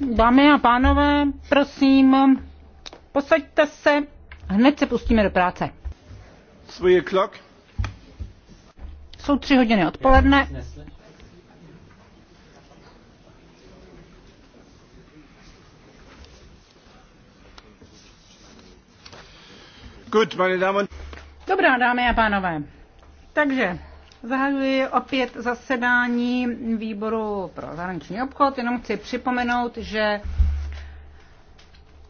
Dámy a pánové, prosím, posaďte se, hned se pustíme do práce. Jsou tři hodiny odpoledne. Dobrá, dámy a pánové. Takže Zahajuji opět zasedání výboru pro zahraniční obchod. Jenom chci připomenout, že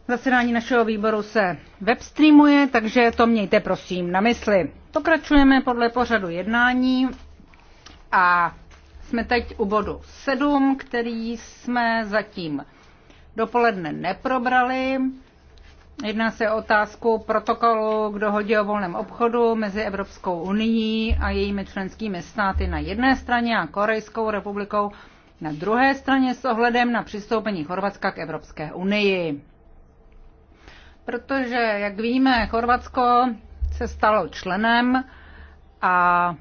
zasedání našeho výboru se webstreamuje, takže to mějte prosím na mysli. Pokračujeme podle pořadu jednání a jsme teď u bodu 7, který jsme zatím dopoledne neprobrali. Jedná se o otázku protokolu k dohodě o volném obchodu mezi Evropskou unii a jejími členskými státy na jedné straně a Korejskou republikou na druhé straně s ohledem na přistoupení Chorvatska k Evropské unii. Protože, jak víme, Chorvatsko se stalo členem a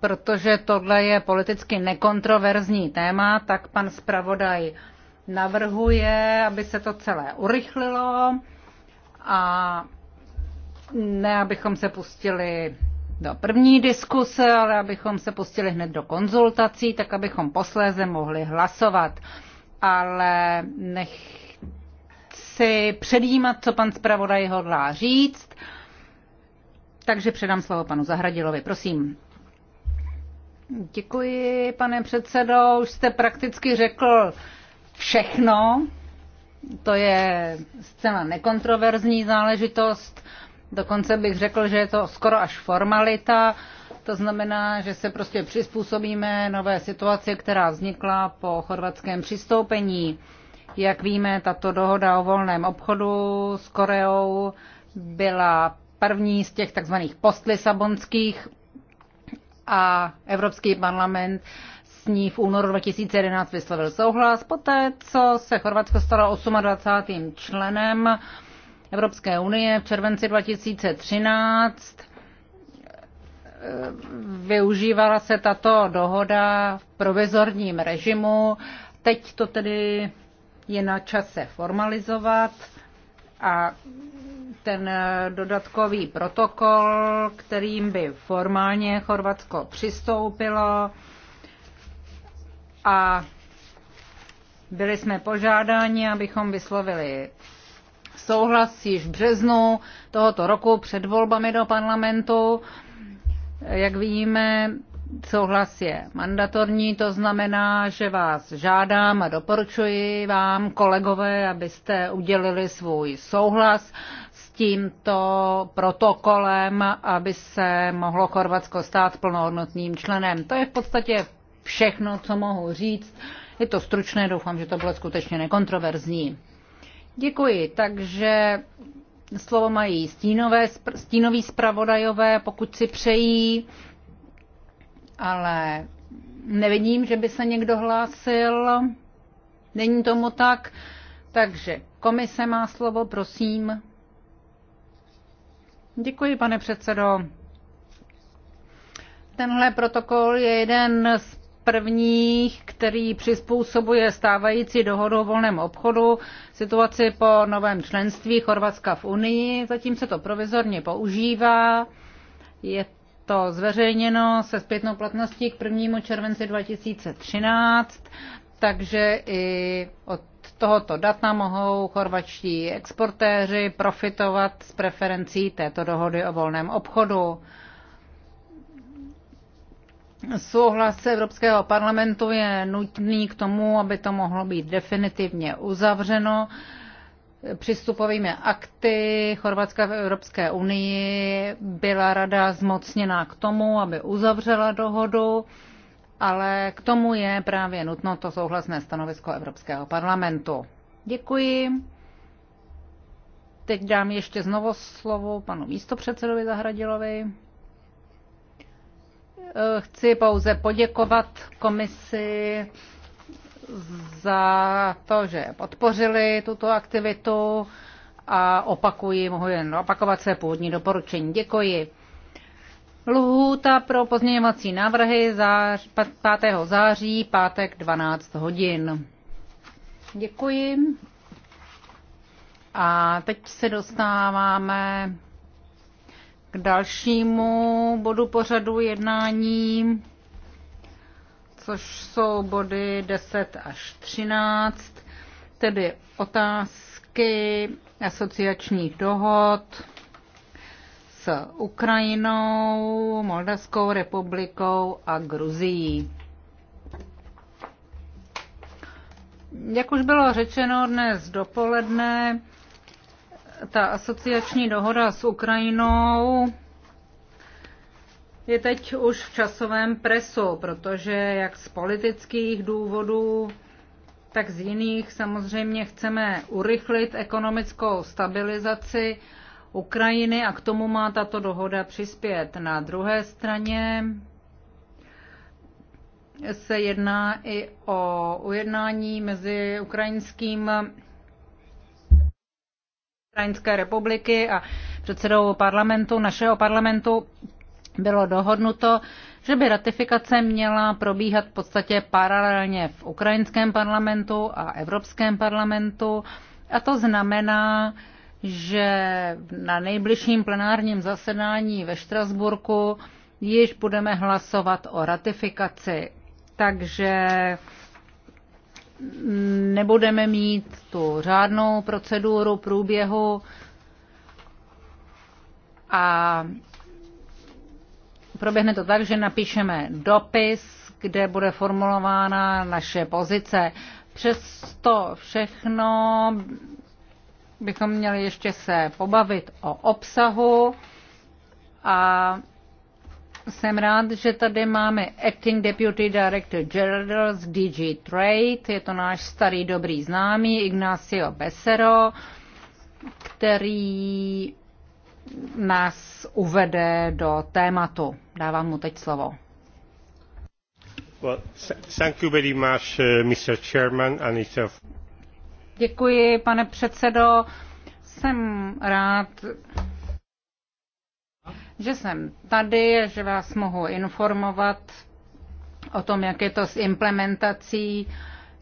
protože tohle je politicky nekontroverzní téma, tak pan zpravodaj navrhuje, aby se to celé urychlilo a ne, abychom se pustili do první diskuse, ale abychom se pustili hned do konzultací, tak abychom posléze mohli hlasovat. Ale nechci předjímat, co pan zpravodaj hodlá říct, takže předám slovo panu Zahradilovi, prosím. Děkuji, pane předsedo, už jste prakticky řekl všechno, to je zcela nekontroverzní záležitost. Dokonce bych řekl, že je to skoro až formalita. To znamená, že se prostě přizpůsobíme nové situaci, která vznikla po chorvatském přistoupení. Jak víme, tato dohoda o volném obchodu s Koreou byla první z těch takzvaných postlisabonských a Evropský parlament ní v únoru 2011 vyslovil souhlas, poté co se Chorvatsko stalo 28. členem Evropské unie v červenci 2013. Eh, využívala se tato dohoda v provizorním režimu. Teď to tedy je na čase formalizovat a ten dodatkový protokol, kterým by formálně Chorvatsko přistoupilo, a byli jsme požádáni, abychom vyslovili souhlas již v březnu tohoto roku před volbami do parlamentu. Jak víme, souhlas je mandatorní, to znamená, že vás žádám a doporučuji vám, kolegové, abyste udělili svůj souhlas s tímto protokolem, aby se mohlo Chorvatsko stát plnohodnotným členem. To je v podstatě všechno, co mohu říct. Je to stručné, doufám, že to bylo skutečně nekontroverzní. Děkuji. Takže slovo mají stínové, stínoví zpravodajové, pokud si přejí, ale nevidím, že by se někdo hlásil. Není tomu tak. Takže komise má slovo, prosím. Děkuji, pane předsedo. Tenhle protokol je jeden z prvních, který přizpůsobuje stávající dohodu o volném obchodu situaci po novém členství Chorvatska v Unii. Zatím se to provizorně používá. Je to zveřejněno se zpětnou platností k 1. červenci 2013, takže i od tohoto data mohou chorvačtí exportéři profitovat z preferencí této dohody o volném obchodu. Souhlas Evropského parlamentu je nutný k tomu, aby to mohlo být definitivně uzavřeno. Přistupovými akty Chorvatska v Evropské unii byla rada zmocněná k tomu, aby uzavřela dohodu, ale k tomu je právě nutno to souhlasné stanovisko Evropského parlamentu. Děkuji. Teď dám ještě znovu slovo panu místopředsedovi Zahradilovi. Eh, chci pouze poděkovat komisi za to, že podpořili tuto aktivitu a opakuji, mohu jen opakovat své původní doporučení. Děkuji. Lhůta pro pozměňovací návrhy za 5. září, pátek 12 hodin. Děkuji. A teď se dostáváme k dalšímu bodu pořadu jednání, což jsou body 10 až 13, tedy otázky asociačních dohod s Ukrajinou, Moldavskou republikou a Gruzií. Jak už bylo řečeno dnes dopoledne, ta asociační dohoda s Ukrajinou je teď už v časovém presu, protože jak z politických důvodů, tak z jiných samozřejmě chceme urychlit ekonomickou stabilizaci Ukrajiny a k tomu má tato dohoda přispět. Na druhé straně se jedná i o ujednání mezi ukrajinským Ukrajinské republiky a předsedou parlamentu, našeho parlamentu, bylo dohodnuto, že by ratifikace měla probíhat v podstatě paralelně v ukrajinském parlamentu a evropském parlamentu. A to znamená, že na nejbližším plenárním zasedání ve Štrasburku již budeme hlasovat o ratifikaci. Takže nebudeme mít tu řádnou proceduru průběhu a proběhne to tak, že napíšeme dopis, kde bude formulována naše pozice. Přesto všechno bychom měli ještě se pobavit o obsahu a jsem rád, že tady máme Acting Deputy Director General z DG Trade, je to náš starý dobrý známý Ignacio Besero, který nás uvede do tématu. Dávám mu teď slovo. Well, thank you very much, uh, Mr. Chairman, and it's a... Děkuji, pane předsedo. Jsem rád, že jsem tady že vás mohu informovat o tom, jak je to s implementací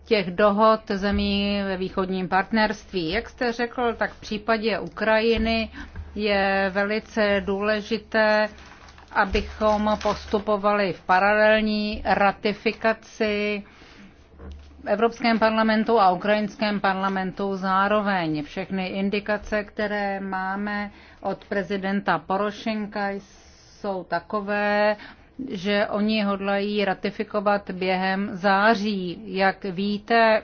těch dohod zemí ve východním partnerství. Jak jste řekl, tak v případě Ukrajiny je velice důležité, abychom postupovali v paralelní ratifikaci v Evropském parlamentu a Ukrajinském parlamentu zároveň. Všechny indikace, které máme, od prezidenta Porošenka jsou takové, že oni hodlají ratifikovat během září. Jak víte,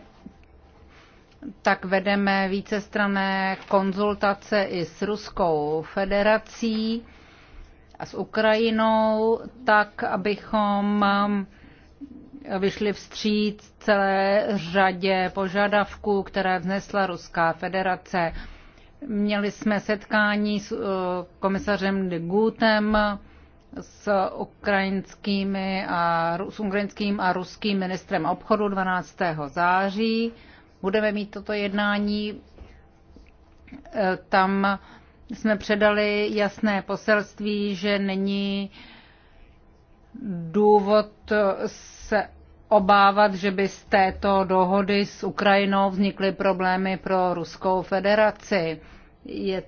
tak vedeme vícestrané konzultace i s Ruskou federací a s Ukrajinou, tak abychom um, vyšli vstříc celé řadě požadavků, které vznesla Ruská federace. Měli jsme setkání s eh, komisařem de Gutem, s ukrajinskými a, s ukrajinským a ruským ministrem obchodu 12. září. Budeme mít toto jednání. Eh, tam jsme předali jasné poselství, že není důvod eh, se obávat, že by z této dohody s Ukrajinou vznikly problémy pro Ruskou federaci. Je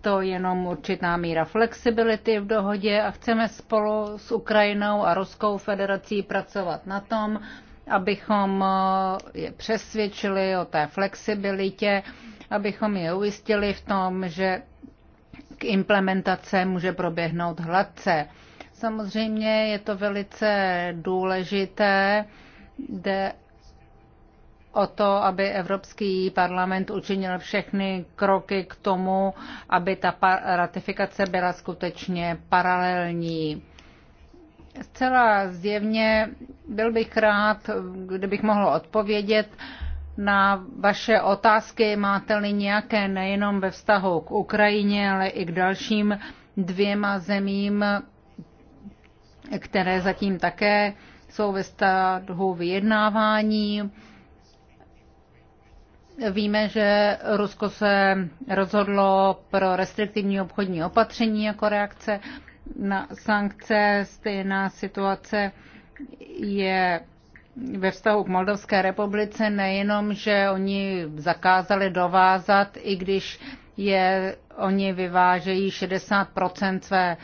to jenom určitá míra flexibility v dohodě a chceme spolu s Ukrajinou a Ruskou federací pracovat na tom, abychom eh, je přesvědčili o té flexibilitě, abychom je ujistili v tom, že k implementace může proběhnout hladce. Samozřejmě je to velice důležité, jde o to, aby Evropský parlament učinil všechny kroky k tomu, aby ta ratifikace byla skutečně paralelní. Zcela zjevně byl bych rád, kdybych mohl odpovědět na vaše otázky. Máte-li nějaké nejenom ve vztahu k Ukrajině, ale i k dalším dvěma zemím, které zatím také jsou ve stahu vyjednávání. Víme, že Rusko se rozhodlo pro restriktivní obchodní opatření jako reakce na sankce. Stejná situace je ve vztahu k Moldavské republice nejenom, že oni zakázali dovázat, i když je, oni vyvážejí 60 své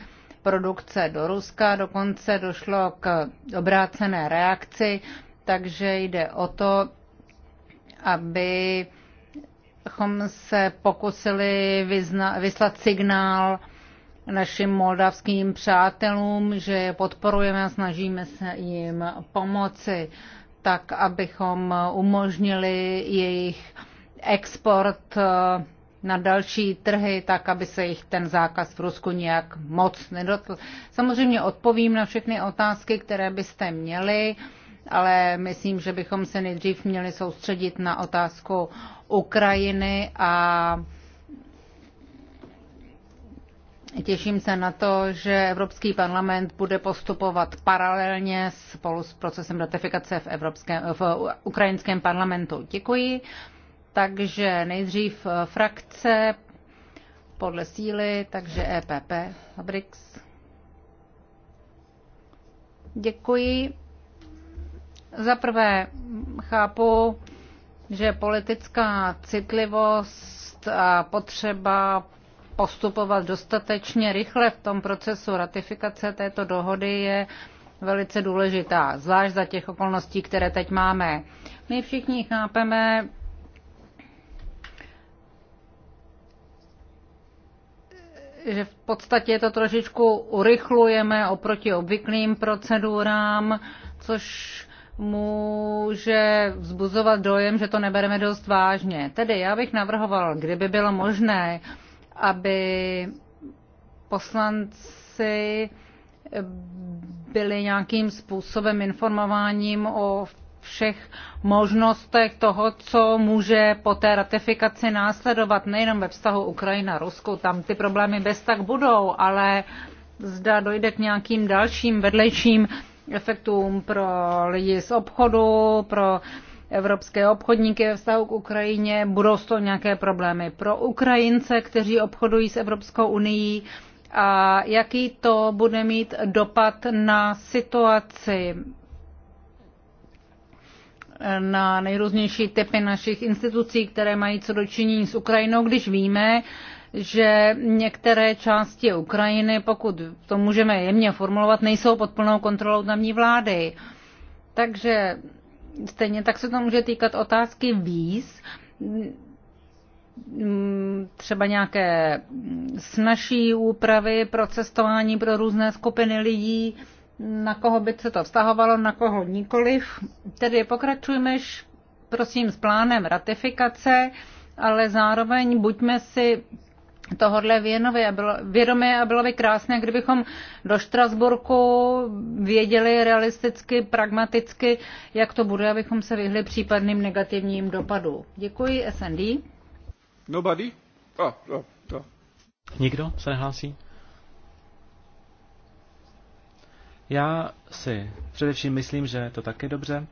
produkce do Ruska, dokonce došlo k obrácené reakci, takže jde o to, aby abychom se pokusili vyzna, vyslat signál našim moldavským přátelům, že je podporujeme a snažíme se jim pomoci, tak abychom umožnili jejich export eh, na další trhy, tak aby se jich ten zákaz v Rusku nějak moc nedotl. Samozřejmě odpovím na všechny otázky, které byste měli ale myslím, že bychom se nejdřív měli soustředit na otázku Ukrajiny a Těším se na to, že Evropský parlament bude postupovat paralelně spolu s procesem ratifikace v, Evropském, v ukrajinském parlamentu. Děkuji. Takže nejdřív frakce podle síly, takže EPP, Fabrix. Děkuji. Za prvé chápu, že politická citlivost a potřeba postupovat dostatečně rychle v tom procesu ratifikace této dohody je velice důležitá, zvlášť za těch okolností, které teď máme. My všichni chápeme, že v podstatě to trošičku urychlujeme oproti obvyklým procedurám, což může vzbuzovat dojem, že to nebereme dost vážně. Tedy já bych navrhoval, kdyby bylo možné, aby poslanci byli nějakým způsobem informováním o všech možnostech toho, co může po té ratifikaci následovat, nejenom ve vztahu Ukrajina-Rusku, tam ty problémy bez tak budou, ale zda dojde k nějakým dalším vedlejším efektům pro lidi z obchodu, pro evropské obchodníky ve vztahu k Ukrajině, budou to nějaké problémy pro Ukrajince, kteří obchodují s Evropskou unii a jaký to bude mít dopad na situaci na nejrůznější typy našich institucí, které mají co dočinění s Ukrajinou, když víme, že některé části Ukrajiny, pokud to můžeme jemně formulovat, nejsou pod plnou kontrolou tamní vlády. Takže stejně tak se to může týkat otázky víz, třeba nějaké snažší úpravy pro cestování pro různé skupiny lidí, na koho by se to vztahovalo, na koho nikoliv. Tedy pokračujeme, prosím s plánem ratifikace, ale zároveň buďme si tohodle věnově a bylo, vědomě a bylo by krásné, kdybychom do Štrasburku věděli realisticky, pragmaticky, jak to bude, abychom se vyhli případným negativním dopadům. Děkuji, SND. Nobody? Oh, oh, oh. Nikdo se nehlásí? Já si především myslím, že to taky dobře.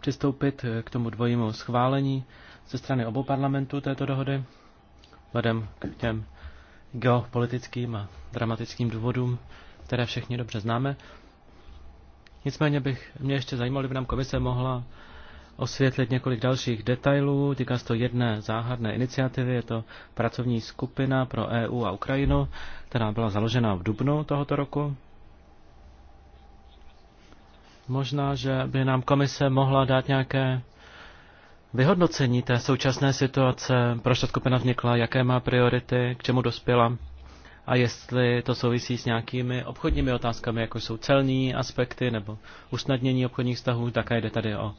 přistoupit eh, k tomu dvojímu schválení ze strany obou parlamentů této dohody, vzhledem k těm geopolitickým a dramatickým důvodům, které všichni dobře známe. Nicméně bych mě ještě zajímalo, kdyby nám komise mohla osvětlit několik dalších detailů. Týká se to jedné záhadné iniciativy, je to pracovní skupina pro EU a Ukrajinu, která byla založena v dubnu tohoto roku. Možná, že by nám komise mohla dát nějaké vyhodnocení té současné situace, proč ta skupina vznikla, jaké má priority, k čemu dospěla a jestli to souvisí s nějakými obchodními otázkami, jako jsou celní aspekty nebo usnadnění obchodních vztahů, také jde tady o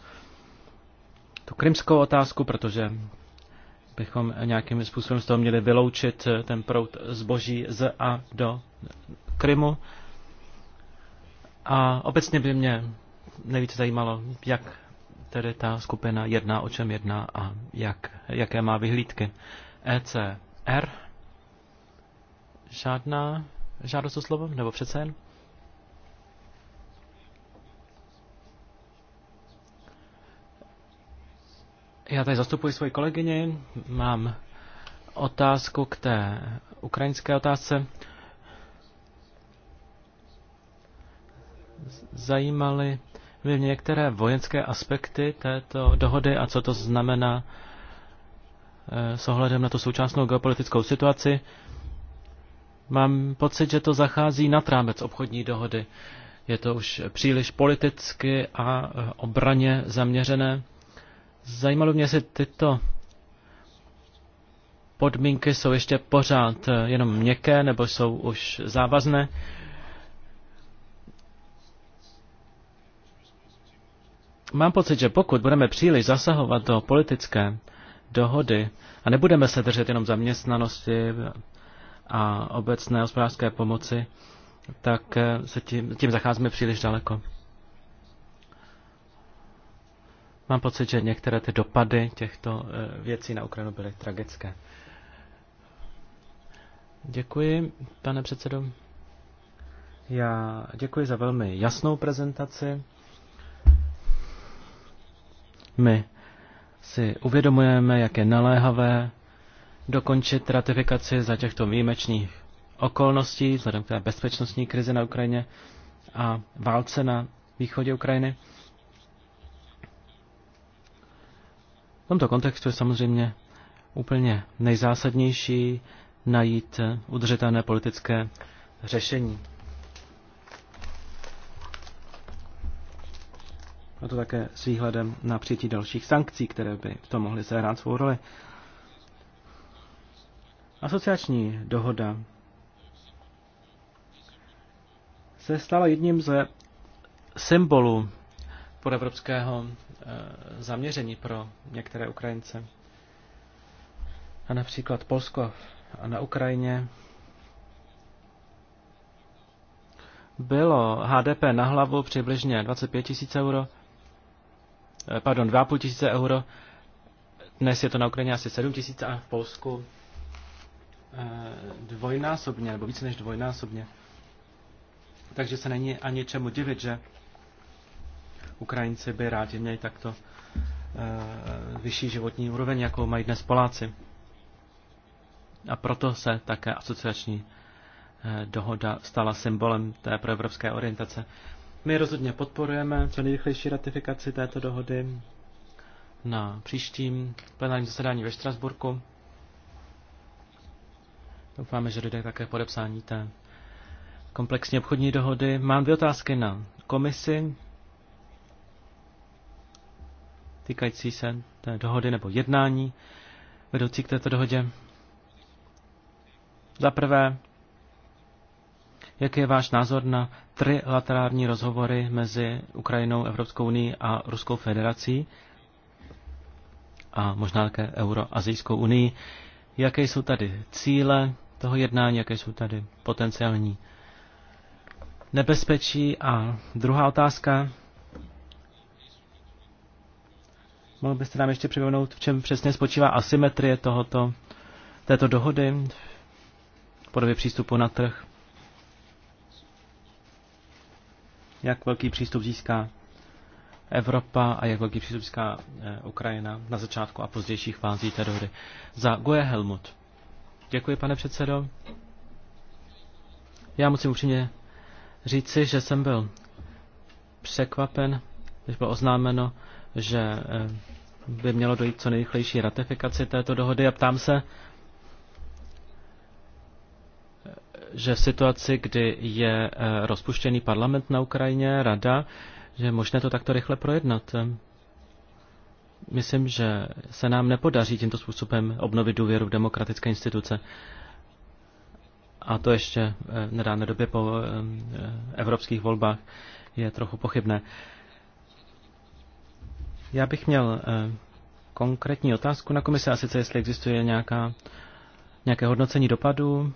tu krymskou otázku, protože bychom nějakým způsobem z toho měli vyloučit ten prout zboží z a do Krymu. A obecně by mě nejvíce zajímalo, jak tedy ta skupina jedná, o čem jedná a jak, jaké má vyhlídky. ECR? Žádná žádost o slovo? Nebo přece jen? Já tady zastupuji svoji kolegyni, mám otázku k té ukrajinské otázce. zajímaly mě některé vojenské aspekty této dohody a co to znamená eh, s ohledem na tu současnou geopolitickou situaci. Mám pocit, že to zachází nad rámec obchodní dohody. Je to už příliš politicky a eh, obraně zaměřené. Zajímalo mě, jestli tyto podmínky jsou ještě pořád eh, jenom měkké nebo jsou už závazné. Mám pocit, že pokud budeme příliš zasahovat do politické dohody a nebudeme se držet jenom zaměstnanosti a obecné hospodářské pomoci, tak eh, se tím, tím zacházíme příliš daleko. Mám pocit, že některé ty dopady těchto eh, věcí na Ukrajinu byly tragické. Děkuji, pane předsedo. Já děkuji za velmi jasnou prezentaci. My si uvědomujeme, jak je naléhavé dokončit ratifikaci za těchto výjimečných okolností, vzhledem k té bezpečnostní krizi na Ukrajině a válce na východě Ukrajiny. V tomto kontextu je samozřejmě úplně nejzásadnější najít udržitelné politické řešení. a to také s výhledem na přijetí dalších sankcí, které by v tom mohly sehrát svou roli. Asociační dohoda se stala jedním ze symbolů podevropského eh, zaměření pro některé Ukrajince. A například Polsko a na Ukrajině bylo HDP na hlavu přibližně 25 000 euro Eh, pardon, 2,5 tisíce euro. Dnes je to na Ukrajině asi 7 tisíc a v Polsku eh, dvojnásobně, nebo více než dvojnásobně. Takže se není ani čemu divit, že Ukrajinci by rádi měli takto eh, vyšší životní úroveň, jakou mají dnes Poláci. A proto se také asociační dohoda stala symbolem té proevropské orientace. My rozhodně podporujeme co nejrychlejší ratifikaci této dohody na příštím plenárním zasedání ve Štrasburku. Doufáme, že dojde také podepsání té komplexní obchodní dohody. Mám dvě otázky na komisi týkající se té dohody nebo jednání vedoucí k této dohodě. Za prvé, jaký je váš názor na trilaterální rozhovory mezi Ukrajinou, Evropskou unii a Ruskou federací a možná také Euroazijskou unii. Jaké jsou tady cíle toho jednání, jaké jsou tady potenciální nebezpečí? A druhá otázka. Mohl byste nám ještě připomenout, v čem přesně spočívá asymetrie tohoto, této dohody v podobě přístupu na trh? jak velký přístup získá Evropa a jak velký přístup získá eh, Ukrajina na začátku a pozdějších fází té dohody. Za Goje Helmut. Děkuji, pane předsedo. Já musím upřímně říci, že jsem byl překvapen, když bylo oznámeno, že eh, by mělo dojít co nejrychlejší ratifikaci této dohody a ptám se, že v situaci, kdy je eh, rozpuštěný parlament na Ukrajině, rada, že je možné to takto rychle projednat. Myslím, že se nám nepodaří tímto způsobem obnovit důvěru v demokratické instituce. A to ještě eh, v nedávné době po eh, evropských volbách je trochu pochybné. Já bych měl konkrétní otázku na komise, a sice jestli existuje nějaká, nějaké hodnocení dopadu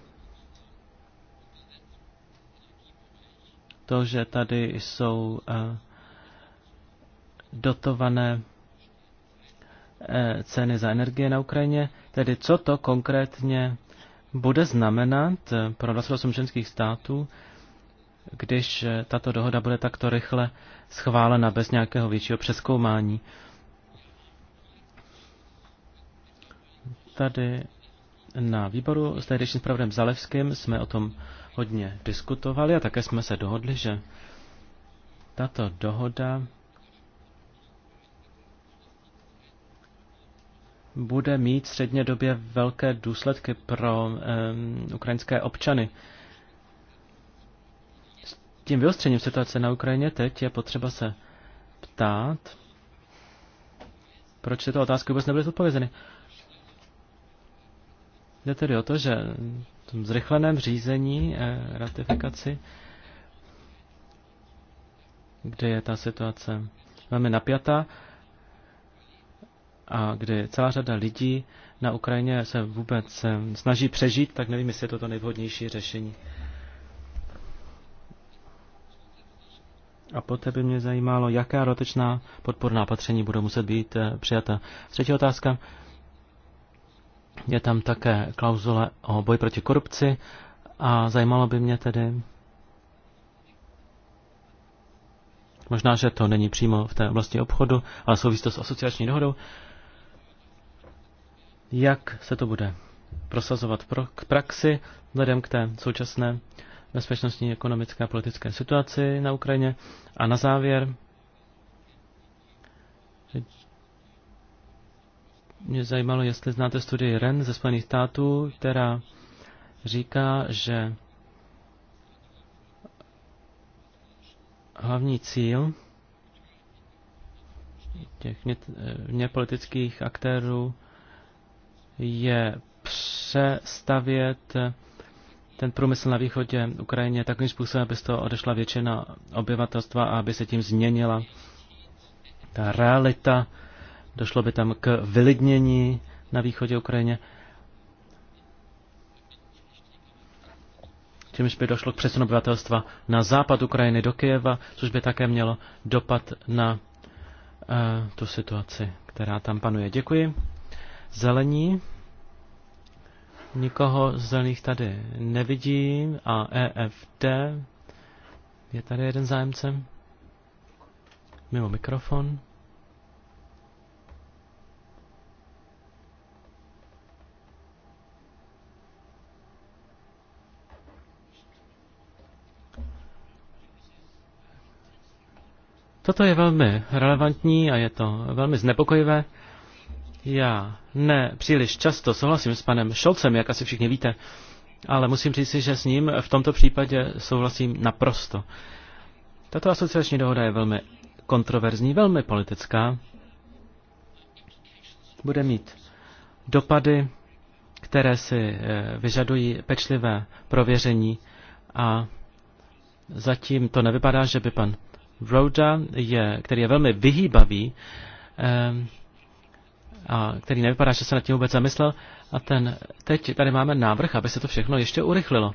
to, že tady jsou eh, dotované eh, ceny za energie na Ukrajině, tedy co to konkrétně bude znamenat eh, pro 28 ženských států, když tato dohoda bude takto rychle schválena bez nějakého většího přeskoumání. Tady na výboru s tehdejším zpravodem Zalevským jsme o tom hodně diskutovali a také jsme se dohodli, že tato dohoda bude mít střednědobě velké důsledky pro um, ukrajinské občany. S tím vyostřením situace na Ukrajině teď je potřeba se ptát, proč tyto otázky vůbec nebyly zodpovězeny. Jde tedy o to, že tom zrychleném řízení eh, ratifikaci, kde je ta situace velmi napjatá a kdy celá řada lidí na Ukrajině se vůbec eh, snaží přežít, tak nevím, jestli je to to nejvhodnější řešení. A poté by mě zajímalo, jaká rotečná podporná opatření budou muset být eh, přijata. Třetí otázka je tam také klauzule o boji proti korupci a zajímalo by mě tedy, možná, že to není přímo v té oblasti obchodu, ale souvisí to s asociační dohodou, jak se to bude prosazovat k praxi vzhledem k té současné bezpečnostní, ekonomické a politické situaci na Ukrajině. A na závěr mě zajímalo, jestli znáte studii REN ze Spojených států, která říká, že hlavní cíl těch nepolitických eh, aktérů je přestavět eh, ten průmysl na východě Ukrajině takovým způsobem, aby z toho odešla většina obyvatelstva a aby se tím změnila ta realita Došlo by tam k vylidnění na východě Ukrajině. čímž by došlo k přesunu obyvatelstva na západ Ukrajiny do Kyjeva, což by také mělo dopad na uh, tu situaci, která tam panuje. Děkuji. Zelení. Nikoho z zelených tady nevidím a EFD. Je tady jeden zájemce. Mimo mikrofon. Toto je velmi relevantní a je to velmi znepokojivé. Já ne příliš často souhlasím s panem Šolcem, jak asi všichni víte, ale musím říct že s ním v tomto případě souhlasím naprosto. Tato asociační dohoda je velmi kontroverzní, velmi politická. Bude mít dopady, které si eh, vyžadují pečlivé prověření a zatím to nevypadá, že by pan Roda, je, který je velmi vyhýbavý ehm, a který nevypadá, že se nad tím vůbec zamyslel. A ten, teď tady máme návrh, aby se to všechno ještě urychlilo.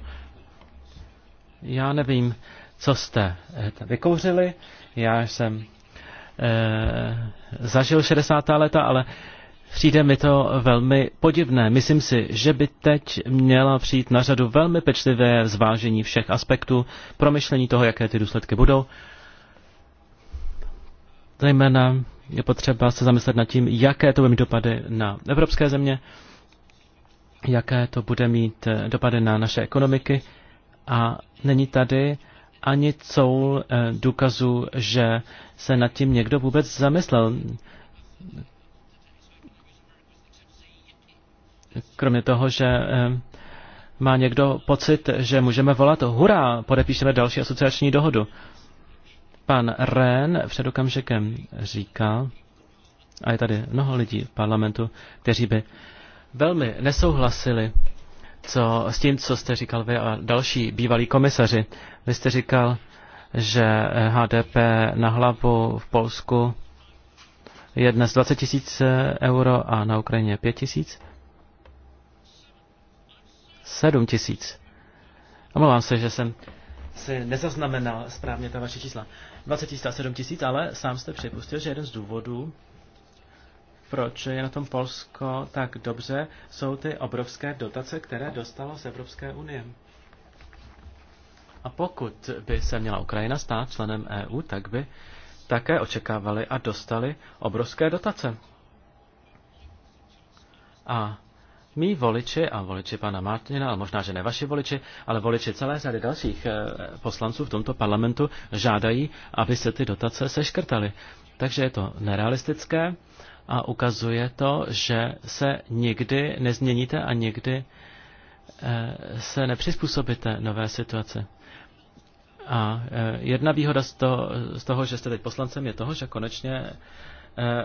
Já nevím, co jste eh, vykouřili. Já jsem e, zažil 60. leta, ale přijde mi to velmi podivné. Myslím si, že by teď měla přijít na řadu velmi pečlivé zvážení všech aspektů, promyšlení toho, jaké ty důsledky budou. Zejména je potřeba se zamyslet nad tím, jaké to bude mít dopady na evropské země, jaké to bude mít eh, dopady na naše ekonomiky a není tady ani coul eh, důkazu, že se nad tím někdo vůbec zamyslel. Kromě toho, že eh, má někdo pocit, že můžeme volat hurá, podepíšeme další asociační dohodu. Pan Ren před okamžikem říká, a je tady mnoho lidí v parlamentu, kteří by velmi nesouhlasili co, s tím, co jste říkal vy a další bývalí komisaři. Vy jste říkal, že HDP na hlavu v Polsku je dnes 20 tisíc euro a na Ukrajině 5 tisíc? 7 tisíc. Omlouvám se, že jsem si nezaznamenal správně ta vaše čísla. 20 000, a 7 tisíc, ale sám jste připustil, že jeden z důvodů, proč je na tom Polsko tak dobře, jsou ty obrovské dotace, které dostalo z Evropské unie. A pokud by se měla Ukrajina stát členem EU, tak by také očekávali a dostali obrovské dotace. A Mí voliči a voliči pana Martina, ale možná, že ne vaši voliči, ale voliči celé řady dalších eh, poslanců v tomto parlamentu žádají, aby se ty dotace seškrtaly. Takže je to nerealistické a ukazuje to, že se nikdy nezměníte a nikdy eh, se nepřizpůsobíte nové situaci. A eh, jedna výhoda z toho, z toho, že jste teď poslancem, je toho, že konečně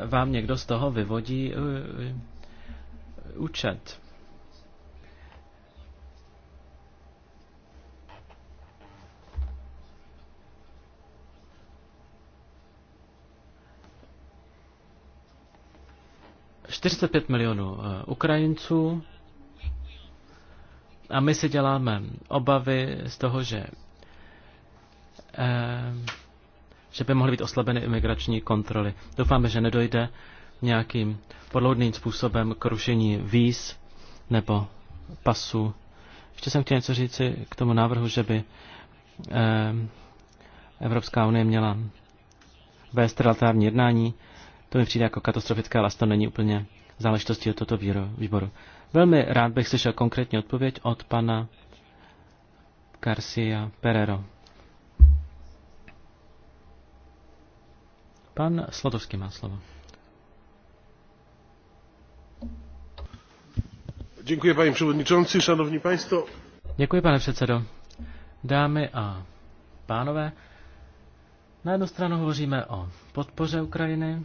vám někdo z toho vyvodí účet. Čtyřicet pět milionů eh, Ukrajinců a my si děláme obavy z toho, že eh, že by mohly být oslabeny imigrační kontroly. Doufáme, že nedojde nějakým podloudným způsobem k rušení víz nebo pasu. Ještě jsem chtěl něco říci k tomu návrhu, že by eh, Evropská unie měla vést trilaterální jednání. To mi přijde jako katastrofické, ale to není úplně záležitostí od tohoto výboru. Velmi rád bych slyšel konkrétní odpověď od pana Garcia Perero. Pan Slodovský má slovo. Děkuji, paní předsedající, Dámy a pánové, na jednu stranu hovoříme o podpoře Ukrajiny,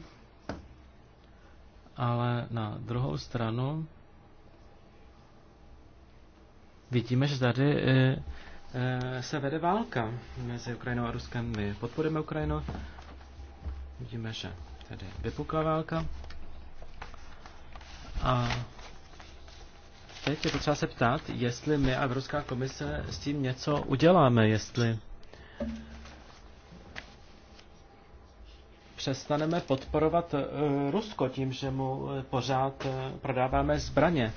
ale na druhou stranu vidíme, že tady e, e, se vede válka mezi Ukrajinou a Ruskem. My podporujeme Ukrajinu, vidíme, že tady vypukla válka a teď je potřeba se ptát, jestli my a Evropská komise s tím něco uděláme, jestli přestaneme podporovat eh, Rusko tím, že mu eh, pořád eh, prodáváme zbraně.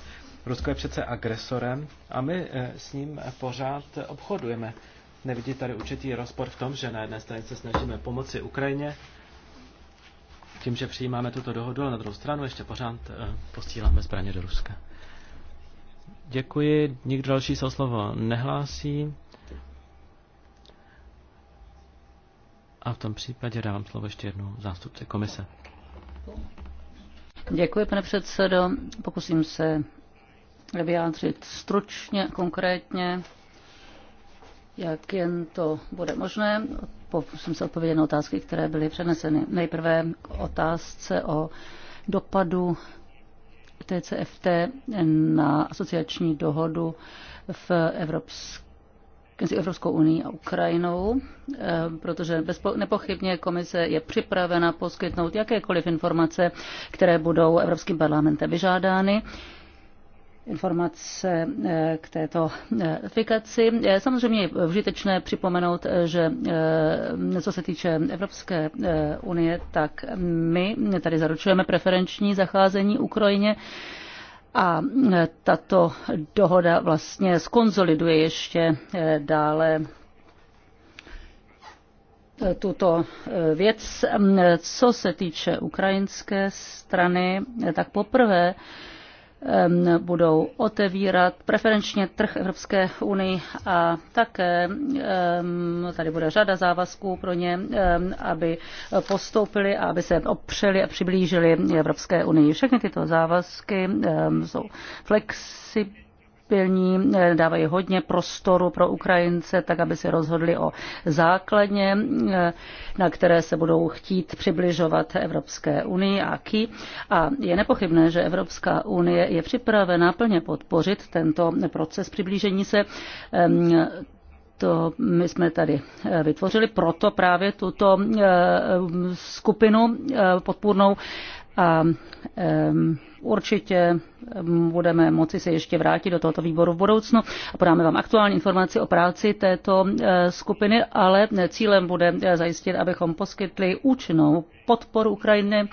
Rusko je přece agresorem a my s ním pořád obchodujeme. Nevidí tady určitý rozpor v tom, že na jedné straně se snažíme pomoci Ukrajině, tím, že přijímáme tuto dohodu, ale na druhou stranu ještě pořád posíláme zbraně do Ruska. Děkuji, nikdo další se o slovo nehlásí. A v tom případě dávám slovo ještě jednou zástupce komise. Děkuji, pane předsedo. Pokusím se vyjádřit stručně, konkrétně, jak jen to bude možné. Pokusím se odpovědět na otázky, které byly přeneseny. Nejprve k otázce o dopadu TCFT na asociační dohodu v Evropské mezi Evropskou unii a Ukrajinou, eh, protože nepochybně komise je připravena poskytnout jakékoliv informace, které budou Evropským parlamentem vyžádány informace eh, k této eh, fikaci. Samozřejmě je užitečné připomenout, eh, že co se týče Evropské unie, tak my tady zaručujeme preferenční zacházení Ukrajině. A tato dohoda vlastně skonzoliduje ještě dále tuto věc. Mm, co se týče ukrajinské strany, tak poprvé budou otevírat preferenčně trh Evropské unii a také tady bude řada závazků pro ně, aby postoupili a aby se opřeli a přiblížili Evropské unii. Všechny tyto závazky jsou flexibilní flexibilní, eh, dávají hodně prostoru pro Ukrajince, tak aby si rozhodli o základně, eh, na které se budou chtít přibližovat Evropské unii a ký. A je nepochybné, že Evropská unie je připravena plně podpořit tento proces přiblížení se ehm, to my jsme tady eh, vytvořili proto právě tuto skupinu podpůrnou a určitě budeme moci se ještě vrátit do tohoto výboru v budoucnu a podáme vám aktuální informaci o práci této eh, skupiny, ale cílem bude eh, zajistit, abychom poskytli účinnou podporu Ukrajiny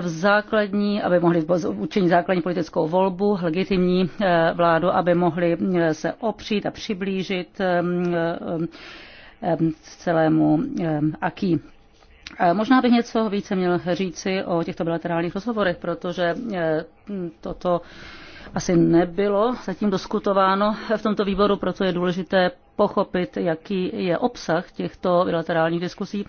v základní, aby mohli učinit základní politickou volbu, legitimní eh, vládu, aby mohli se opřít a přiblížit celému aký Eh, možná bych něco více měl říci o těchto bilaterálních rozhovorech, protože eh, toto asi nebylo zatím diskutováno v tomto výboru, proto je důležité pochopit, jaký je obsah těchto bilaterálních diskusí.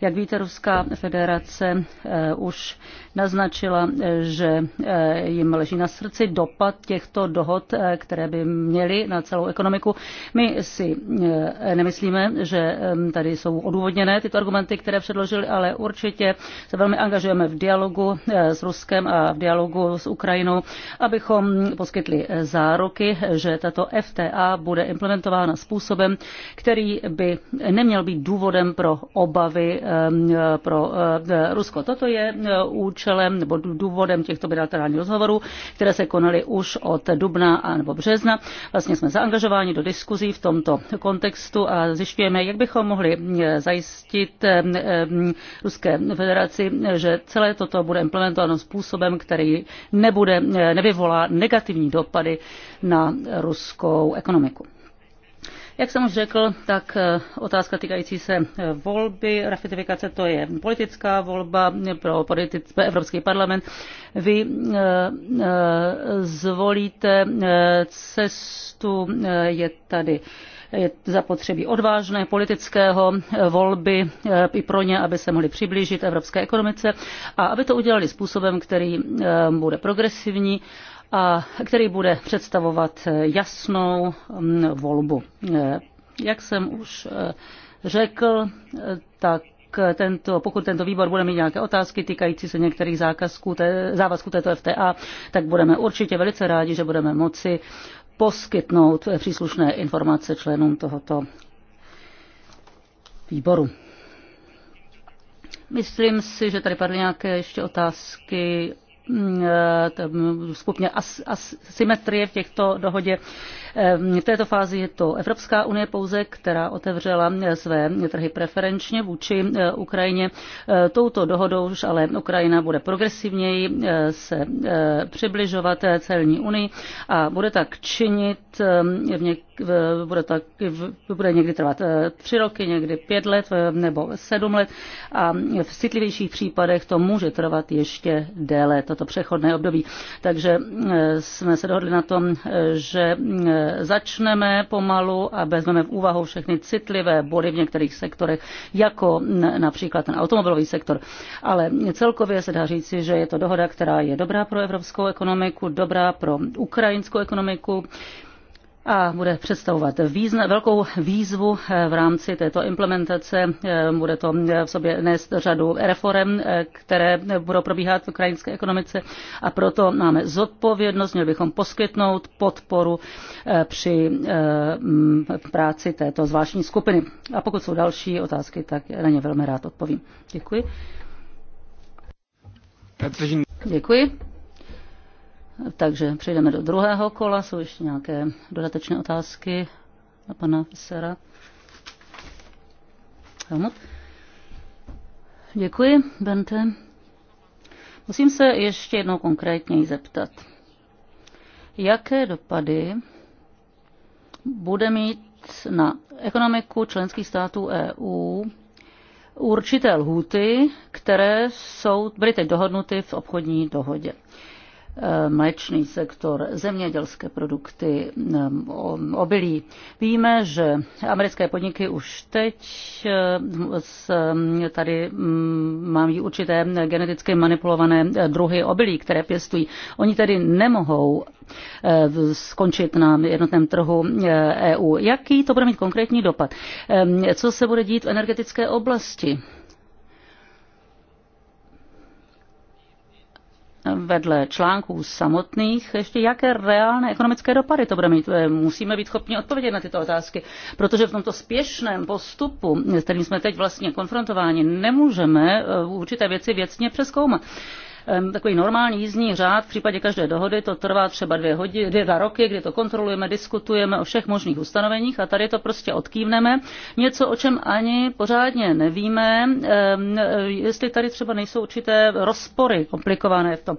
Jak víte, Ruská federace eh, už naznačila, eh, že eh, jim leží na srdci dopad těchto dohod, které by měly na celou ekonomiku. My si nemyslíme, že tady jsou odůvodněné tyto argumenty, které předložili, ale určitě se velmi angažujeme v dialogu s Ruskem a v dialogu s Ukrajinou, abychom poskytli záruky, že tato FTA bude implementována způsobem, způsobem, který by neměl být důvodem pro obavy pro eh, Rusko. Toto je eh, účelem nebo důvodem těchto bilaterálních rozhovorů, které se konaly už od dubna a nebo března. Vlastně jsme zaangažováni do diskuzí v tomto kontextu a zjišťujeme, jak bychom mohli eh, zajistit Ruské federaci, že celé toto bude implementováno způsobem, který nebude, nevyvolá negativní dopady na ruskou ekonomiku. Jak jsem už řekl, tak eh, otázka týkající se eh, volby, ratifikace, to je politická volba pro Evropský parlament. Vy eh, zvolíte cestu, je tady je zapotřebí odvážné politického volby i pro ně, aby se mohli přiblížit evropské ekonomice a aby to udělali způsobem, který bude progresivní a který bude představovat jasnou mm, volbu. Jak jsem už eh, řekl, tak tento, pokud tento výbor bude mít nějaké otázky týkající se některých zákazků, té, závazků této FTA, tak budeme určitě velice rádi, že budeme moci poskytnout příslušné informace členům tohoto výboru. Myslím si, že tady padly nějaké ještě otázky Mm, e, stupně asymetrie v těchto dohodě. E, v této fázi je to Evropská unie pouze, která otevřela své trhy preferenčně vůči e, Ukrajině. Touto dohodou už ale Ukrajina bude progresivněji se přibližovat celní unii a bude tak činit, v něk, bude, tak, bude někdy trvat tři roky, někdy pět let nebo sedm let a v citlivějších případech to může trvat ještě déle. To toto přechodné období. Takže eh, jsme se dohodli na tom, eh, že eh, začneme pomalu a vezmeme v úvahu všechny citlivé body v některých sektorech, jako například ten automobilový sektor. Ale celkově se dá říci, že je to dohoda, která je dobrá pro evropskou ekonomiku, dobrá pro ukrajinskou ekonomiku a bude představovat význa, velkou výzvu eh, v rámci této implementace. Eh, bude to eh, v sobě nést řadu reform, které budou probíhat v ukrajinské ekonomice a proto máme zodpovědnost, měli bychom poskytnout podporu při práci této zvláštní skupiny. A pokud jsou další otázky, tak na ně velmi rád odpovím. Děkuji. Děkuji. Takže přejdeme do druhého kola. Jsou ještě nějaké dodatečné otázky na pana Fisera? Helmut? Děkuji, Bente. Musím se ještě jednou konkrétněji zeptat. Jaké dopady bude mít na ekonomiku členských států EU určité lhuty, které jsou, byly teď dohodnuty v obchodní dohodě? Eh, mléčný sektor, zemědělské produkty, eh, obilí. Víme, že americké podniky už teď eh, tady mm, mají určité geneticky manipulované druhy obilí, které pěstují. Oni tedy nemohou skončit na jednotném trhu EU. E Jaký to bude mít konkrétní dopad? Co se bude dít v energetické oblasti? vedle článků samotných ještě jaké reálné ekonomické dopady to bude mít. Eh, musíme být schopni odpovědět na tyto otázky, protože v tomto spěšném postupu, s kterým jsme teď vlastně konfrontováni, nemůžeme eh, určité věci věcně přeskoumat takový normální jízdní řád v případě každé dohody, to trvá třeba dvě, hodiny, dvě dva roky, kdy to kontrolujeme, diskutujeme o všech možných ustanoveních a tady to prostě odkývneme. Něco, o čem ani pořádně nevíme, jestli tady třeba nejsou určité rozpory komplikované v tom.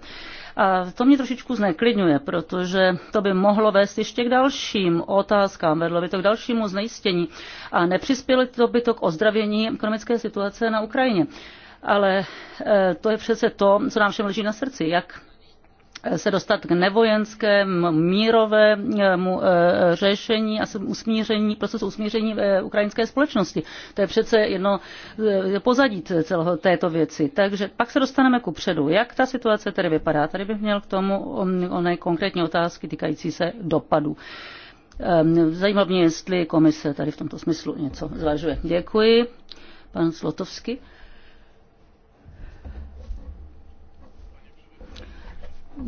A to mě trošičku zneklidňuje, protože to by mohlo vést ještě k dalším otázkám, vedlo by to k dalšímu znejistění a nepřispělo by to k ozdravění ekonomické situace na Ukrajině ale e, to je přece to, co nám všem leží na srdci, jak e, se dostat k nevojenskému mírovému e, řešení a usmíření, procesu usmíření ukrajinské společnosti. To je přece jedno pozadí celého této věci. Takže pak se dostaneme ku předu. Jak ta situace tedy vypadá? Tady bych měl k tomu um, oné konkrétní otázky týkající se dopadů. Ehm, Zajímavé mě, jestli komise tady v tomto smyslu něco zvažuje. Děkuji. Pan Slotovský.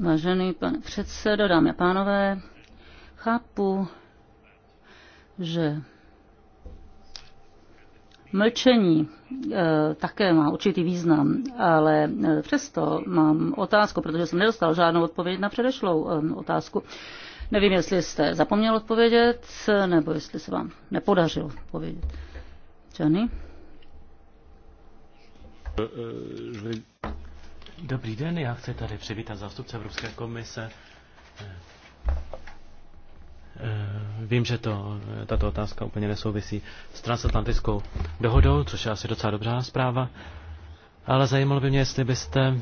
Vážený pane předsedo, dámy a pánové, chápu, že Mlčení e, také má určitý význam, ale eh, přesto mám otázku, protože jsem nedostal žádnou odpověď na předešlou e, otázku. Nevím, jestli jste zapomněl odpovědět, nebo jestli se vám nepodařilo odpovědět. Johnny? Dobrý den, já chci tady přivítat zástupce Evropské komise. Eh, vím, že to, tato otázka úplně nesouvisí s transatlantickou dohodou, což je asi docela dobrá zpráva, ale zajímalo by mě, jestli byste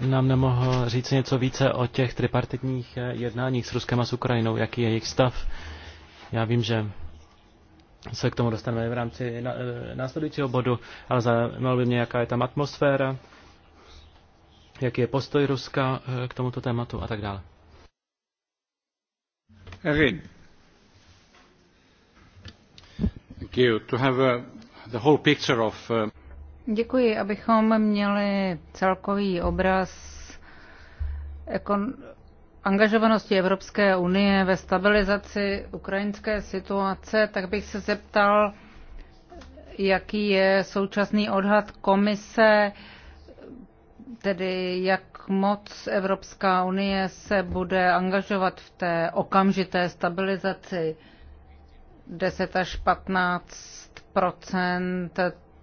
nám nemohl říct něco více o těch tripartitních eh, jednáních s Ruskem a s Ukrajinou, jaký je jejich stav. Já vím, že se k tomu dostaneme v rámci eh, následujícího bodu, ale zajímalo by mě, jaká je tam atmosféra jaký je postoj Ruska eh, k tomuto tématu a tak dále. Erin. Thank you. To have a, uh, the whole picture of, uh... Děkuji, abychom měli celkový obraz ekon- angažovanosti Evropské unie ve stabilizaci ukrajinské situace, tak bych se zeptal, jaký je současný odhad komise, tedy jak moc Evropská unie se bude angažovat v té okamžité stabilizaci 10 až 15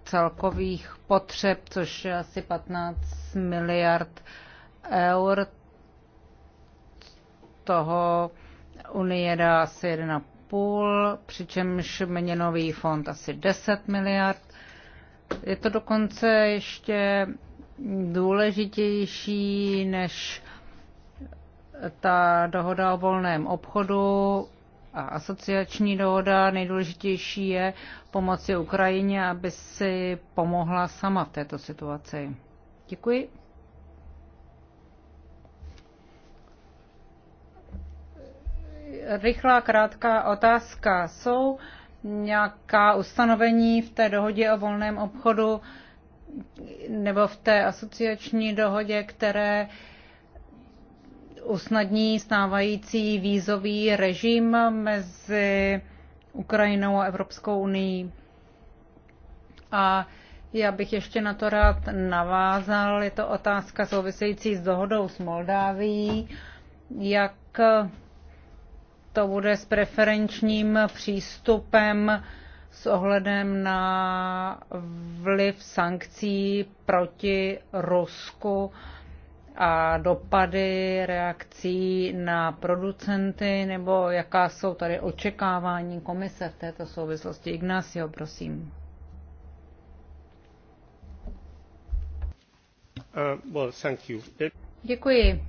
celkových potřeb, což je asi 15 miliard eur. Toho Unie dá asi 1,5, přičemž měnový fond asi 10 miliard. Je to dokonce ještě důležitější než ta dohoda o volném obchodu a asociační dohoda. Nejdůležitější je pomoci Ukrajině, aby si pomohla sama v této situaci. Děkuji. Rychlá, krátká otázka. Jsou nějaká ustanovení v té dohodě o volném obchodu, nebo v té asociační dohodě, které usnadní stávající vízový režim mezi Ukrajinou a Evropskou unii. A já bych ještě na to rád navázal. Je to otázka související s dohodou s Moldávií, jak to bude s preferenčním přístupem s ohledem na vliv sankcí proti Rusku a dopady reakcí na producenty, nebo jaká jsou tady očekávání komise v této souvislosti. Ignacio, prosím. Uh, well, thank you. Děkuji.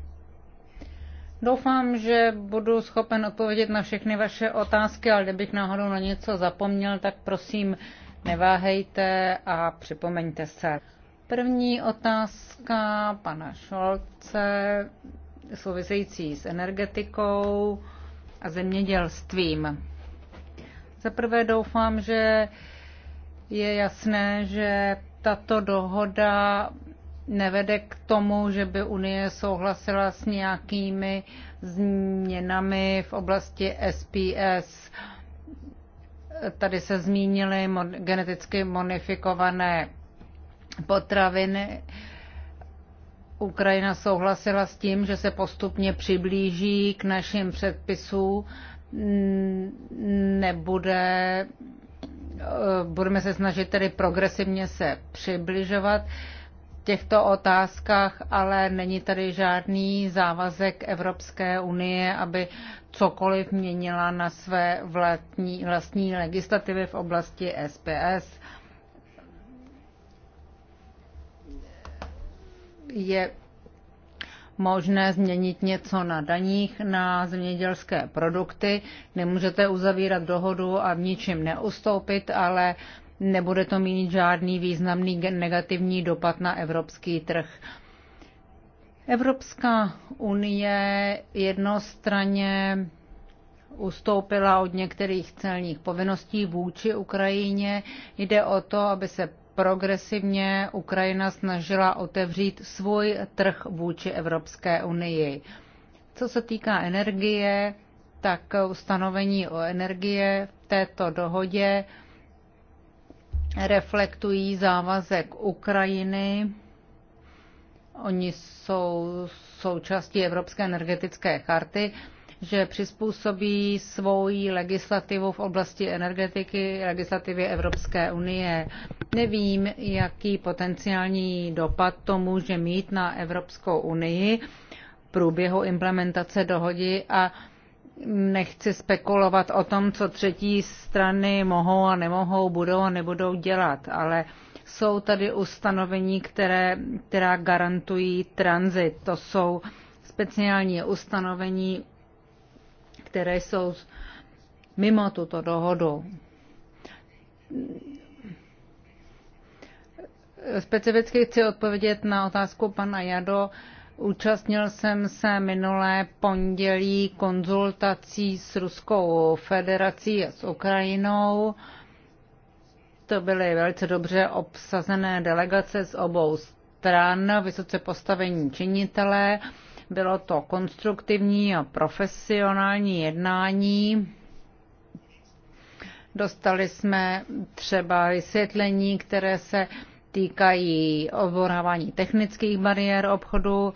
Doufám, že budu schopen odpovědět na všechny vaše otázky, ale kdybych náhodou na něco zapomněl, tak prosím neváhejte a připomeňte se. První otázka pana Šolce související s energetikou a zemědělstvím. Zaprvé doufám, že je jasné, že tato dohoda nevede k tomu, že by Unie souhlasila s nějakými změnami v oblasti SPS. Tady se zmínily geneticky modifikované potraviny. Ukrajina souhlasila s tím, že se postupně přiblíží k našim předpisům, nebude, eh, budeme se snažit tedy progresivně se přibližovat těchto otázkách, ale není tady žádný závazek Evropské unie, aby cokoliv měnila na své vlastní, vlastní legislativy v oblasti SPS. Je možné změnit něco na daních na zemědělské produkty. Nemůžete uzavírat dohodu a v ničem neustoupit, ale nebude to mít žádný významný negativní dopad na evropský trh. Evropská unie jednostranně ustoupila od některých celních povinností vůči Ukrajině. Jde o to, aby se progresivně Ukrajina snažila otevřít svůj trh vůči Evropské unii. Co se týká energie, tak ustanovení o energie v této dohodě reflektují závazek Ukrajiny. Oni jsou součástí Evropské energetické charty, že přizpůsobí svoji legislativu v oblasti energetiky legislativě Evropské unie. Nevím, jaký potenciální dopad to může mít na Evropskou unii v průběhu implementace dohody a Nechci spekulovat o tom, co třetí strany mohou a nemohou, budou a nebudou dělat, ale jsou tady ustanovení, které, která garantují tranzit. To jsou speciální ustanovení, které jsou mimo tuto dohodu. Specificky chci odpovědět na otázku pana Jado. Účastnil jsem se minulé pondělí konzultací s Ruskou federací a s Ukrajinou. To byly velice dobře obsazené delegace z obou stran, vysoce postavení činitelé. Bylo to konstruktivní a profesionální jednání. Dostali jsme třeba vysvětlení, které se týkají odborávání technických bariér obchodu,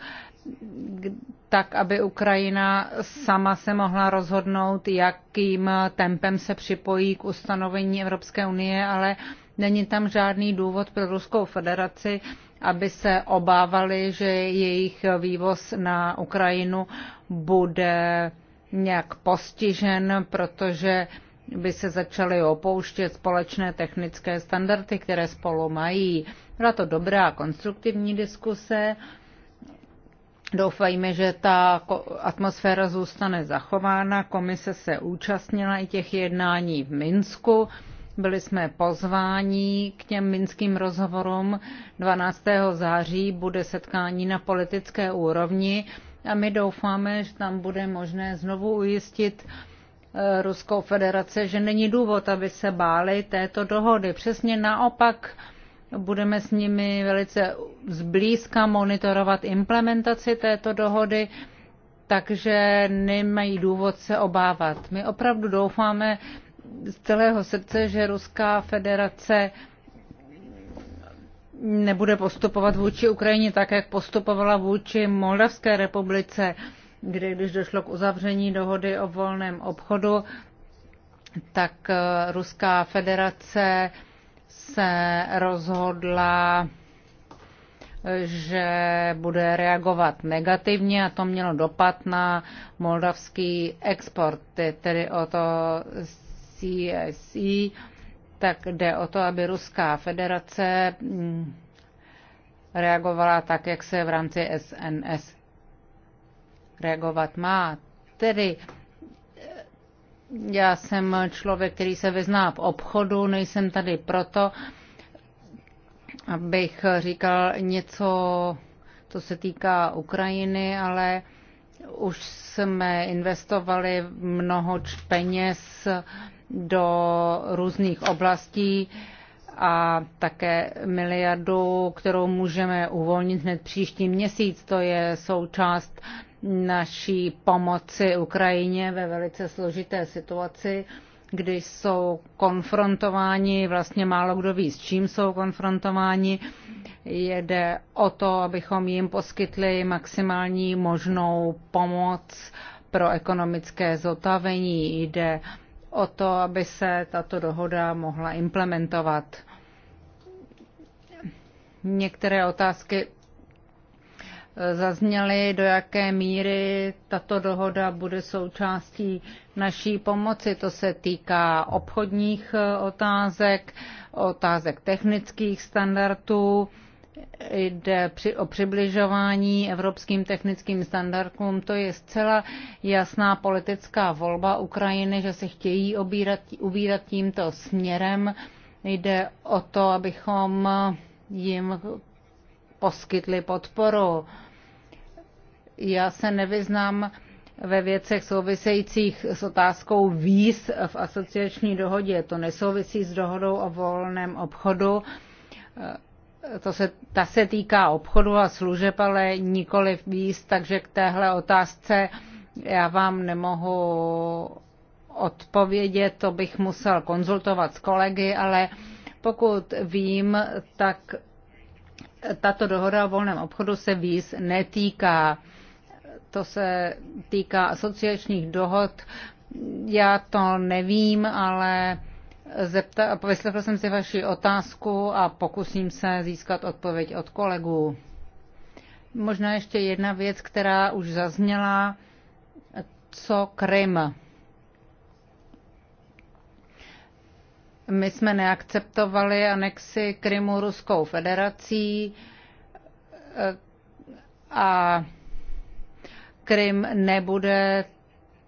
tak aby Ukrajina sama se mohla rozhodnout, jakým tempem se připojí k ustanovení Evropské unie, ale není tam žádný důvod pro Ruskou federaci, aby se obávali, že jejich vývoz na Ukrajinu bude nějak postižen, protože by se začaly opouštět společné technické standardy, které spolu mají. Byla to dobrá konstruktivní diskuse. Doufajme, že ta atmosféra zůstane zachována. Komise se účastnila i těch jednání v Minsku. Byli jsme pozváni k těm minským rozhovorům. 12. září bude setkání na politické úrovni a my doufáme, že tam bude možné znovu ujistit, Eh, Ruskou federaci, že není důvod, aby se báli této dohody. Přesně naopak budeme s nimi velice zblízka monitorovat implementaci této dohody, takže nemají důvod se obávat. My opravdu doufáme z celého srdce, že Ruská federace nebude postupovat vůči Ukrajině tak, jak postupovala vůči Moldavské republice kde když došlo k uzavření dohody o volném obchodu, tak eh, Ruská federace se rozhodla, eh, že bude reagovat negativně a to mělo dopad na moldavský export, tedy o to CSI, e. tak jde o to, aby Ruská federace mm, reagovala tak, jak se v rámci SNS reagovat má. Tedy eh, já jsem člověk, který se vyzná v obchodu, nejsem tady proto, abych říkal něco, co se týká Ukrajiny, ale už jsme investovali mnoho peněz do různých oblastí a také miliardu, kterou můžeme uvolnit hned příští měsíc. To je součást naší pomoci Ukrajině ve velice složité situaci, kdy jsou konfrontováni, vlastně málo kdo ví, s čím jsou konfrontováni. Jde o to, abychom jim poskytli maximální možnou pomoc pro ekonomické zotavení. Jde o to, aby se tato dohoda mohla implementovat. Některé otázky zazněly, do jaké míry tato dohoda bude součástí naší pomoci. To se týká obchodních eh, otázek, otázek technických standardů, jde při, o přibližování evropským technickým standardům. To je zcela jasná politická volba Ukrajiny, že se chtějí obírat, ubírat tímto směrem. Jde o to, abychom jim poskytli podporu. Já se nevyznám ve věcech souvisejících s otázkou víz v asociační dohodě. To nesouvisí s dohodou o volném obchodu. Eh, to se, ta se týká obchodu a služeb, ale nikoli víz, takže k téhle otázce já vám nemohu odpovědět, to bych musel konzultovat s kolegy, ale pokud vím, tak tato dohoda o volném obchodu se víz netýká to se týká asociačních dohod. Já to nevím, ale vyslechl jsem si vaši otázku a pokusím se získat odpověď od kolegů. Možná ještě jedna věc, která už zazněla, co Krym. My jsme neakceptovali anexi Krymu Ruskou federací eh, a Krym nebude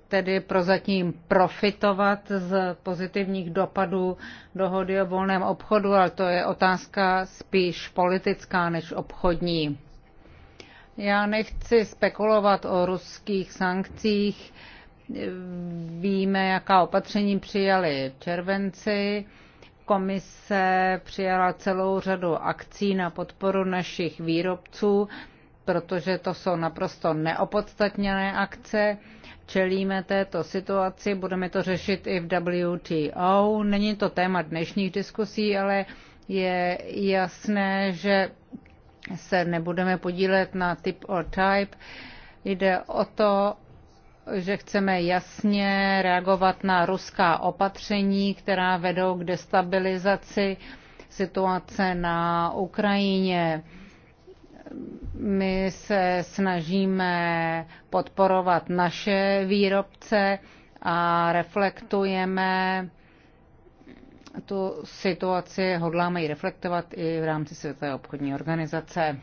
tedy prozatím profitovat z pozitivních dopadů dohody o volném obchodu, ale to je otázka spíš politická než obchodní. Já nechci spekulovat o ruských sankcích. Víme, jaká opatření přijali v červenci. Komise přijala celou řadu akcí na podporu našich výrobců protože to jsou naprosto neopodstatněné akce. Čelíme této situaci, budeme to řešit i v WTO. Není to téma dnešních diskusí, ale je jasné, že se nebudeme podílet na typ or type. Jde o to, že chceme jasně reagovat na ruská opatření, která vedou k destabilizaci situace na Ukrajině. My se snažíme podporovat naše výrobce a reflektujeme tu situaci, hodláme ji reflektovat i v rámci Světové obchodní organizace.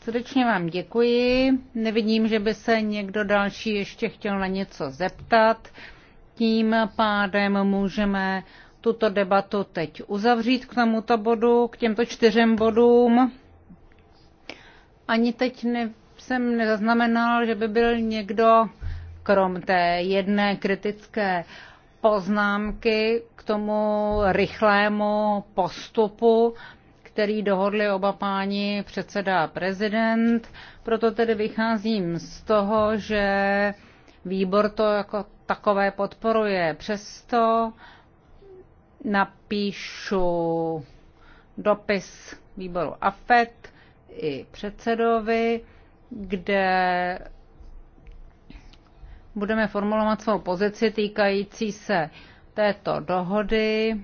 Srdečně vám děkuji. Nevidím, že by se někdo další ještě chtěl na něco zeptat. Tím pádem můžeme tuto debatu teď uzavřít k tomuto bodu, k těmto čtyřem bodům ani teď ne, jsem nezaznamenal, že by byl někdo, krom té jedné kritické poznámky k tomu rychlému postupu, který dohodli oba páni předseda a prezident. Proto tedy vycházím z toho, že výbor to jako takové podporuje. Přesto napíšu dopis výboru AFET, i předsedovi, kde budeme formulovat svou pozici týkající se této dohody.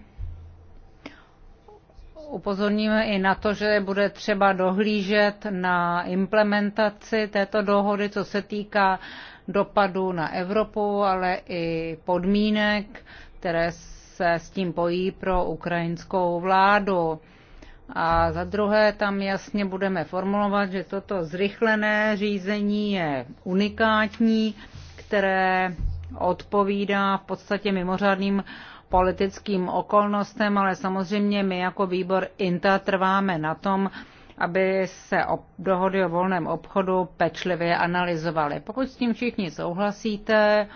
Upozorníme i na to, že bude třeba dohlížet na implementaci této dohody, co se týká dopadu na Evropu, ale i podmínek, které se s tím pojí pro ukrajinskou vládu. A za druhé tam jasně budeme formulovat, že toto zrychlené řízení je unikátní, které odpovídá v podstatě mimořádným politickým okolnostem, ale samozřejmě my jako výbor INTA trváme na tom, aby se dohody o volném obchodu pečlivě analyzovaly. Pokud s tím všichni souhlasíte,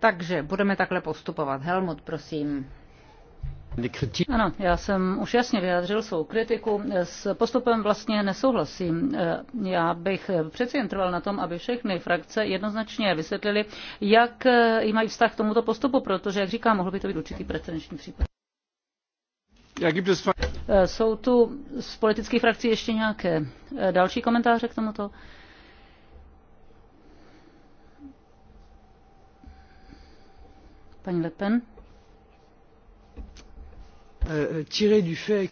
takže budeme takhle postupovat. Helmut, prosím. Ano, já jsem už jasně vyjádřil svou kritiku. S postupem vlastně nesouhlasím. Eh, já bych eh, přeci jen trval na tom, aby všechny frakce jednoznačně vysvětlili, jak eh, mají vztah k tomuto postupu, protože, jak říkám, mohl by to být určitý precedenční případ. Jsou tu z politických frakcí ještě nějaké další komentáře k tomuto? Paní Le Pen? Eh, tiré du fait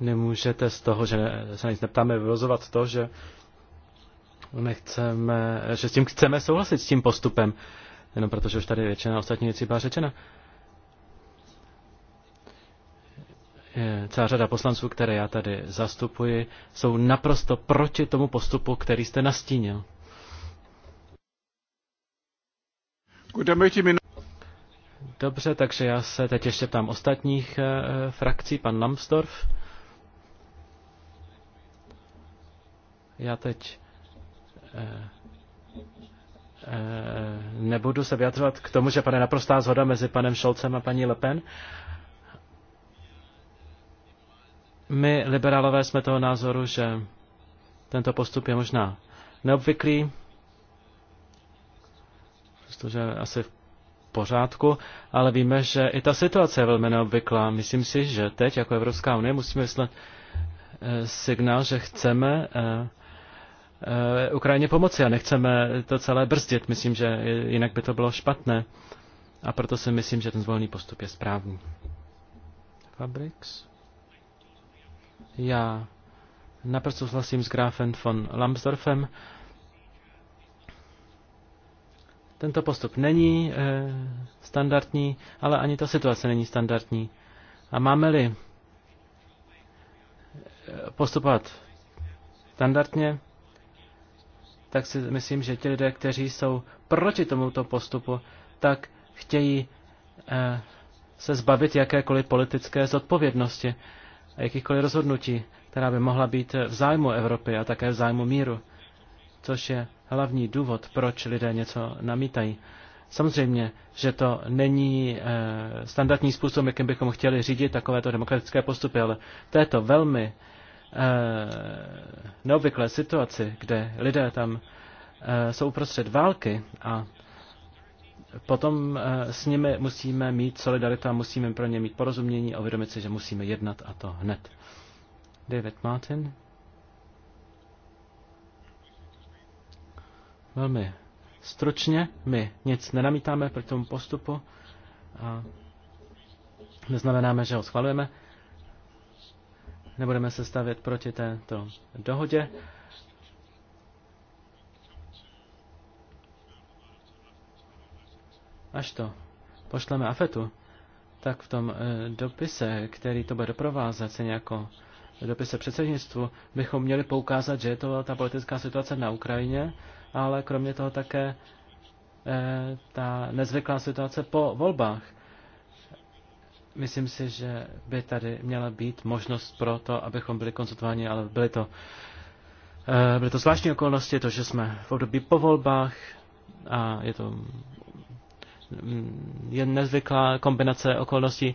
nemůžete z toho, že se nic neptáme, vyvozovat to, že nechceme, že s tím chceme souhlasit, s tím postupem, jenom protože už tady většina ostatní věcí byla řečena. Je celá řada poslanců, které já tady zastupuji, jsou naprosto proti tomu postupu, který jste nastínil. Gut, dann möchte ich mir Dobře, takže já se teď ještě ptám ostatních eh, eh, frakcí, pan Lambsdorff. Já teď eh, nebudu se vyjadřovat k tomu, že pane naprostá zhoda mezi panem Šolcem a paní Lepen. My, liberálové, jsme toho názoru, že tento postup je možná neobvyklý, protože asi v pořádku, ale víme, že i ta situace je velmi neobvyklá. Myslím si, že teď jako Evropská unie musíme vyslat eh, signál, že chceme eh, eh, Ukrajině pomoci a nechceme to celé brzdit. Myslím, že jinak by to bylo špatné. A proto si myslím, že ten zvolený postup je správný. Fabriks? Já naprosto souhlasím s Grafen von Lambsdorfem. Tento postup není eh, standardní, ale ani ta situace není standardní. A máme-li eh, postupovat standardně, tak si myslím, že ti lidé, kteří jsou proti tomuto postupu, tak chtějí eh, se zbavit jakékoliv politické zodpovědnosti a jakýchkoliv rozhodnutí, která by mohla být v zájmu Evropy a také v zájmu míru, což je hlavní důvod, proč lidé něco namítají. Samozřejmě, že to není eh, standardní způsob, jakým bychom chtěli řídit takovéto demokratické postupy, ale v této velmi eh, neobvyklé situaci, kde lidé tam eh, jsou uprostřed války a potom s nimi musíme mít solidaritu a musíme pro ně mít porozumění a uvědomit si, že musíme jednat a to hned. David Martin. Velmi stručně, my nic nenamítáme pro tomu postupu a neznamenáme, že ho schvalujeme. Nebudeme se stavět proti této dohodě. Až to pošleme AFETu, tak v tom eh, dopise, který to bude doprovázet, se nějako v dopise předsednictvu, bychom měli poukázat, že je to ta politická situace na Ukrajině, ale kromě toho také eh, ta nezvyklá situace po volbách. Myslím si, že by tady měla být možnost pro to, abychom byli konzultováni, ale byly to, eh, byly to zvláštní okolnosti, to, že jsme v období po volbách a je to mm, je nezvyklá kombinace okolností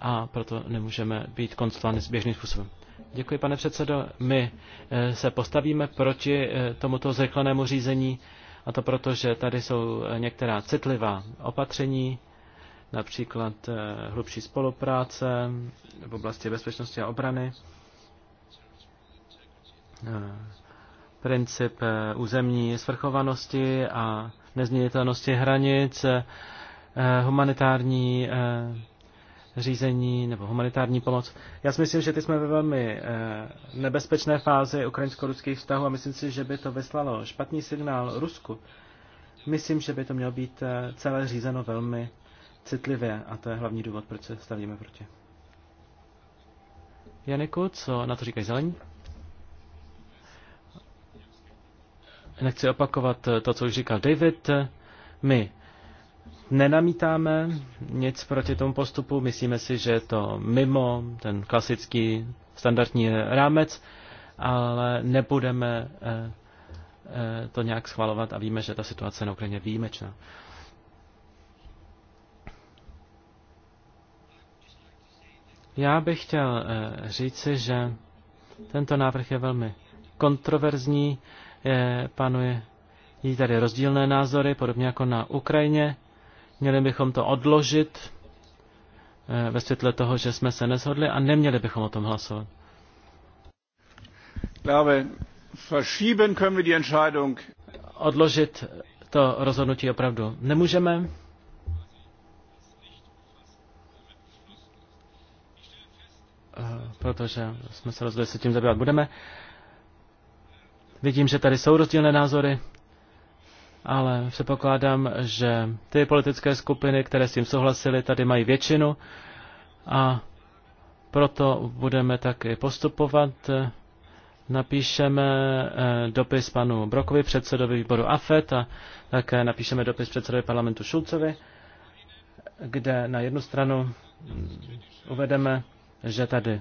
a proto nemůžeme být konzultováni běžným způsobem. Děkuji, pane předsedo. My eh, se postavíme proti eh, tomuto zrychlenému řízení, a to proto, že tady jsou eh, některá citlivá opatření, například hlubší spolupráce v oblasti bezpečnosti a obrany, princip územní svrchovanosti a nezměnitelnosti hranic, humanitární řízení nebo humanitární pomoc. Já si myslím, že teď jsme ve velmi eh, nebezpečné fázi ukrajinsko-ruských vztahů a myslím si, že by to vyslalo špatný signál Rusku. Myslím, že by to mělo být eh, celé řízeno velmi citlivě a to je hlavní důvod, proč se stavíme proti. Janiku, co na to říkají zelení? Nechci opakovat eh, to, co už říkal David. My nenamítáme nic proti tomu postupu, myslíme si, že je to mimo ten klasický standardní rámec, ale nebudeme eh, eh, to nějak schvalovat a víme, že ta situace na Ukrajině je výjimečná. Já bych chtěl eh, říci, že tento návrh je velmi kontroverzní, panuje jí tady rozdílné názory, podobně jako na Ukrajině. Měli bychom to odložit eh, ve světle toho, že jsme se neshodli a neměli bychom o tom hlasovat. Odložit to rozhodnutí opravdu nemůžeme. Eh, protože jsme se rozhodli, se tím zabývat budeme. Vidím, že tady jsou rozdílné názory ale předpokládám, že ty politické skupiny, které s tím souhlasily, tady mají většinu a proto budeme taky postupovat. Napíšeme eh, dopis panu Brokovi, předsedovi výboru AFET a také napíšeme dopis předsedovi parlamentu Šulcovi, kde na jednu stranu mm, uvedeme, že tady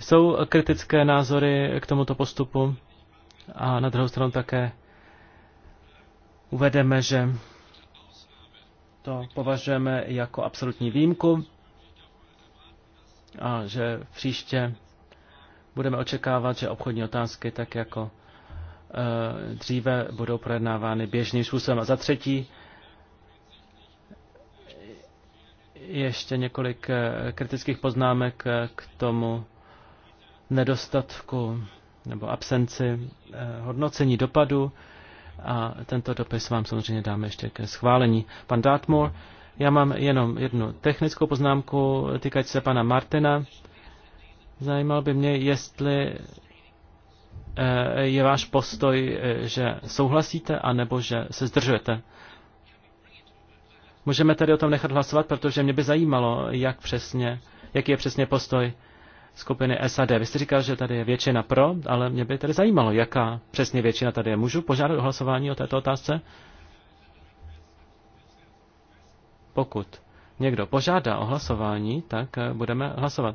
jsou kritické názory k tomuto postupu a na druhou stranu také uvedeme, že to považujeme jako absolutní výjimku a že příště budeme očekávat, že obchodní otázky, tak jako uh, dříve, budou projednávány běžným způsobem. A za třetí, ještě několik e, kritických poznámek e, k tomu nedostatku nebo absenci hodnocení dopadu a tento dopis vám samozřejmě dáme ještě ke schválení. Pan Dartmoor, já mám jenom jednu technickou poznámku týkající se pana Martina. Zajímal by mě, jestli eh, je váš postoj, eh, že souhlasíte, anebo že se zdržujete. Můžeme tedy o tom nechat hlasovat, protože mě by zajímalo, jak přesně, jaký je přesně postoj skupiny SAD. Vy jste říkal, že tady je většina pro, ale mě by tedy zajímalo, jaká přesně většina tady je. Můžu požádat o hlasování o této otázce? Pokud někdo požádá o hlasování, tak eh, budeme hlasovat.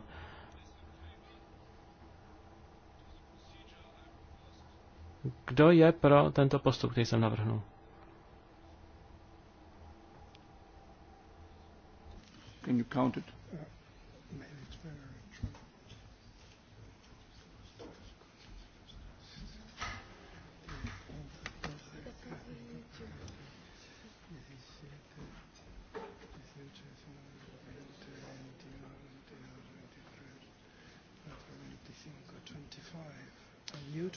Kdo je pro tento postup, který jsem navrhnul? Can you count it?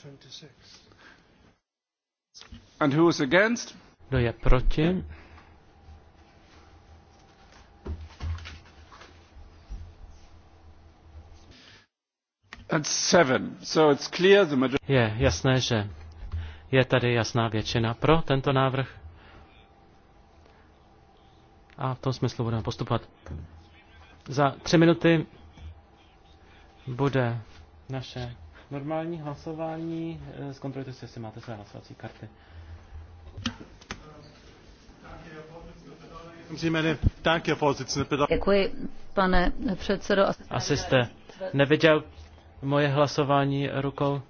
26. And who is against? Kdo je proti? And seven. So it's clear the majority... Je jasné, že je tady jasná většina pro tento návrh. A v tom smyslu budeme postupovat. Za tři minuty bude naše normální hlasování. Eh, zkontrolujte si, jestli máte své hlasovací karty. Děkuji, pane předsedo. Asi jste neviděl moje hlasování rukou.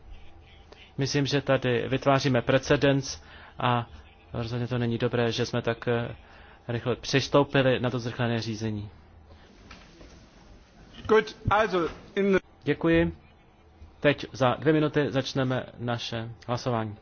Myslím, že tady vytváříme precedens a rozhodně to není dobré, že jsme tak eh, rychle přistoupili na to zrychlené řízení. Děkuji. Teď za dvě minuty začneme naše hlasování.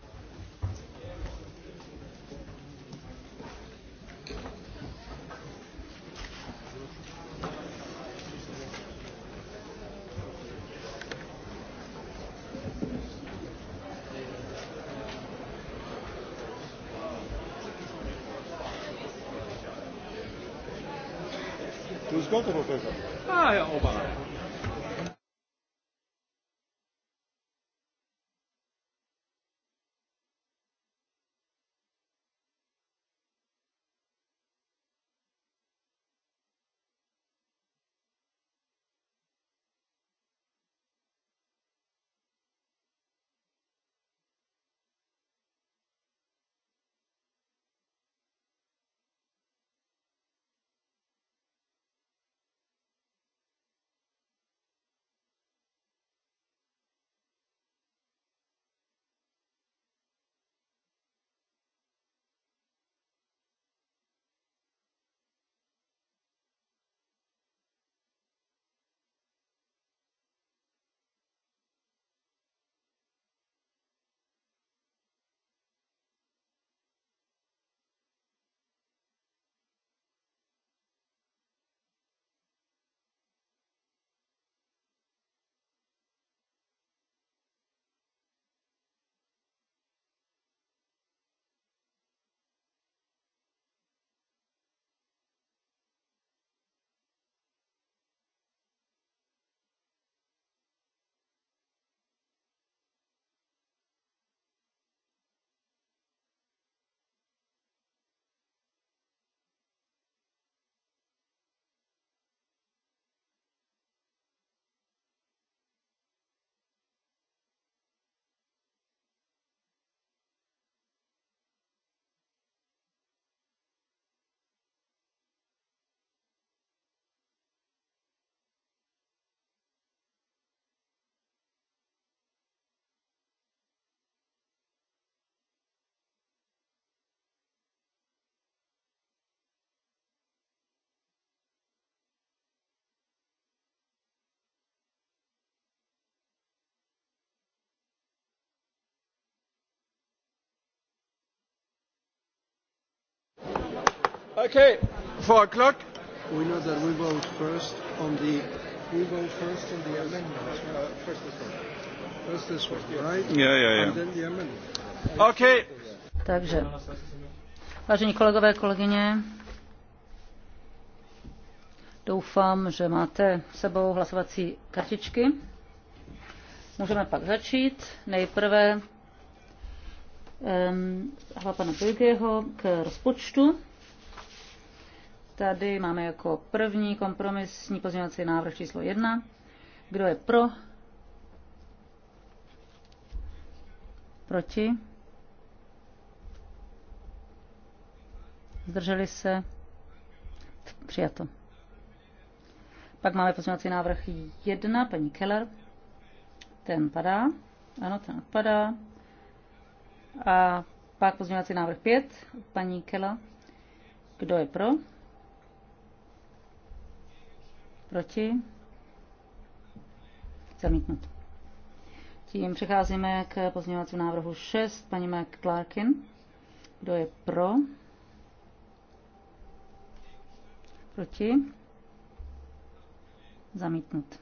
Okay, four o'clock. We know that we vote first on the we vote first on the amendment. Uh, first this one. First this one, right? Yeah, yeah, yeah. And then the amendment. Okay. Takže, vážení kolegové, kolegyně, doufám, že máte s sebou hlasovací kartičky. Můžeme pak začít. Nejprve um, pana Bilgeho k rozpočtu. Tady máme jako první kompromisní pozměňovací návrh číslo jedna, Kdo je pro? Proti? Zdrželi se? Přijato. Pak máme pozměňovací návrh 1, paní Keller. Ten padá. Ano, ten odpadá. A pak pozměňovací návrh 5, paní Kela. Kdo je pro? Proti? Zamítnut. Tím přecházíme k pozměňovacímu návrhu 6, paní McClarkin. Kdo je pro? Proti? Zamítnut.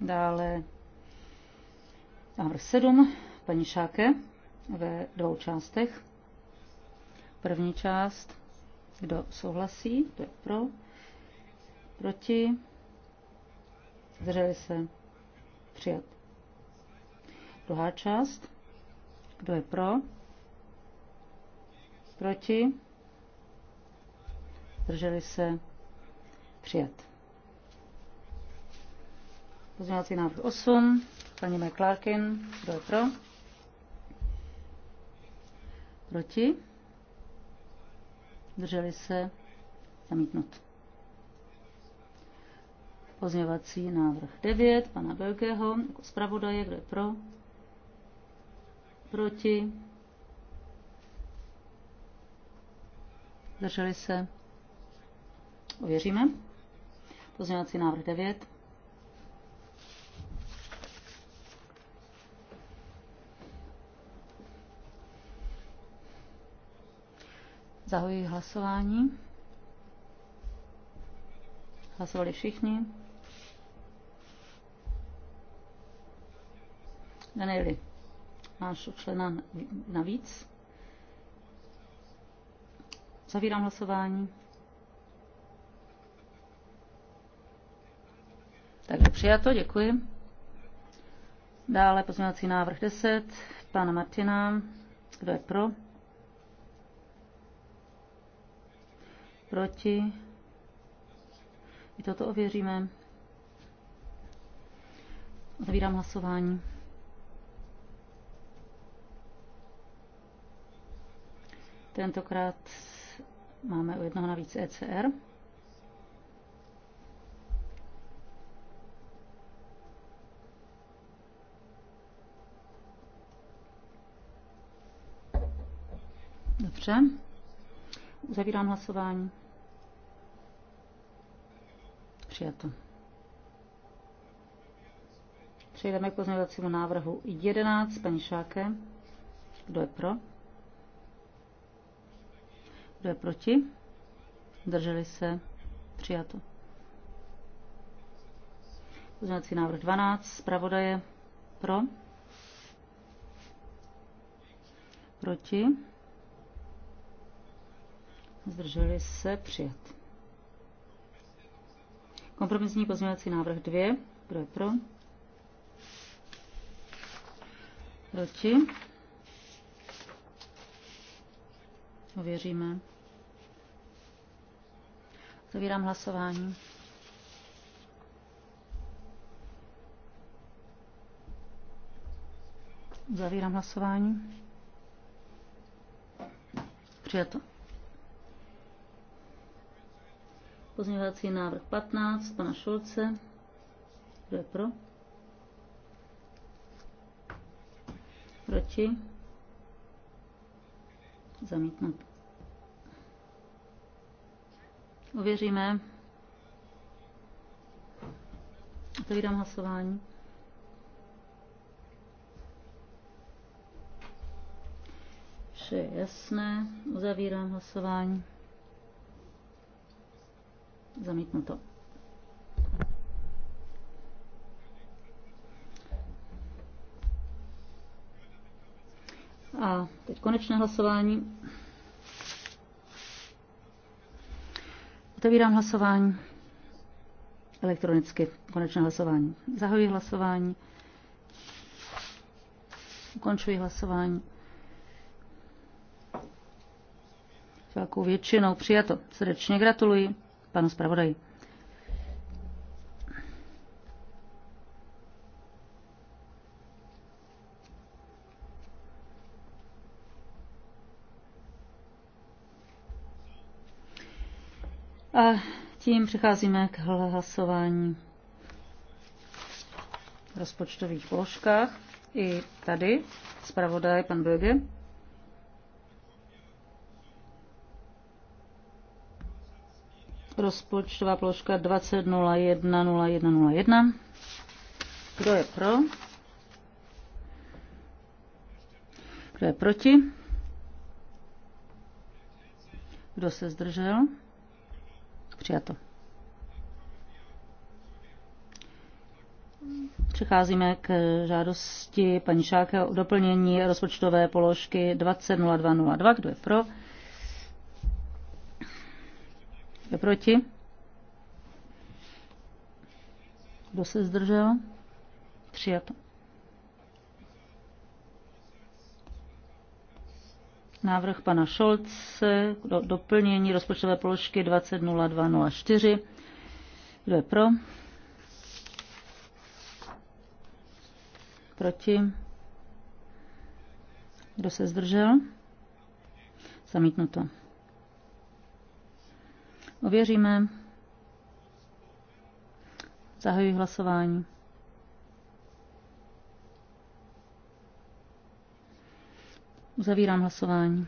Dále návrh 7, paní Šáke, ve dvou částech. První část kdo souhlasí? to je pro? Proti? Zdrželi se? Přijat. Druhá část. Kdo je pro? Proti? Zdrželi se? Přijat. Pozměňovací návrh 8. Paní McClarkin. Kdo je pro? Proti? Drželi se, zamítnut. Pozměvací návrh 9 pana Belgého jako zpravodaje, kdo je pro, proti, Drželi se, ověříme. Pozměvací návrh 9. Zahoji hlasování. Hlasovali všichni. Danieli, máš člena navíc. Zavírám hlasování. Takže přijato, děkuji. Dále pozměňovací návrh 10, pana Martina. Kdo je pro? proti. I toto ověříme. Otevírám hlasování. Tentokrát máme u jednoho navíc ECR. Dobře. Uzavírám hlasování. Přijato. Přejdeme k pozměňovacímu návrhu 11, paní Šáke. Kdo je pro? Kdo je proti? Drželi se? Přijato. Pozměňovací návrh 12, zpravodaje pro? Proti? Zdrželi se? Přijat. Kompromisní pozměňovací návrh 2. Kdo je pro? Proti? Uvěříme. Zavírám hlasování. Zavírám hlasování. Přijato. Pozměňovací návrh 15 pana Šulce. Kdo je pro? Proti? Zamítnut. Uvěříme. Otevírám hlasování. Vše je jasné. Uzavírám hlasování. Zamítnuto. A teď konečné hlasování. Otevírám hlasování elektronicky. Konečné hlasování. Zahajuji hlasování. Ukončuji hlasování. velkou většinou přijato. Srdečně gratuluji panu zpravodaji. A tím přicházíme k hlasování v rozpočtových položkách. I tady zpravodaj pan Böge. Rozpočtová položka 20010101. Kdo je pro? Kdo je proti? Kdo se zdržel? Přijato. Přecházíme k žádosti paní Šáka o doplnění rozpočtové položky 200202. Kdo je pro? je proti? Kdo se zdržel? Přijato. Návrh pana Šolce do doplnění rozpočtové položky 200204. Kdo je pro? Proti? Kdo se zdržel? Zamítnuto. Ověříme. Zahajuji hlasování. Uzavírám hlasování.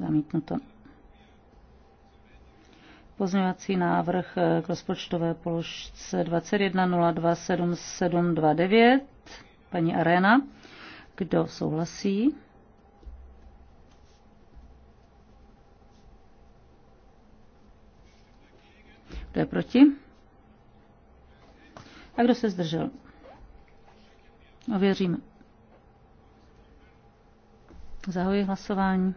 Zamítnuto. Pozměňovací návrh eh, k rozpočtové položce 21027729, paní Arena. Kdo souhlasí? Kdo je proti? A kdo se zdržel? Ověříme. Zahoji hlasování.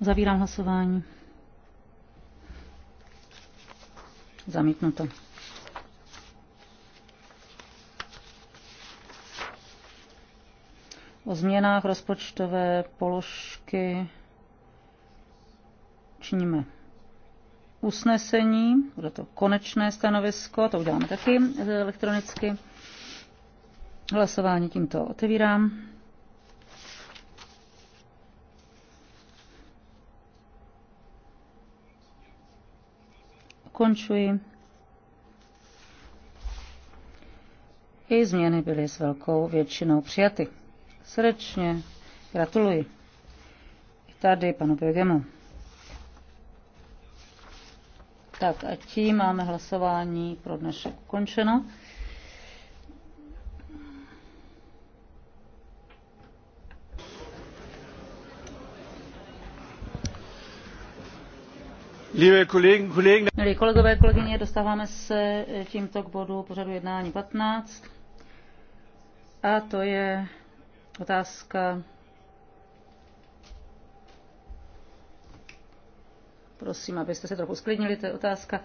Zavírám hlasování. Zamítnuto. O změnách rozpočtové položky učiníme usnesení, bude to konečné stanovisko, to uděláme taky eh, elektronicky. Hlasování tímto otevírám. Končuji. I změny byly s velkou většinou přijaty. Srdečně gratuluji. I tady panu Pěgemu. Tak a tím máme hlasování pro dnešek ukončeno. Milí kolegové, kolegyně, dostáváme se tímto k bodu pořadu jednání 15. A to je otázka Prosím, abyste se trochu sklidnili, to je otázka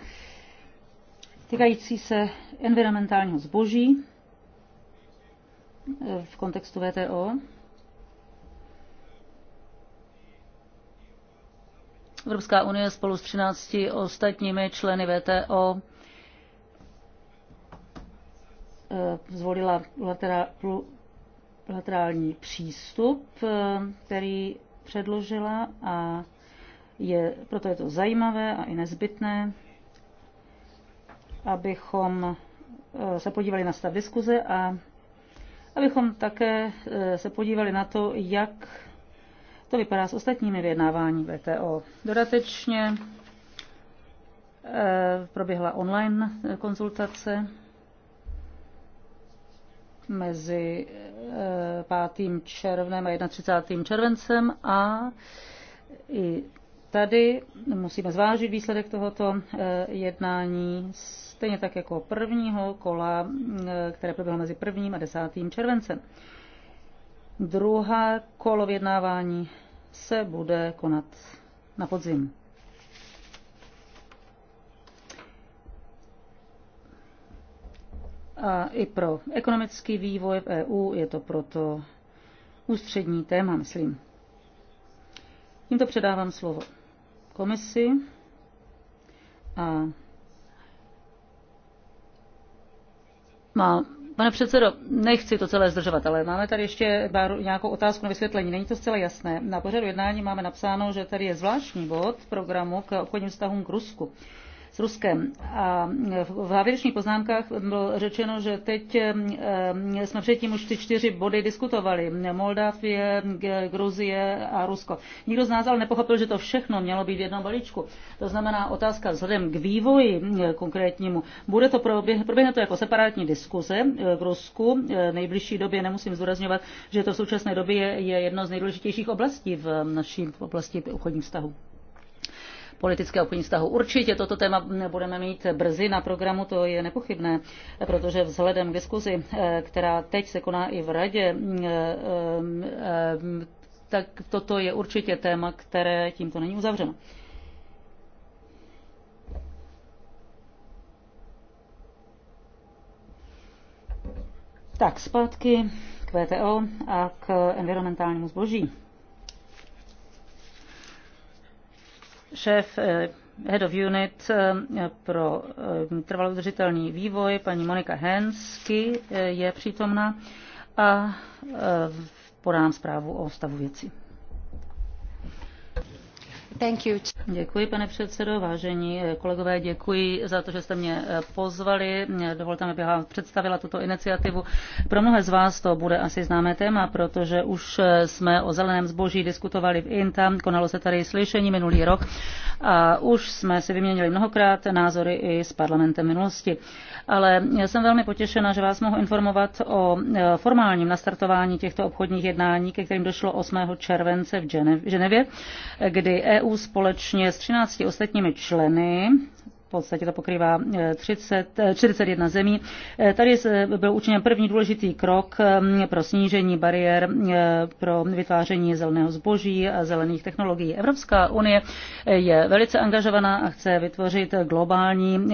týkající se environmentálního zboží v kontextu VTO. Evropská unie spolu s 13 ostatními členy VTO eh, zvolila laterální přístup, eh, který předložila a je, proto je to zajímavé a i nezbytné, abychom e, se podívali na stav diskuze a abychom také e, se podívali na to, jak to vypadá s ostatními vyjednávání VTO. Dodatečně e, proběhla online konzultace mezi 5. červnem a 31. červencem a i Tady musíme zvážit výsledek tohoto eh, jednání stejně tak jako prvního kola, eh, které proběhlo mezi 1. a 10. červencem. Druhá kolo vyjednávání se bude konat na podzim. A i pro ekonomický vývoj v EU je to proto ústřední téma, myslím. Tímto předávám slovo komisi a má Pane předsedo, nechci to celé zdržovat, ale máme tady ještě nějakou otázku na vysvětlení. Není to zcela jasné. Na pořadu jednání máme napsáno, že tady je zvláštní bod programu k obchodním vztahům k Rusku s Ruskem. A eh, v závěrečných poznámkách bylo řečeno, že teď eh, eh, jsme předtím už ty čtyři body diskutovali. Moldavie, Gruzie a Rusko. Nikdo z nás ale nepochopil, že to všechno mělo být v jednom balíčku. To znamená otázka vzhledem k vývoji konkrétnímu. Bude to proběhne, proběhne to jako separátní diskuze v Rusku. V nejbližší době nemusím zdůrazňovat, že to v současné době je jedno z nejdůležitějších oblastí v naší oblasti obchodních vztahů. Politické obchodní vztahů. Určitě toto téma budeme mít brzy na programu, to je nepochybné, protože vzhledem k diskuzi, eh, která teď se koná i v radě, eh, eh, tak toto je určitě téma, které tímto není uzavřeno. Tak, zpátky k VTO a k environmentálnímu zboží. šéf eh, Head of Unit eh, pro eh, trvalou udržitelný vývoj, paní Monika Hensky, je přítomna a podám zprávu o stavu věcí. Děkuji, pane předsedo, eh, kolegové, děkuji za to, že jste mě eh, pozvali. Dovolte mi, abych vám představila tuto iniciativu. Pro mnohé z vás to bude asi známé téma, protože už eh, jsme o zeleném zboží diskutovali v INTA, konalo se tady slyšení minulý rok a už jsme si vyměnili mnohokrát názory i s parlamentem minulosti. Ale jsem velmi potěšena, že vás mohu informovat o formálním nastartování těchto obchodních jednání, ke kterým došlo 8. července v Ženevě, kdy EU EU společně s 13 ostatními členy v podstatě to pokrývá 30, eh, 41 eh, zemí. Eh, tady byl učiněn první důležitý krok mm, pro snížení bariér pro vytváření zeleného zboží a zelených technologií. Evropská unie je velice angažovaná a chce vytvořit globální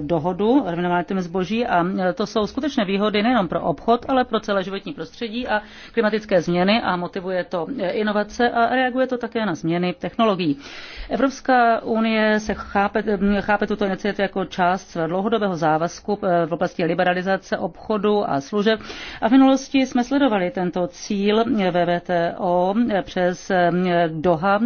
dohodu o renovátém zboží a to jsou skutečné výhody nejenom pro obchod, ale pro celé životní prostředí a klimatické změny a motivuje to inovace a reaguje to také na změny technologií. Evropská unie se chápe, chápe tuto iniciativu jako část svého dlouhodobého závazku eh, v oblasti liberalizace obchodu a služeb a v minulosti jsme sledovali tento cíl eh, ve VTO eh, přes Doha.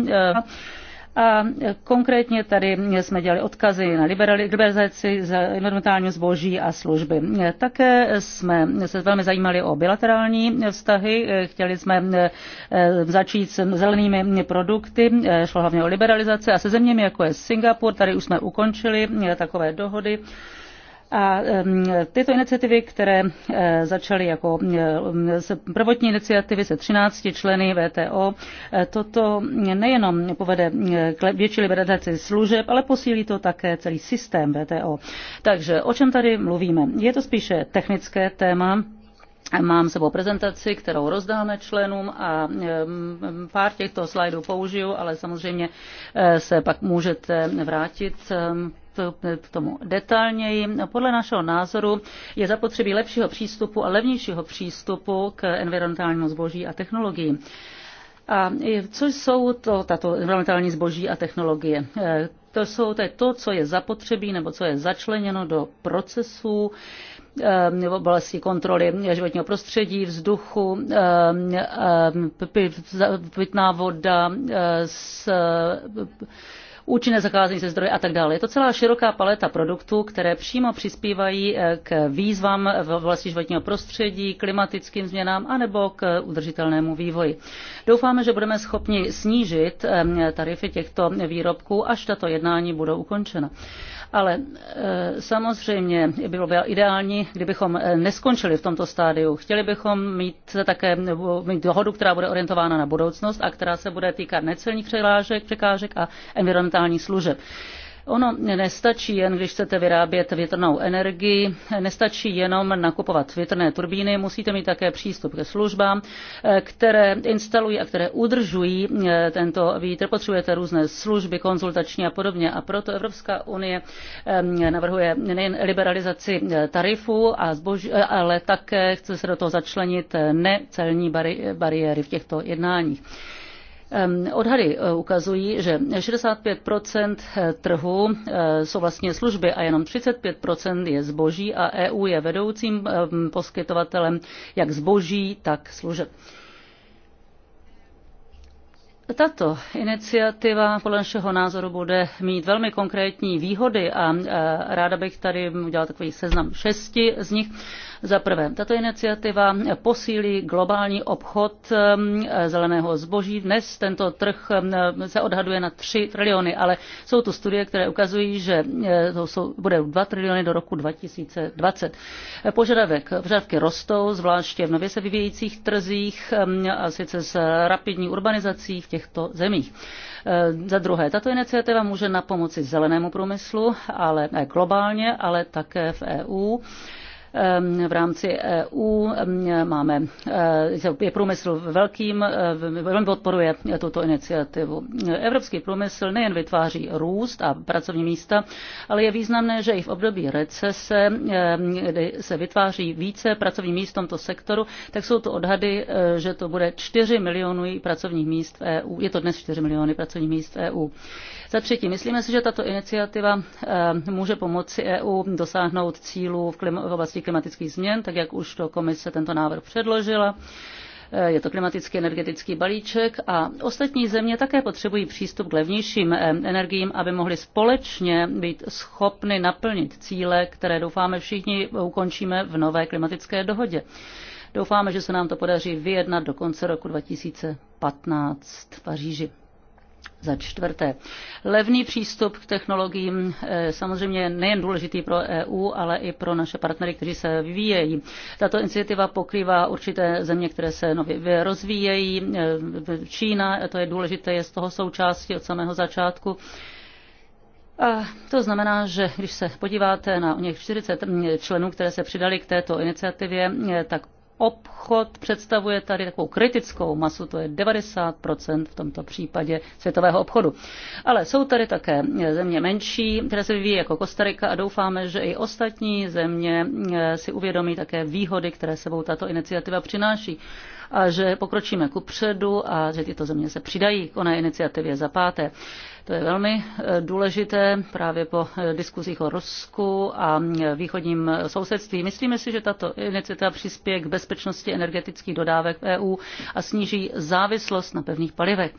A konkrétně tady jsme dělali odkazy na liberalizaci environmentálního zboží a služby. Také jsme se velmi zajímali o bilaterální vztahy. Chtěli jsme eh, začít s zelenými produkty, šlo hlavně o liberalizace a se zeměmi, jako je Singapur. Tady už jsme ukončili eh, takové dohody. A tyto iniciativy, které e, začaly jako prvotní iniciativy se 13 členy VTO, e, toto nejenom povede k větší liberalizaci služeb, ale posílí to také celý systém VTO. Takže o čem tady mluvíme? Je to spíše technické téma, Mám sebou prezentaci, kterou rozdáme členům a pár těchto slajdů použiju, ale samozřejmě e, se pak můžete vrátit k tomu detailněji. Podle našeho názoru je zapotřebí lepšího přístupu a levnějšího přístupu k environmentálnímu zboží a technologiím. A co jsou to tato environmentální zboží a technologie? To, jsou, to je to, co je zapotřebí nebo co je začleněno do procesů v ehm, oblasti kontroly životního prostředí, vzduchu, ehm, ehm, pitná voda, s účinné zacházení se zdroje a tak dále. Je to celá široká paleta produktů, které přímo přispívají eh, k výzvám v oblasti životního prostředí, klimatickým změnám anebo k udržitelnému vývoji. Doufáme, že budeme schopni snížit eh, tarify těchto výrobků, až tato jednání budou ukončena. Ale e, samozřejmě bylo by ideální, kdybychom e, neskončili v tomto stádiu. Chtěli bychom mít také mít dohodu, která bude orientována na budoucnost a která se bude týkat necelních překážek, překážek a environmentálních služeb. Ono nestačí jen, když chcete vyrábět větrnou energii, nestačí jenom nakupovat větrné turbíny, musíte mít také přístup ke službám, eh, které instalují a které udržují eh, tento vítr. Potřebujete různé služby, konzultační a podobně. A proto Evropská unie eh, navrhuje nejen liberalizaci tarifů, a zboží, ale také chce se do toho začlenit necelní bari, bariéry v těchto jednáních. Odhady eh, ukazují, že 65 eh, trhu eh, jsou vlastně služby a jenom 35 je zboží a EU je vedoucím poskytovatelem jak zboží, tak služeb. Tato iniciativa podle našeho názoru bude mít velmi konkrétní výhody a ráda bych tady udělal takový seznam šesti z nich. Za prvé, tato iniciativa posílí globální obchod um, zeleného zboží. Dnes tento trh um, se odhaduje na 3 triliony, ale jsou tu studie, které ukazují, že eh, to jsou, bude 2 triliony do roku 2020. Požadavek, požadavky rostou, zvláště v nově se vyvíjejících trzích um, a sice s rapidní urbanizací v těchto zemích. Eh, za druhé, tato iniciativa může na pomoci zelenému průmyslu, ale globálně, ale také v EU. Ehm, v rámci EU. Ehm, máme, ehm, je průmysl velkým, velmi podporuje tuto iniciativu. Evropský průmysl nejen vytváří růst a pracovní místa, ale je významné, že i v období recese, kdy se vytváří více pracovní míst v tomto sektoru, tak jsou to odhady, že to bude 4 milionů pracovních míst v EU. Je to dnes 4 miliony pracovních míst v EU. E Za třetí, myslíme si, že tato iniciativa může pomoci EU dosáhnout cílů v oblasti klimatických změn, tak jak už to komise tento návrh předložila. Eh, je to klimatický energetický balíček a ostatní země také potřebují přístup k levnějším eh, energiím, aby mohly společně být schopny naplnit cíle, které doufáme všichni ukončíme v nové klimatické dohodě. Doufáme, že se nám to podaří vyjednat do konce roku 2015 v Paříži. Za čtvrté, levný přístup k technologiím eh, samozřejmě nejen důležitý pro EU, ale i pro naše partnery, kteří se vyvíjejí. Tato iniciativa pokrývá určité země, které se nově rozvíjejí. Eh, Čína, to je důležité, je z toho součástí od samého začátku. A to znamená, že když se podíváte na o něch 40 členů, které se přidali k této iniciativě, eh, tak obchod představuje tady takovou kritickou masu, to je 90% v tomto případě světového obchodu. Ale jsou tady také země menší, které se vyvíjí jako Kostarika a doufáme, že i ostatní země eh, si uvědomí také výhody, které sebou tato iniciativa přináší a že pokročíme ku předu a že tyto země se přidají k oné iniciativě za páté. To je velmi eh, důležité právě po eh, diskuzích o Rusku a eh, východním sousedství. Myslíme si, že tato iniciativa přispěje k bezpečnosti energetických dodávek EU a sníží závislost na pevných palivech.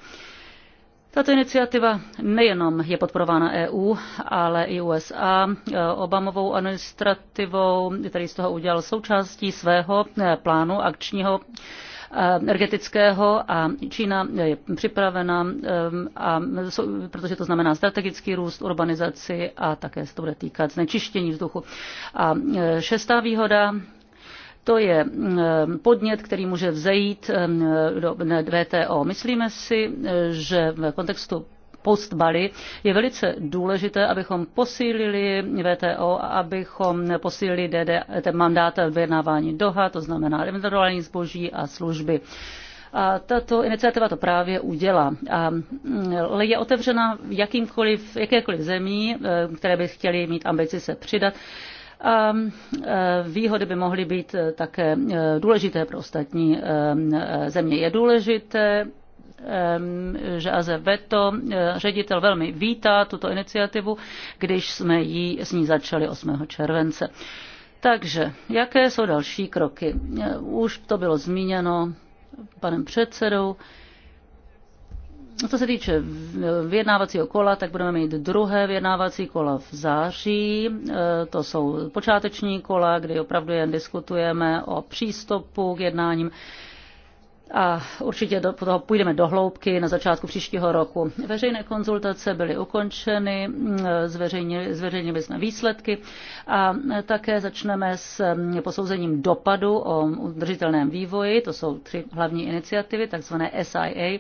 Tato iniciativa nejenom je podporována EU, ale i USA Obamovou administrativou, který z toho udělal součástí svého plánu akčního energetického a Čína je připravena, a, protože to znamená strategický růst, urbanizaci a také se to bude týkat znečištění vzduchu. A šestá výhoda to je podnět, který může vzejít do VTO. Myslíme si, že v kontextu post Bali, je velice důležité, abychom posílili VTO a abychom posílili DD, ten mandát vyjednávání doha, to znamená inventorování zboží a služby. A tato iniciativa to právě udělá. A mm, je otevřena jakýmkoliv, jakékoliv zemí, e, které by chtěli mít ambici se přidat. A e, výhody by mohly být také e, důležité pro ostatní země. Je důležité že Aze Veto, eh, ředitel velmi vítá tuto iniciativu, když jsme ji s ní začali 8. července. Takže, jaké jsou další kroky? Eh, už to bylo zmíněno panem předsedou. Co se týče vyjednávacího kola, tak budeme mít druhé vyjednávací kola v září. Eh, to jsou počáteční kola, kdy opravdu jen diskutujeme o přístupu k jednáním a určitě do toho půjdeme do hloubky na začátku příštího roku. Veřejné konzultace byly ukončeny, mm, zveřejnili, zveřejnili jsme výsledky a také začneme s mm, posouzením dopadu o udržitelném vývoji, to jsou tři hlavní iniciativy, takzvané SIA,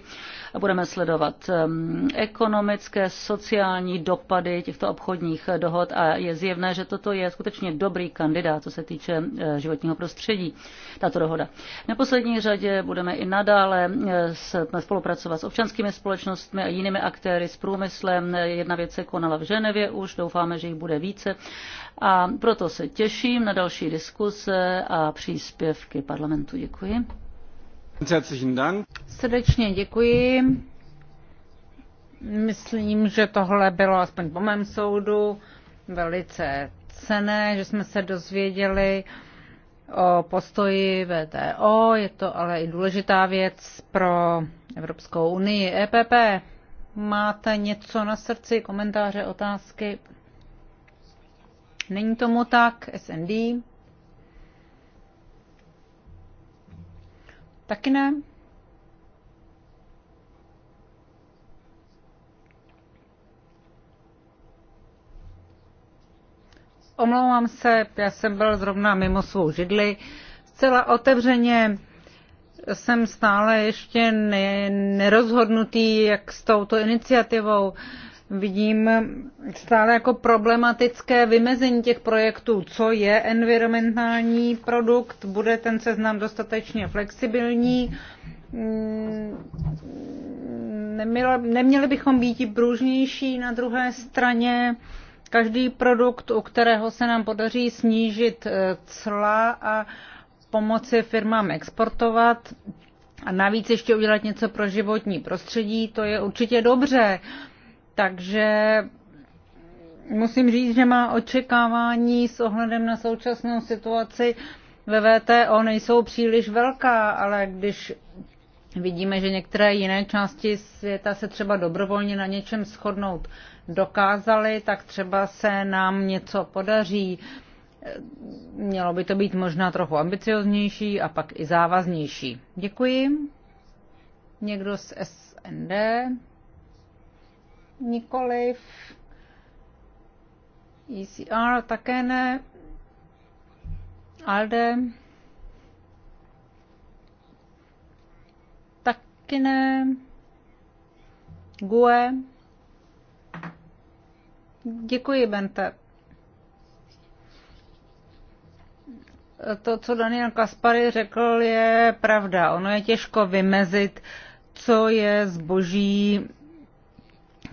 budeme sledovat ehm, ekonomické, sociální dopady těchto obchodních eh, dohod a je zjevné, že toto je skutečně dobrý kandidát, co se týče eh, životního prostředí, tato dohoda. V neposlední řadě budeme i nadále eh, spolupracovat s občanskými společnostmi a jinými aktéry, s průmyslem. Jedna věc se konala v Ženevě už, doufáme, že jich bude více. A proto se těším na další diskuse a příspěvky parlamentu. Děkuji. Srdečně děkuji. Myslím, že tohle bylo aspoň po mém soudu velice cené, že jsme se dozvěděli o postoji VTO, je to ale i důležitá věc pro Evropskou unii. EPP, máte něco na srdci, komentáře, otázky? Není tomu tak, SND. Taky ne. Omlouvám se, já jsem byl zrovna mimo svou židli. Zcela otevřeně jsem stále ještě ne, nerozhodnutý, jak s touto iniciativou. Uh, vidím stále jako problematické vymezení těch projektů, co je environmentální produkt, bude ten seznam dostatečně flexibilní, mm, neměli bychom být i na druhé straně, každý produkt, u kterého se nám podaří snížit eh, cla a pomoci firmám exportovat a navíc ještě udělat něco pro životní prostředí, to je určitě dobře. Takže musím říct, že má očekávání s ohledem na současnou situaci ve VTO nejsou příliš velká, ale když vidíme, že některé jiné části světa se třeba dobrovolně na něčem shodnout dokázaly, tak třeba se nám něco podaří. Mělo by to být možná trochu ambicioznější a pak i závaznější. Děkuji. Někdo z SND? nikoliv. ECR také ne. ALDE taky ne. GUE Děkuji, Bente. To, co Daniel Kaspary řekl, je pravda. Ono je těžko vymezit, co je zboží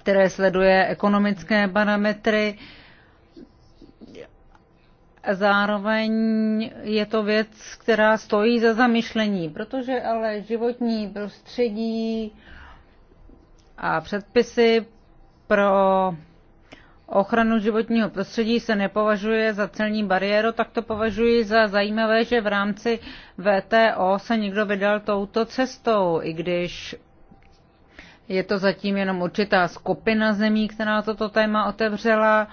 které sleduje ekonomické parametry. zároveň je to věc, která stojí za zamyšlení, protože ale životní prostředí a předpisy pro ochranu životního prostředí se nepovažuje za celní bariéru, tak to považuji za zajímavé, že v rámci VTO se někdo vydal touto cestou, i když je to zatím jenom určitá skupina zemí, která toto téma otevřela.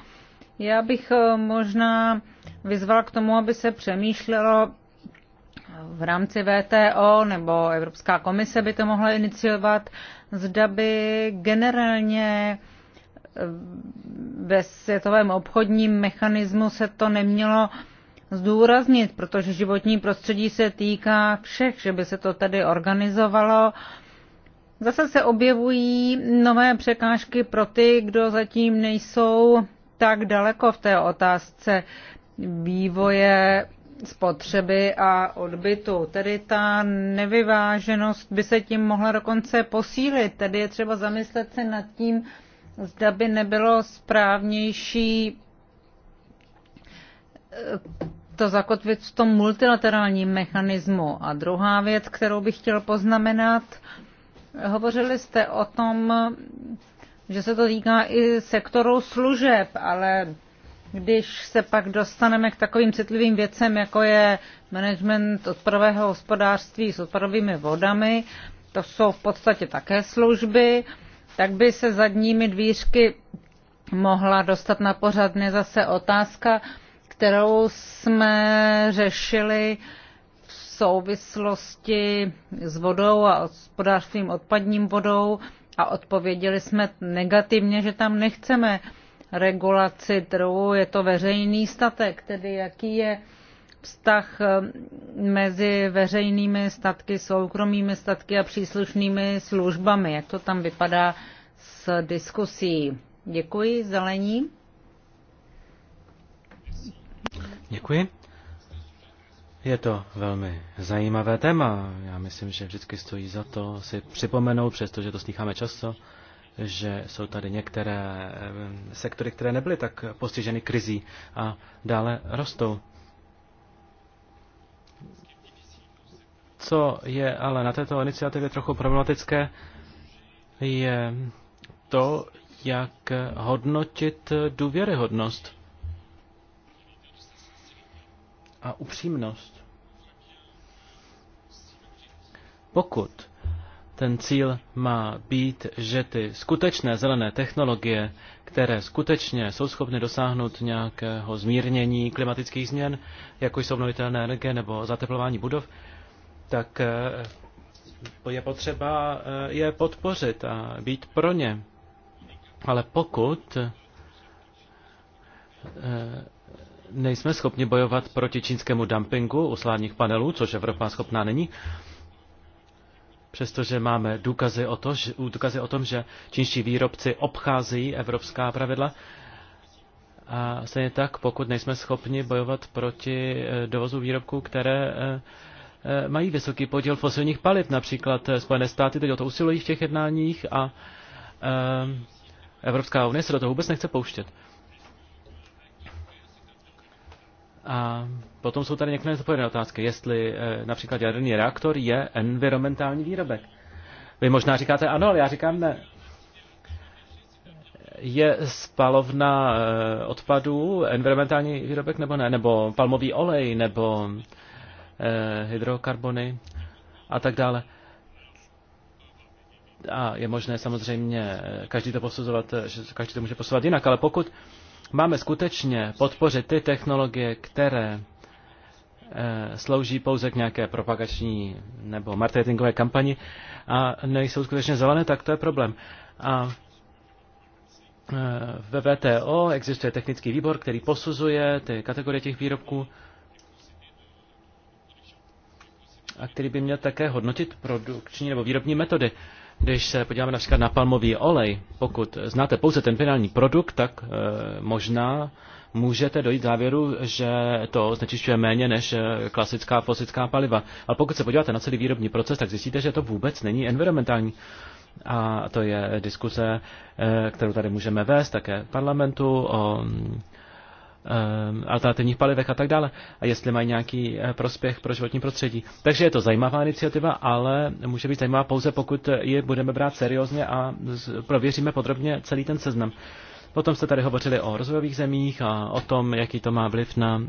Já bych eh, možná vyzvala k tomu, aby se přemýšlelo v rámci VTO nebo Evropská komise by to mohla iniciovat, zda by generálně eh, ve světovém obchodním mechanismu se to nemělo zdůraznit, protože životní prostředí se týká všech, že by se to tady organizovalo Zase se objevují nové překážky pro ty, kdo zatím nejsou tak daleko v té otázce vývoje spotřeby a odbytu. Tedy ta nevyváženost by se tím mohla dokonce posílit. Tedy je třeba zamyslet se nad tím, zda by nebylo správnější eh, to zakotvit v tom multilaterálním mechanismu. A druhá věc, kterou bych chtěl poznamenat, Hovořili jste o tom, že se to týká i sektoru služeb, ale když se pak dostaneme k takovým citlivým věcem, jako je management odpadového hospodářství s odpadovými vodami, to jsou v podstatě také služby, tak by se zadními dvířky mohla dostat na pořadně zase otázka, kterou jsme řešili uh, souvislosti s vodou a hospodářstvím odpadním vodou a odpověděli jsme negativně, že tam nechceme regulaci trhu, je to veřejný statek, tedy jaký je vztah eh, mezi veřejnými statky, soukromými statky a příslušnými službami, jak to tam vypadá s diskusí. Děkuji, zelení. Děkuji. Je to velmi zajímavé téma. Já myslím, že vždycky stojí za to si připomenout, přestože to slycháme často, že jsou tady některé eh, sektory, které nebyly tak postiženy krizí a dále rostou. Co je ale na této iniciativě trochu problematické, je to, jak hodnotit důvěryhodnost a upřímnost. Pokud ten cíl má být, že ty skutečné zelené technologie, které skutečně jsou schopny dosáhnout nějakého zmírnění klimatických změn, jako jsou obnovitelné energie nebo zateplování budov, tak eh, je potřeba eh, je podpořit a být pro ně. Ale pokud eh, nejsme schopni bojovat proti čínskému dumpingu u slávních panelů, což Evropa schopná není, přestože máme důkazy o, to, že, důkazy o tom, že čínští výrobci obcházejí evropská pravidla. A stejně tak, pokud nejsme schopni bojovat proti eh, dovozu výrobků, které eh, eh, mají vysoký podíl fosilních paliv, například Spojené státy teď o to usilují v těch jednáních a Evropská unie se do toho vůbec nechce pouštět. A potom jsou tady některé zapojené otázky, jestli eh, například jaderný reaktor je environmentální výrobek. Vy možná říkáte ano, ale já říkám ne. Je spalovna eh, odpadů environmentální výrobek nebo ne? Nebo palmový olej, nebo eh, hydrokarbony a tak dále. A je možné samozřejmě každý to posuzovat, každý to může posuzovat jinak, ale pokud Máme skutečně podpořit ty technologie, které eh, slouží pouze k nějaké propagační nebo marketingové kampani a nejsou skutečně zelené, tak to je problém. A eh, ve VTO existuje technický výbor, který posuzuje ty kategorie těch výrobků a který by měl také hodnotit produkční nebo výrobní metody. Když se podíváme například na palmový olej, pokud znáte pouze ten finální produkt, tak e, možná můžete dojít k závěru, že to znečišťuje méně než eh, klasická fosická paliva. Ale pokud se podíváte na celý výrobní proces, tak zjistíte, že to vůbec není environmentální. A to je diskuse, eh, kterou tady můžeme vést také v parlamentu o Ehm, alternativních palivech a tak dále. A jestli mají nějaký eh, prospěch pro životní prostředí. Takže je to zajímavá iniciativa, ale může být zajímavá pouze, pokud je budeme brát seriózně a prověříme podrobně celý ten seznam. Potom jste tady hovořili o rozvojových zemích a o tom, jaký to má vliv na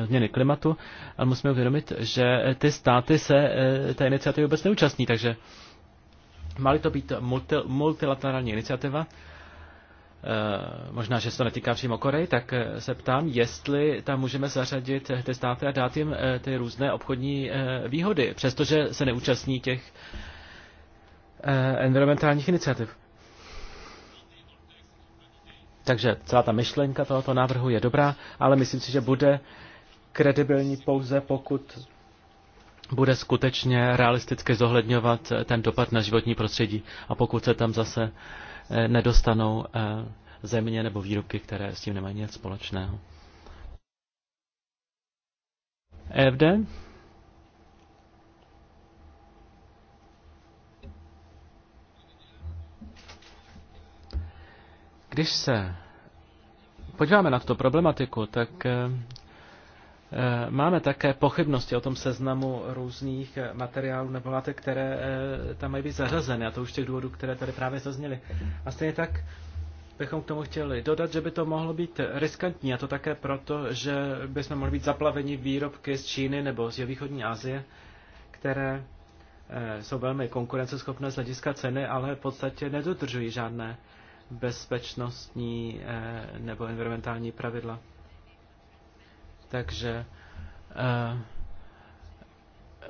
eh, změny klimatu, ale musíme uvědomit, že ty státy se eh, té iniciativy vůbec neúčastní, takže má to být multi, multilaterální iniciativa, Eh, možná, že se to netýká přímo Koreji, tak eh, se ptám, jestli tam můžeme zařadit eh, ty státy a dát jim ty různé obchodní výhody, přestože se neúčastní těch environmentálních iniciativ. Takže celá ta myšlenka tohoto návrhu je dobrá, ale myslím si, že bude kredibilní pouze, pokud bude skutečně realisticky zohledňovat ten dopad na životní prostředí a pokud se tam zase uh, nedostanou eh, země nebo výrobky, které s tím nemají nic společného. EFD? Když se podíváme na tuto problematiku, tak eh, Eh, máme také pochybnosti o tom seznamu různých eh, materiálů nebo látek, které eh, tam mají být zařazeny, a to už těch důvodů, které tady právě zazněly. A stejně tak bychom k tomu chtěli dodat, že by to mohlo být riskantní, a to také proto, že bychom mohli být zaplaveni výrobky z Číny nebo z východní Asie, které jsou velmi konkurenceschopné z hlediska ceny, ale v podstatě nedodržují žádné bezpečnostní nebo environmentální pravidla. Takže eh, eh,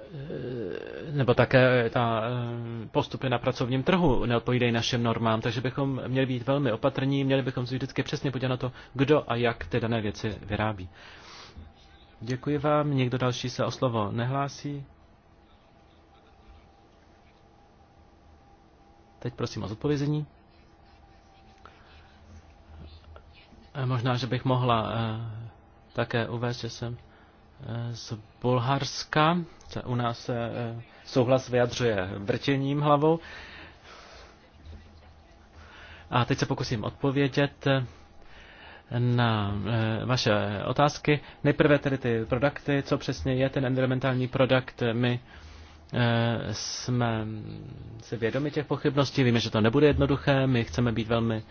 nebo také ta eh, postupy na pracovním trhu neodpovídají našim normám, takže bychom měli být velmi opatrní, měli bychom si vždycky přesně podívat na to, kdo a jak ty dané věci vyrábí. Děkuji vám. Někdo další se o slovo nehlásí? Teď prosím o zodpovězení. Možná, že bych mohla také uvést, že jsem eh, z Bulharska. U nás se eh, eh, souhlas vyjadřuje vrtěním hlavou. A teď se pokusím odpovědět na vaše otázky. Nejprve tedy ty produkty, co přesně je ten environmentální produkt. My jsme si vědomi těch pochybností, víme, že to nebude jednoduché, my chceme být velmi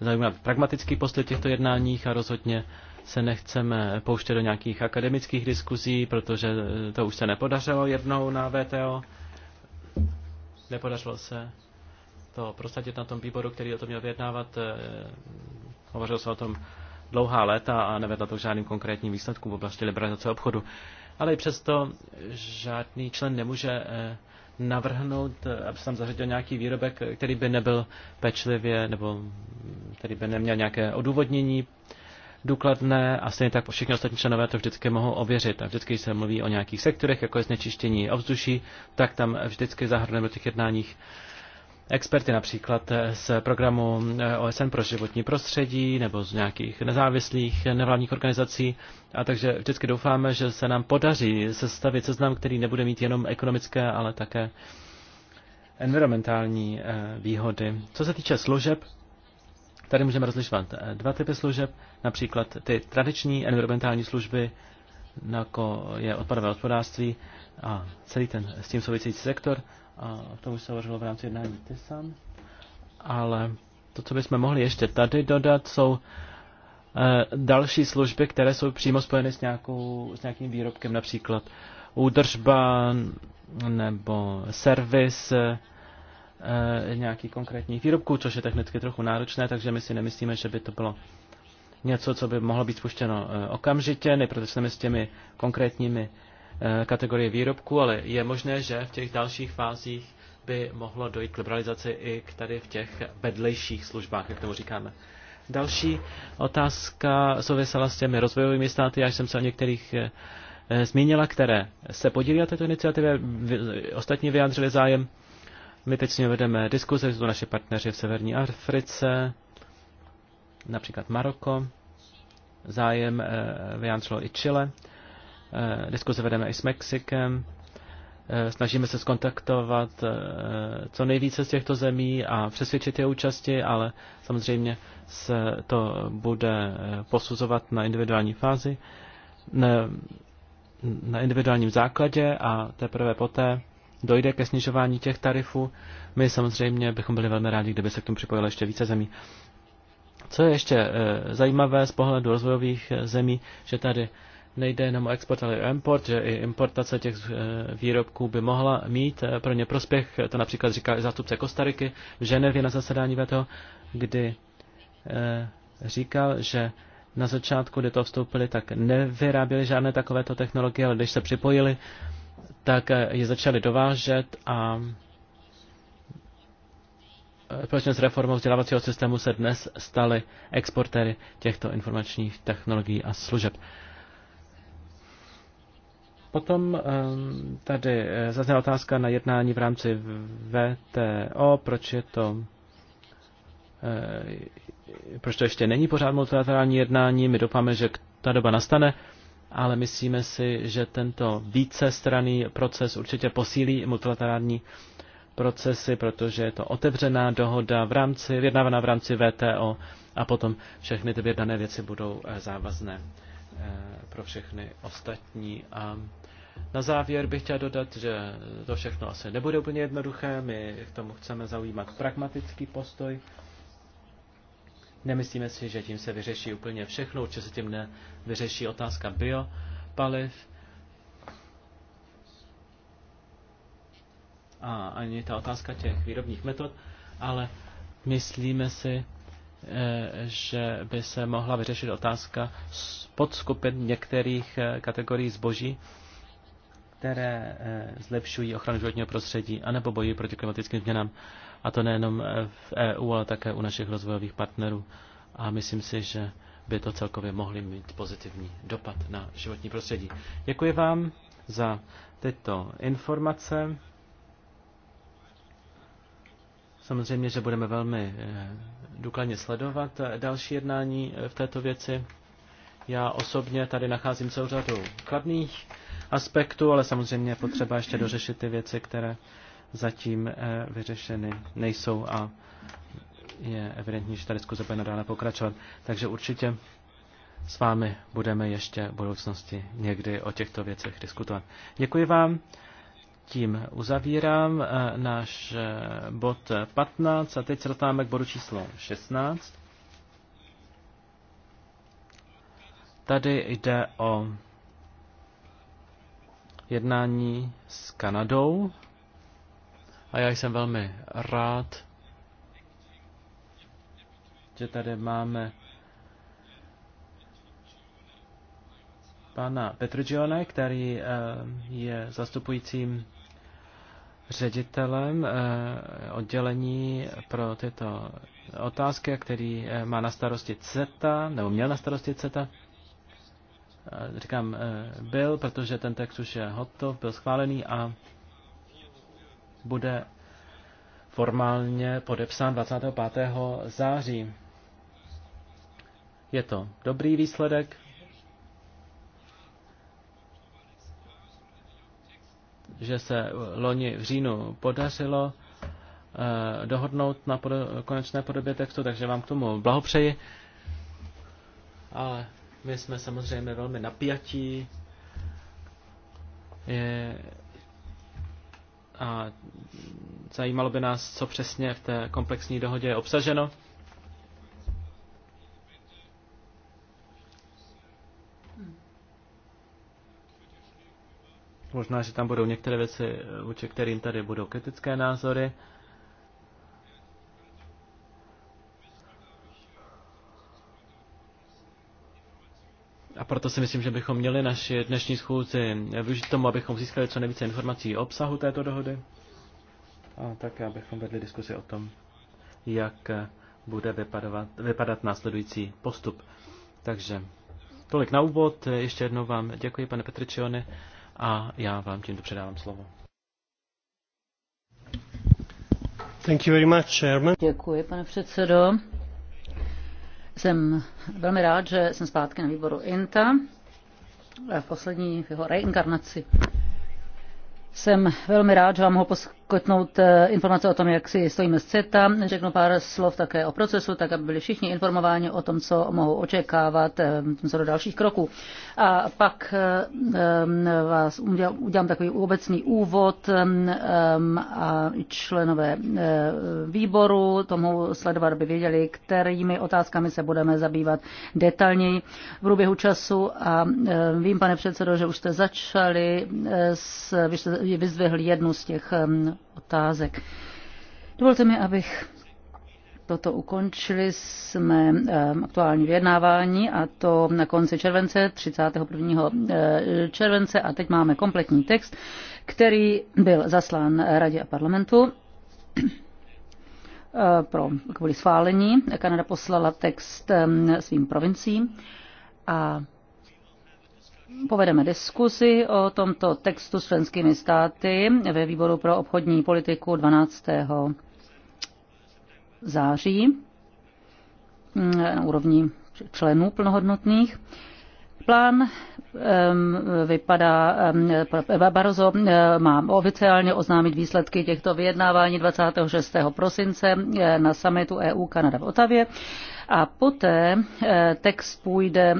zajímavý pragmatický postoj v těchto jednáních a rozhodně se nechceme pouštět do nějakých akademických diskuzí, protože to už se nepodařilo jednou na VTO. Nepodařilo se to prosadit na tom výboru, který o tom měl vyjednávat. Eh, Hovořil se o tom dlouhá léta a nevedla to k žádným konkrétním výsledkům v oblasti liberalizace obchodu. Ale i přesto žádný člen nemůže eh, navrhnout, eh, aby se tam zařadil nějaký výrobek, který by nebyl pečlivě nebo hm, který by neměl nějaké odůvodnění důkladné a stejně tak všichni ostatní členové to vždycky mohou ověřit. A vždycky, když se mluví o nějakých sektorech, jako je znečištění ovzduší, tak tam vždycky zahrneme do těch jednáních experty například z programu eh, OSN pro životní prostředí nebo z nějakých nezávislých eh, nevládních organizací. A takže vždycky doufáme, že se nám podaří sestavit seznam, který nebude mít jenom ekonomické, ale také environmentální eh, výhody. Co se týče služeb, tady můžeme rozlišovat dva typy služeb. Například ty tradiční environmentální služby, jako je odpadové hospodářství a celý ten s tím související sektor, a o tom už se hovořilo v rámci jednání TISAN, ale to, co bychom mohli ještě tady dodat, jsou eh, další služby, které jsou přímo spojeny s, nějakou, s nějakým výrobkem, například údržba nebo servis eh, eh, nějakých konkrétních výrobků, což je technicky trochu náročné, takže my si nemyslíme, že by to bylo něco, co by mohlo být spuštěno eh, okamžitě, neprotestujeme s těmi konkrétními eh, kategorie výrobků, ale je možné, že v těch dalších fázích by mohlo dojít k liberalizaci i k tady v těch vedlejších službách, jak tomu říkáme. Další otázka souvisela s těmi rozvojovými státy, já jsem se o některých eh, zmínila, které se podílí na této iniciativě, ostatní vyjádřili zájem. My teď s vedeme diskuze, jsou to naše partneři v Severní Africe, například Maroko, zájem eh, vyjádřilo i Chile, eh, diskuze vedeme i s Mexikem, eh, snažíme se skontaktovat co nejvíce z těchto zemí a přesvědčit je účasti, ale samozřejmě se to bude posuzovat na individuální fázi, na individuálním základě a teprve poté dojde ke snižování těch tarifů. My samozřejmě bychom byli velmi rádi, kdyby se k tomu připojilo ještě více zemí. Co je ještě eh, zajímavé z pohledu rozvojových eh, zemí, že tady nejde jenom o export, ale o import, že i importace těch eh, výrobků by mohla mít pro ně prospěch. To například říká i zástupce Kostariky v Ženevě na zasedání VTO, kdy říkal, že na začátku, kdy to vstoupili, tak nevyráběli žádné takovéto technologie, ale když se připojili, tak je začali dovážet a společně s reformou vzdělávacího systému se dnes staly exportéry těchto informačních technologií a služeb. Potom ehm, tady eh, zazněla otázka na jednání v rámci VTO, proč je to eh, proč to ještě není pořád multilaterální jednání. My doufáme, že ta doba nastane, ale myslíme si, že tento vícestraný proces určitě posílí multilaterální procesy, protože je to otevřená dohoda v rámci, vyjednávaná v rámci VTO a potom všechny ty vyjednané věci budou eh, závazné eh, pro všechny ostatní. A na závěr bych chtěl dodat, že to všechno asi nebude úplně jednoduché, my k tomu chceme zaujímat pragmatický postoj. Nemyslíme si, že tím se vyřeší úplně všechno, určitě se tím nevyřeší otázka biopaliv, a ani ta otázka těch výrobních metod, ale myslíme si, eh, že by se mohla vyřešit otázka podskupin některých eh, kategorií zboží, které eh, zlepšují ochranu životního prostředí anebo bojují proti klimatickým změnám. A to nejenom v EU, ale také u našich rozvojových partnerů. A myslím si, že by to celkově mohly mít pozitivní dopad na životní prostředí. Děkuji vám za tyto informace. Samozřejmě, že budeme velmi eh, důkladně sledovat eh, další jednání eh, v této věci. Já osobně tady nacházím celou řadu kladných aspektů, ale samozřejmě je potřeba ještě dořešit ty věci, které zatím vyřešeny nejsou a je evidentní, že ta diskuze bude nadále pokračovat. Takže určitě s vámi budeme ještě v budoucnosti někdy o těchto věcech diskutovat. Děkuji vám tím uzavírám eh, náš eh, bod 15 a teď se dostáváme k bodu číslo 16. Tady jde o jednání s Kanadou a já jsem velmi rád, že tady máme pana Petrugione, který eh, je zastupujícím ředitelem eh, oddělení pro tyto otázky, který eh, má na starosti CETA, nebo měl na starosti CETA. Eh, říkám, byl, protože ten text už je hotov, byl schválený a bude formálně podepsán 25. září. Je to dobrý výsledek, že se eh, loni v říjnu podařilo eh, dohodnout na pod konečné podobě textu, takže vám k tomu blahopřeji. Ale my jsme samozřejmě velmi napjatí. Je, a zajímalo by nás, co přesně v té komplexní dohodě je obsaženo. Možná, že tam budou některé věci, vůči kterým tady budou kritické názory. A proto si myslím, že bychom měli naši dnešní schůzi využít tomu, abychom získali co nejvíce informací o obsahu této dohody a také abychom vedli diskusi o tom, jak bude vypadat, vypadat následující postup. Takže tolik na úvod. Ještě jednou vám děkuji, pane Petričione a já vám tímto předávám slovo. Thank you very much, chairman. Děkuji, pane předsedo. Jsem velmi rád, že jsem zpátky na výboru INTA v poslední v jeho reinkarnaci. Jsem velmi rád, že vám ho poskytnout eh, informace o tom, jak si stojíme z CETA. Řeknu pár slov také o procesu, tak aby byli všichni informováni o tom, co mohou očekávat, co eh, do dalších kroků. A pak eh, vás udělám, takový obecný úvod a členové výboru to mohou sledovat, aby věděli, kterými otázkami se budeme zabývat detailněji v průběhu času. A vím, pane předsedo, že už jste začali, s, vy jste vyzvihli jednu z těch otázek. Dovolte mi, abych toto ukončili jsme eh, aktuální vyjednávání a to na konci července, 31. Eh, července a teď máme kompletní text, který byl zaslán Radě a parlamentu eh, pro, kvůli schválení. Kanada poslala text svým provinciím a povedeme diskusi o tomto textu s členskými státy ve výboru pro obchodní politiku 12. září mm, na úrovni členů plnohodnotných. Plán vypadá, Barozo má oficiálně oznámit výsledky těchto vyjednávání 26. prosince eh, na summitu EU Kanada v Otavě a poté eh, text půjde,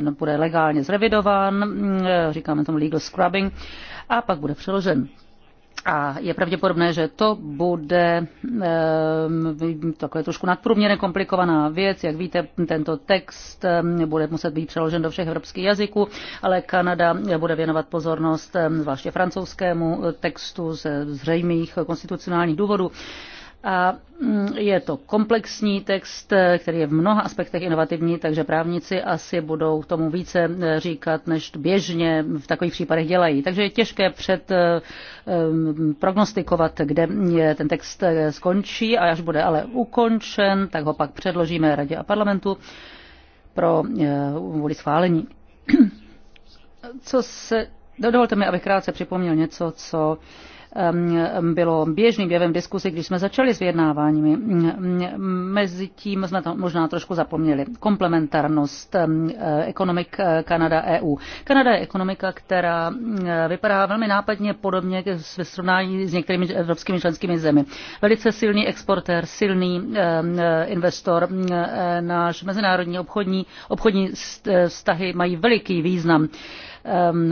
eh, bude legálně zrevidován, říkáme tomu legal scrubbing, a pak bude přeložen a je pravděpodobné, že to bude um, takové trošku nadprůměrně komplikovaná věc. Jak víte, tento text ehm, bude muset být přeložen do všech evropských jazyků, ale Kanada bude věnovat pozornost ehm, zvláště francouzskému eh, textu ze zřejmých konstitucionálních důvodů. Uh, a mm, je to komplexní text, eh, který je v mnoha aspektech inovativní, takže právníci asi budou tomu více eh, říkat, než běžně v takových případech dělají. Takže je těžké před eh, prognostikovat, kde ten text skončí a až bude ale ukončen, tak ho pak předložíme Radě a parlamentu pro vůli schválení. Co se, dovolte mi, abych krátce připomněl něco, co uh, bylo běžným jevem diskuzi, když jsme začali s vyjednáváními. tím jsme to možná trošku zapomněli. Komplementarnost e, ekonomik e, Kanada EU. Kanada je ekonomika, která e, vypadá velmi nápadně podobně ve srovnání s některými evropskými členskými zemi. Velice silný exportér, silný investor. Náš mezinárodní obchodní, obchodní vztahy mají veliký význam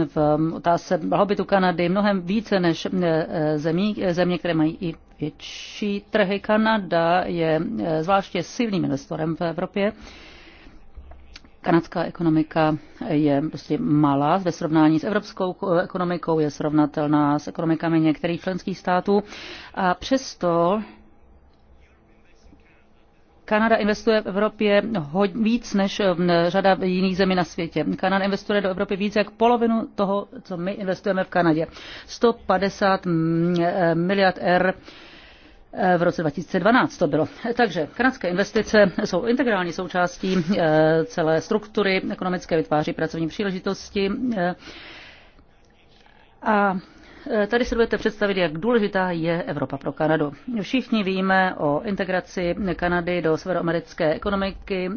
v otázce blahobytu Kanady mnohem více než eh, zemí, eh, země, které mají i větší trhy. Kanada je eh, zvláště silným investorem v Evropě. Kanadská ekonomika je prostě malá ve srovnání s evropskou ekonomikou, je srovnatelná s ekonomikami některých členských států a přesto Kanada investuje v Evropě víc než eh, řada jiných zemí na světě. Kanada investuje do Evropy víc jak polovinu toho, co my investujeme v Kanadě. 150 eh, miliard R eh, v roce 2012 to bylo. Takže kanadské investice jsou integrální součástí celé struktury ekonomické, vytváří pracovní příležitosti a Eh, tady se budete představit, jak důležitá je Evropa pro Kanadu. Všichni víme o integraci Kanady do severoamerické ekonomiky.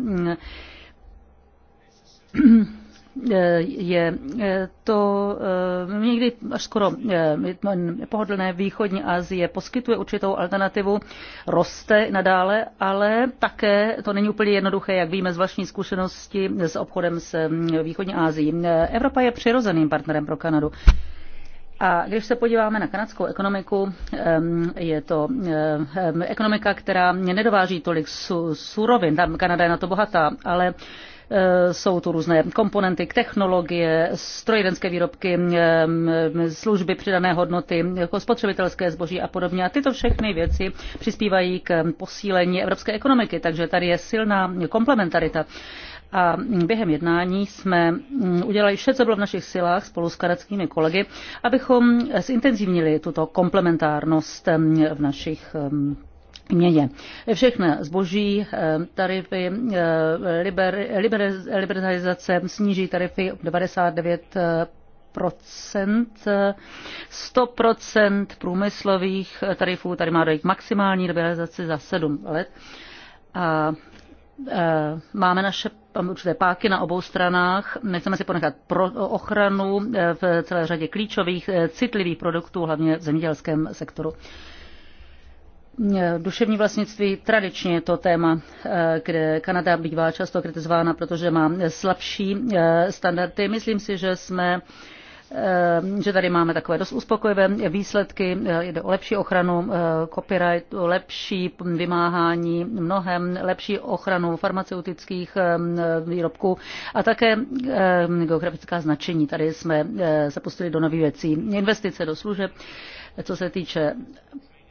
Eh, je eh, to někdy až skoro pohodlné. Východní Asie poskytuje určitou alternativu, roste nadále, ale také to není úplně jednoduché, jak víme z vlastní zkušenosti s obchodem s mm, Východní Asií. Evropa je přirozeným partnerem pro Kanadu. A když se podíváme na kanadskou ekonomiku, je to ekonomika, která nedováží tolik surovin, tam Kanada je na to bohatá, ale eh, jsou tu různé komponenty, technologie, strojírenské výrobky, služby přidané hodnoty, jako spotřebitelské zboží a podobně. A tyto všechny věci přispívají k posílení evropské ekonomiky, takže tady je silná komplementarita a během jednání jsme mm, udělali vše, co bylo v našich silách spolu s kanadskými kolegy, abychom zintenzivnili tuto komplementárnost mm, v našich mm, měně. Všechny zboží, tarify, liber, liber, liberalizace sníží tarify o 99 100% průmyslových tarifů, tady má dojít maximální liberalizaci za 7 let. A e, máme naše tam určité páky na obou stranách. Nechceme si ponechat pro ochranu eh, v celé řadě klíčových eh, citlivých produktů, hlavně v zemědělském sektoru. Eh, duševní vlastnictví tradičně je to téma, kde Kanada bývá často kritizována, protože má slabší standardy. Myslím si, že jsme Ehm, že tady máme takové dost uspokojivé výsledky, eh, jde o lepší ochranu eh, o lepší vymáhání, mnohem lepší ochranu farmaceutických ehm, výrobků a také ehm, geografická značení. Tady jsme zapustili eh, do nových věcí investice do služeb. Co se týče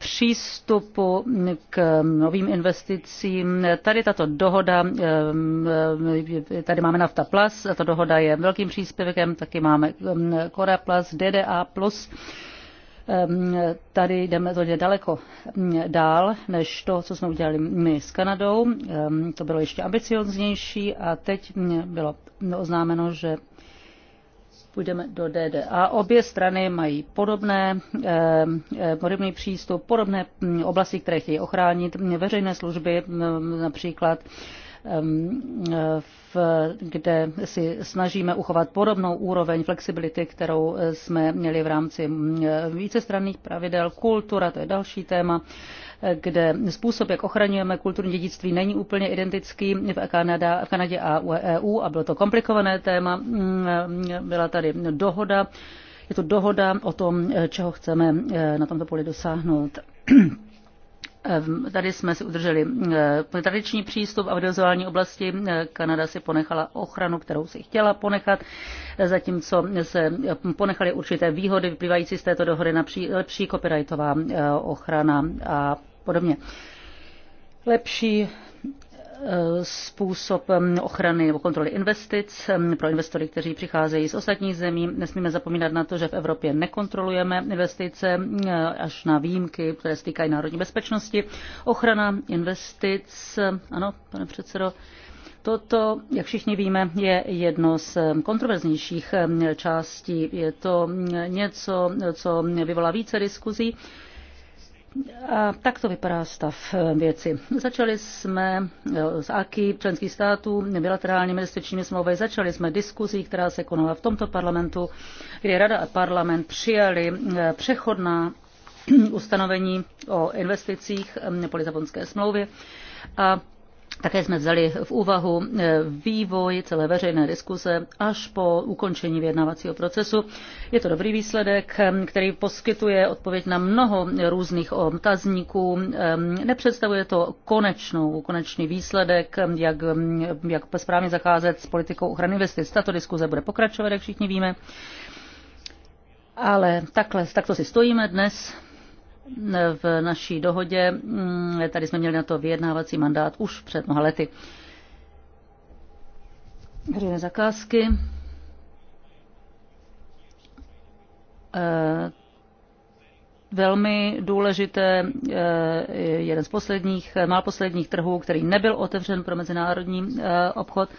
přístupu k novým investicím. Tady tato dohoda, eh, tady máme Nafta Plus, tato dohoda je velkým příspěvkem, taky máme eh, Korea Plus, DDA Plus. Eh, tady jdeme to daleko mm, dál, než to, co jsme udělali my s Kanadou. To bylo ještě ambicioznější a teď mm, bylo no, oznámeno, že půjdeme do DDA. Obě strany mají podobné, eh, eh, podobný přístup, podobné hm, oblasti, které chtějí ochránit, veřejné služby hm, například hm, v, kde si snažíme uchovat podobnou úroveň flexibility, kterou eh, jsme měli v rámci vícestranných pravidel. Kultura, to je další téma kde způsob, jak ochraňujeme kulturní dědictví, není úplně identický v, Kanada, v Kanadě a EU e e a bylo to komplikované téma. Mm, byla tady dohoda, je to dohoda o tom, čeho chceme eh, na tomto poli dosáhnout. Ehm, tady jsme si udrželi eh, tradiční přístup a v audiovizuální oblasti. Eh, Kanada si ponechala ochranu, kterou si chtěla ponechat, zatímco se ponechaly určité výhody vyplývající z této dohody, na lepší copyrightová ochrana a podobně. Lepší eh, způsob hm, ochrany nebo kontroly investic hm, pro investory, kteří přicházejí z ostatních zemí. Nesmíme zapomínat na to, že v Evropě nekontrolujeme investice eh, až na výjimky, které se týkají národní bezpečnosti. Ochrana investic, hm, ano, pane předsedo, Toto, jak všichni víme, je jedno z kontroverznějších částí. Je to něco, co vyvolá více diskuzí a tak to vypadá stav eh, věci. Začali jsme eh, s AKI členských států, bilaterálními investičními smlouvy, začali jsme diskuzí, která se konala v tomto parlamentu, kdy Rada a parlament přijali eh, přechodná ustanovení o investicích po Lisabonské smlouvě a také jsme vzali v úvahu e, vývoj celé veřejné diskuse až po ukončení vyjednávacího procesu. Je to dobrý výsledek, e, který poskytuje odpověď na mnoho různých otazníků. E, nepředstavuje to konečnou, konečný výsledek, jak, jak správně zacházet s politikou ochrany investic. Tato diskuze bude pokračovat, jak všichni víme. Ale takhle, takto si stojíme dnes v naší dohodě. Mm, tady jsme měli na to vyjednávací mandát už před mnoha lety. Veřejné zakázky. Eh, velmi důležité, eh, jeden z posledních, má posledních trhů, který nebyl otevřen pro mezinárodní eh, obchod.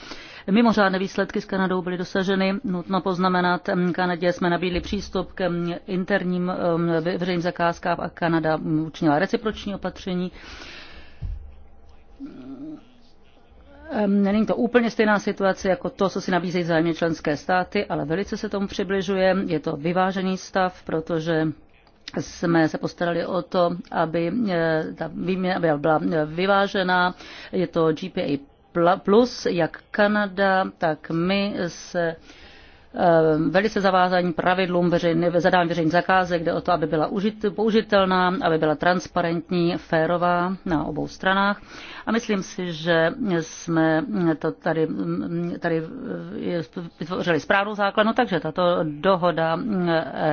Mimořádné výsledky s Kanadou byly dosaženy. Nutno poznamenat, mm, Kanadě jsme nabídli přístup k mm, interním mm, veřejným zakázkám a Kanada učinila reciproční opatření. Není to úplně stejná situace jako to, co si nabízejí zájemně členské státy, ale velice se tomu přibližuje. Je to vyvážený stav, protože jsme se postarali o to, aby eh, ta výměna byla vyvážená. Je to GPA plus, jak Kanada, tak my se Ehm, velice zavázaní pravidlům veřejný, zadání veřejných zakázek, jde o to, aby byla užit, použitelná, aby byla transparentní, férová na obou stranách. A myslím si, že jsme to tady, mm, tady mm, vytvořili správnou základnu, takže tato dohoda mm,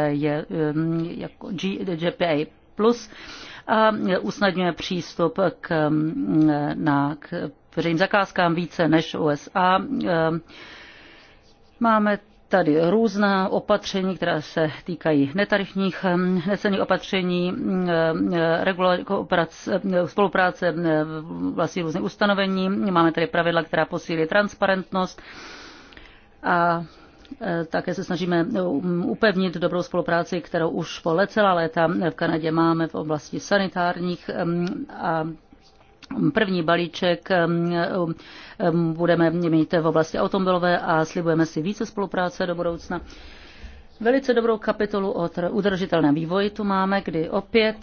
je jako GPA plus a usnadňuje přístup k, na, k veřejným zakázkám více než USA. Ehm, máme tady různá opatření, která se týkají netarifních hm, necenných opatření, hm, eh, eh, spolupráce hm, vlastně různých ustanovení. Máme tady pravidla, která posílí transparentnost a eh, také se snažíme upevnit dobrou spolupráci, kterou už po celá léta v Kanadě máme v oblasti sanitárních a první balíček Ehm, budeme mít v oblasti automobilové a slibujeme si více spolupráce do budoucna. Velice dobrou kapitolu o udržitelném vývoji tu máme, kdy opět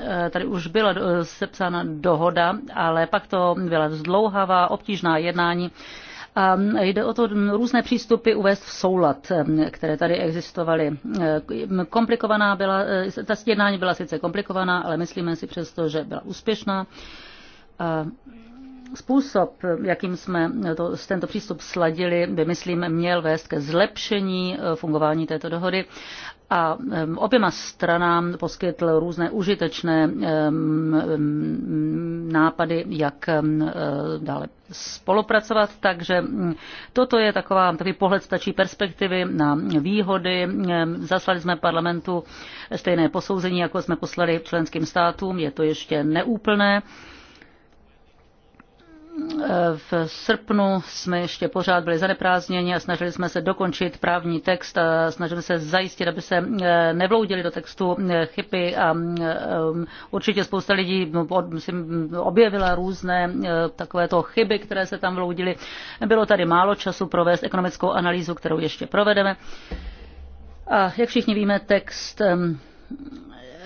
eh, tady už byla eh, sepsána dohoda, ale pak to byla zdlouhavá, obtížná jednání. A ehm, jde o to různé přístupy uvést v soulad, ehm, které tady existovaly. Komplikovaná byla, eh, ta jednání byla sice komplikovaná, ale myslíme si přesto, že byla úspěšná. A Způsob, jakým jsme to, tento přístup sladili, by, myslím, měl vést ke zlepšení eh, fungování této dohody a oběma stranám poskytl různé užitečné nápady, jak eh, dále spolupracovat, takže mm, toto je taková, takový pohled stačí perspektivy na výhody. Zaslali jsme parlamentu stejné posouzení, jako jsme poslali členským státům, je to ještě neúplné v srpnu jsme ještě pořád byli zaneprázdněni a snažili jsme se dokončit právní text a snažili se zajistit, aby se eh, nevloudili do textu eh, chyby a eh, určitě spousta lidí no, objevila různé takovéto chyby, které se tam vloudily. Bylo tady málo času provést ekonomickou analýzu, kterou ještě provedeme. A jak všichni víme, text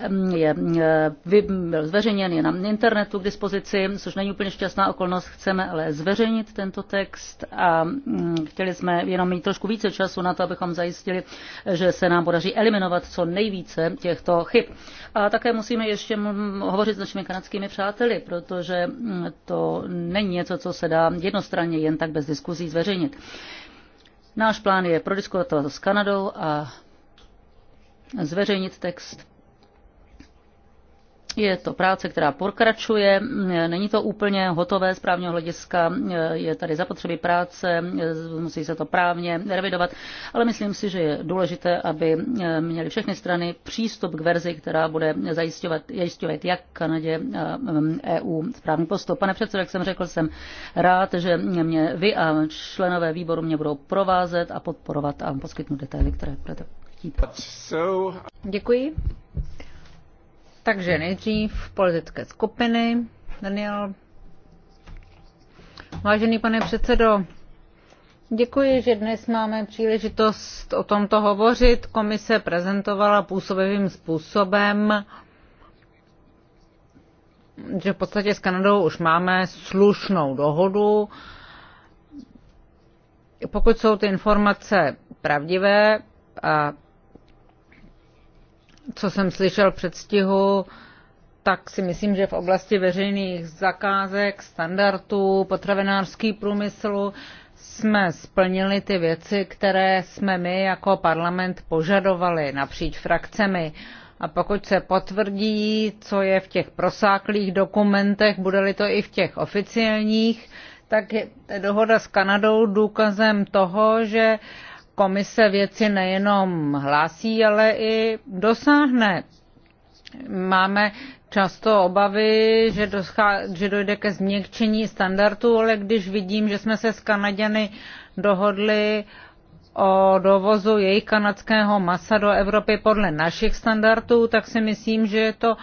Ehm, je, eh, zveřejněn je na internetu k dispozici, což není úplně šťastná okolnost. Chceme ale zveřejnit tento text a mm, chtěli jsme jenom mít trošku více času na to, abychom zajistili, že se nám podaří eliminovat co nejvíce těchto chyb. A také musíme ještě hovořit s našimi kanadskými přáteli, protože mm, to není něco, co se dá jednostranně jen tak bez diskuzí zveřejnit. Náš plán je prodiskutovat to s Kanadou a zveřejnit text Vlastně je to práce, která pokračuje, není to úplně hotové z právního hlediska, je tady zapotřebí práce, musí se to právně revidovat, ale myslím si, že je důležité, aby měly všechny strany přístup k verzi, která bude zajišťovat, zajišťovat jak Kanadě mm, EU správný postup. Pane předsedo, jak jsem řekl, jsem rád, že mě vy a členové výboru mě budou provázet a podporovat a poskytnout detaily, které budete chtít. Děkuji. Takže nejdřív politické skupiny. Daniel. Vážený pane předsedo, děkuji, že dnes máme příležitost o tomto hovořit. Komise prezentovala působivým způsobem, že v podstatě s Kanadou už máme slušnou dohodu. Pokud jsou ty informace pravdivé a co jsem slyšel předstihu, tak si myslím, že v oblasti veřejných zakázek, standardů, potravinářský průmysl jsme splnili ty věci, které jsme my jako parlament požadovali napříč frakcemi. A pokud se potvrdí, co je v těch prosáklých dokumentech, bude-li to i v těch oficiálních, tak je dohoda s Kanadou důkazem toho, že komise věci nejenom hlásí, ale i dosáhne. Máme často obavy, že, doschá, že dojde ke změkčení standardů, ale když vidím, že jsme se s Kanaděny dohodli o dovozu jejich kanadského masa do Evropy podle našich standardů, tak si myslím, že je to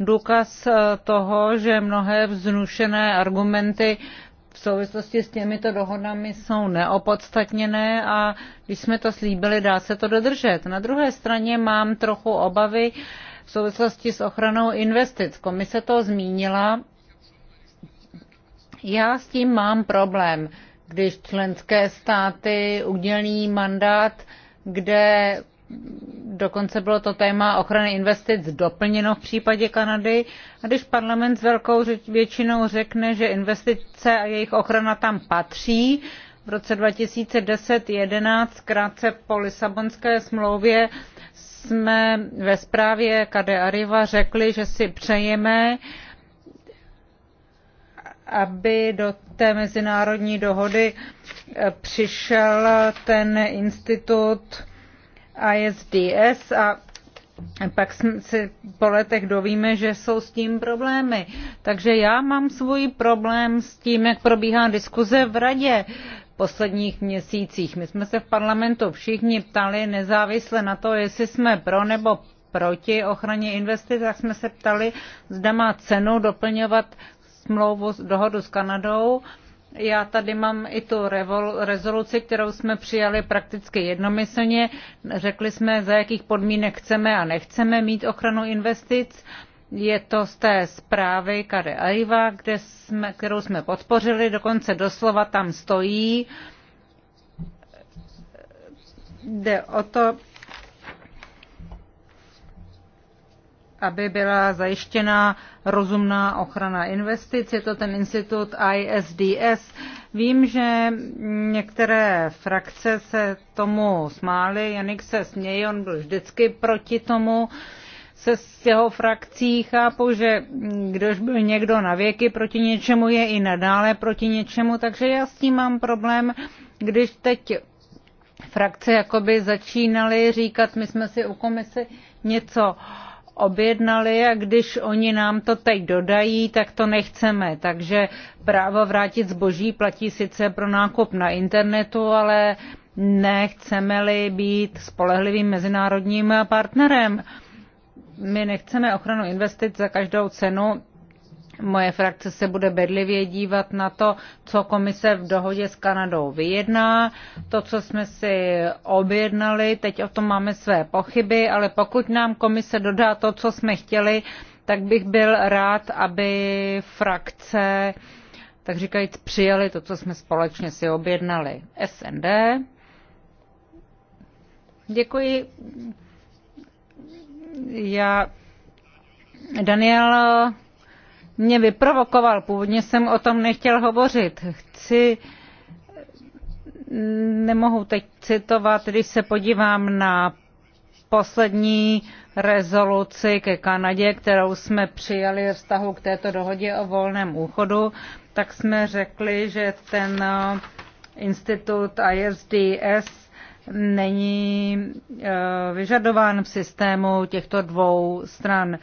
důkaz toho, že mnohé vznušené argumenty v souvislosti s těmito dohodami jsou neopodstatněné a když jsme to slíbili, dá se to dodržet. Na druhé straně mám trochu obavy v souvislosti s ochranou investic. Komise to zmínila. Já s tím mám problém, když členské státy udělí mandát, kde Dokonce bylo to téma ochrany investic doplněno v případě Kanady. A když parlament s velkou většinou řekne, že investice a jejich ochrana tam patří, v roce 2010-11, krátce po Lisabonské smlouvě, jsme ve zprávě Kade Arriva řekli, že si přejeme, aby do té mezinárodní dohody přišel ten institut ISDS a pak se po letech dovíme, že jsou s tím problémy. Takže já mám svůj problém s tím, jak probíhá diskuze v radě v posledních měsících. My jsme se v parlamentu všichni ptali, nezávisle na to, jestli jsme pro nebo proti ochraně investic, tak jsme se ptali, zda má cenu doplňovat smlouvu, dohodu s Kanadou já tady mám i tu rezoluci, kterou jsme přijali prakticky jednomyslně. Řekli jsme, za jakých podmínek chceme a nechceme mít ochranu investic. Je to z té zprávy Kade Aiva, kde jsme, kterou jsme podpořili, dokonce doslova tam stojí. Jde o to, aby byla zajištěna rozumná ochrana investic. Je to ten institut ISDS. Vím, že některé frakce se tomu smály. Janik se směje, on byl vždycky proti tomu se z jeho frakcí chápu, že když byl někdo na věky proti něčemu, je i nadále proti něčemu, takže já s tím mám problém, když teď frakce jakoby začínaly říkat, my jsme si u komisy něco uh, objednali a když oni nám to teď dodají, tak to nechceme. Takže právo vrátit zboží platí sice pro nákup na internetu, ale nechceme-li být spolehlivým mezinárodním partnerem. My nechceme ochranu investic za každou cenu, Moje frakce se bude bedlivě dívat na to, co komise v dohodě s Kanadou vyjedná. To, co jsme si objednali, teď o tom máme své pochyby, ale pokud nám komise dodá to, co jsme chtěli, tak bych byl rád, aby frakce, tak říkajíc, přijali to, co jsme společně si objednali. SND. Děkuji. Já Daniel mě vyprovokoval. Původně jsem o tom nechtěl hovořit. Chci, nemohu teď citovat, když se podívám na poslední rezoluci ke Kanadě, kterou jsme přijali v vztahu k této dohodě o volném úchodu, tak jsme řekli, že ten eh, institut ISDS není eh, vyžadován v systému těchto dvou stran.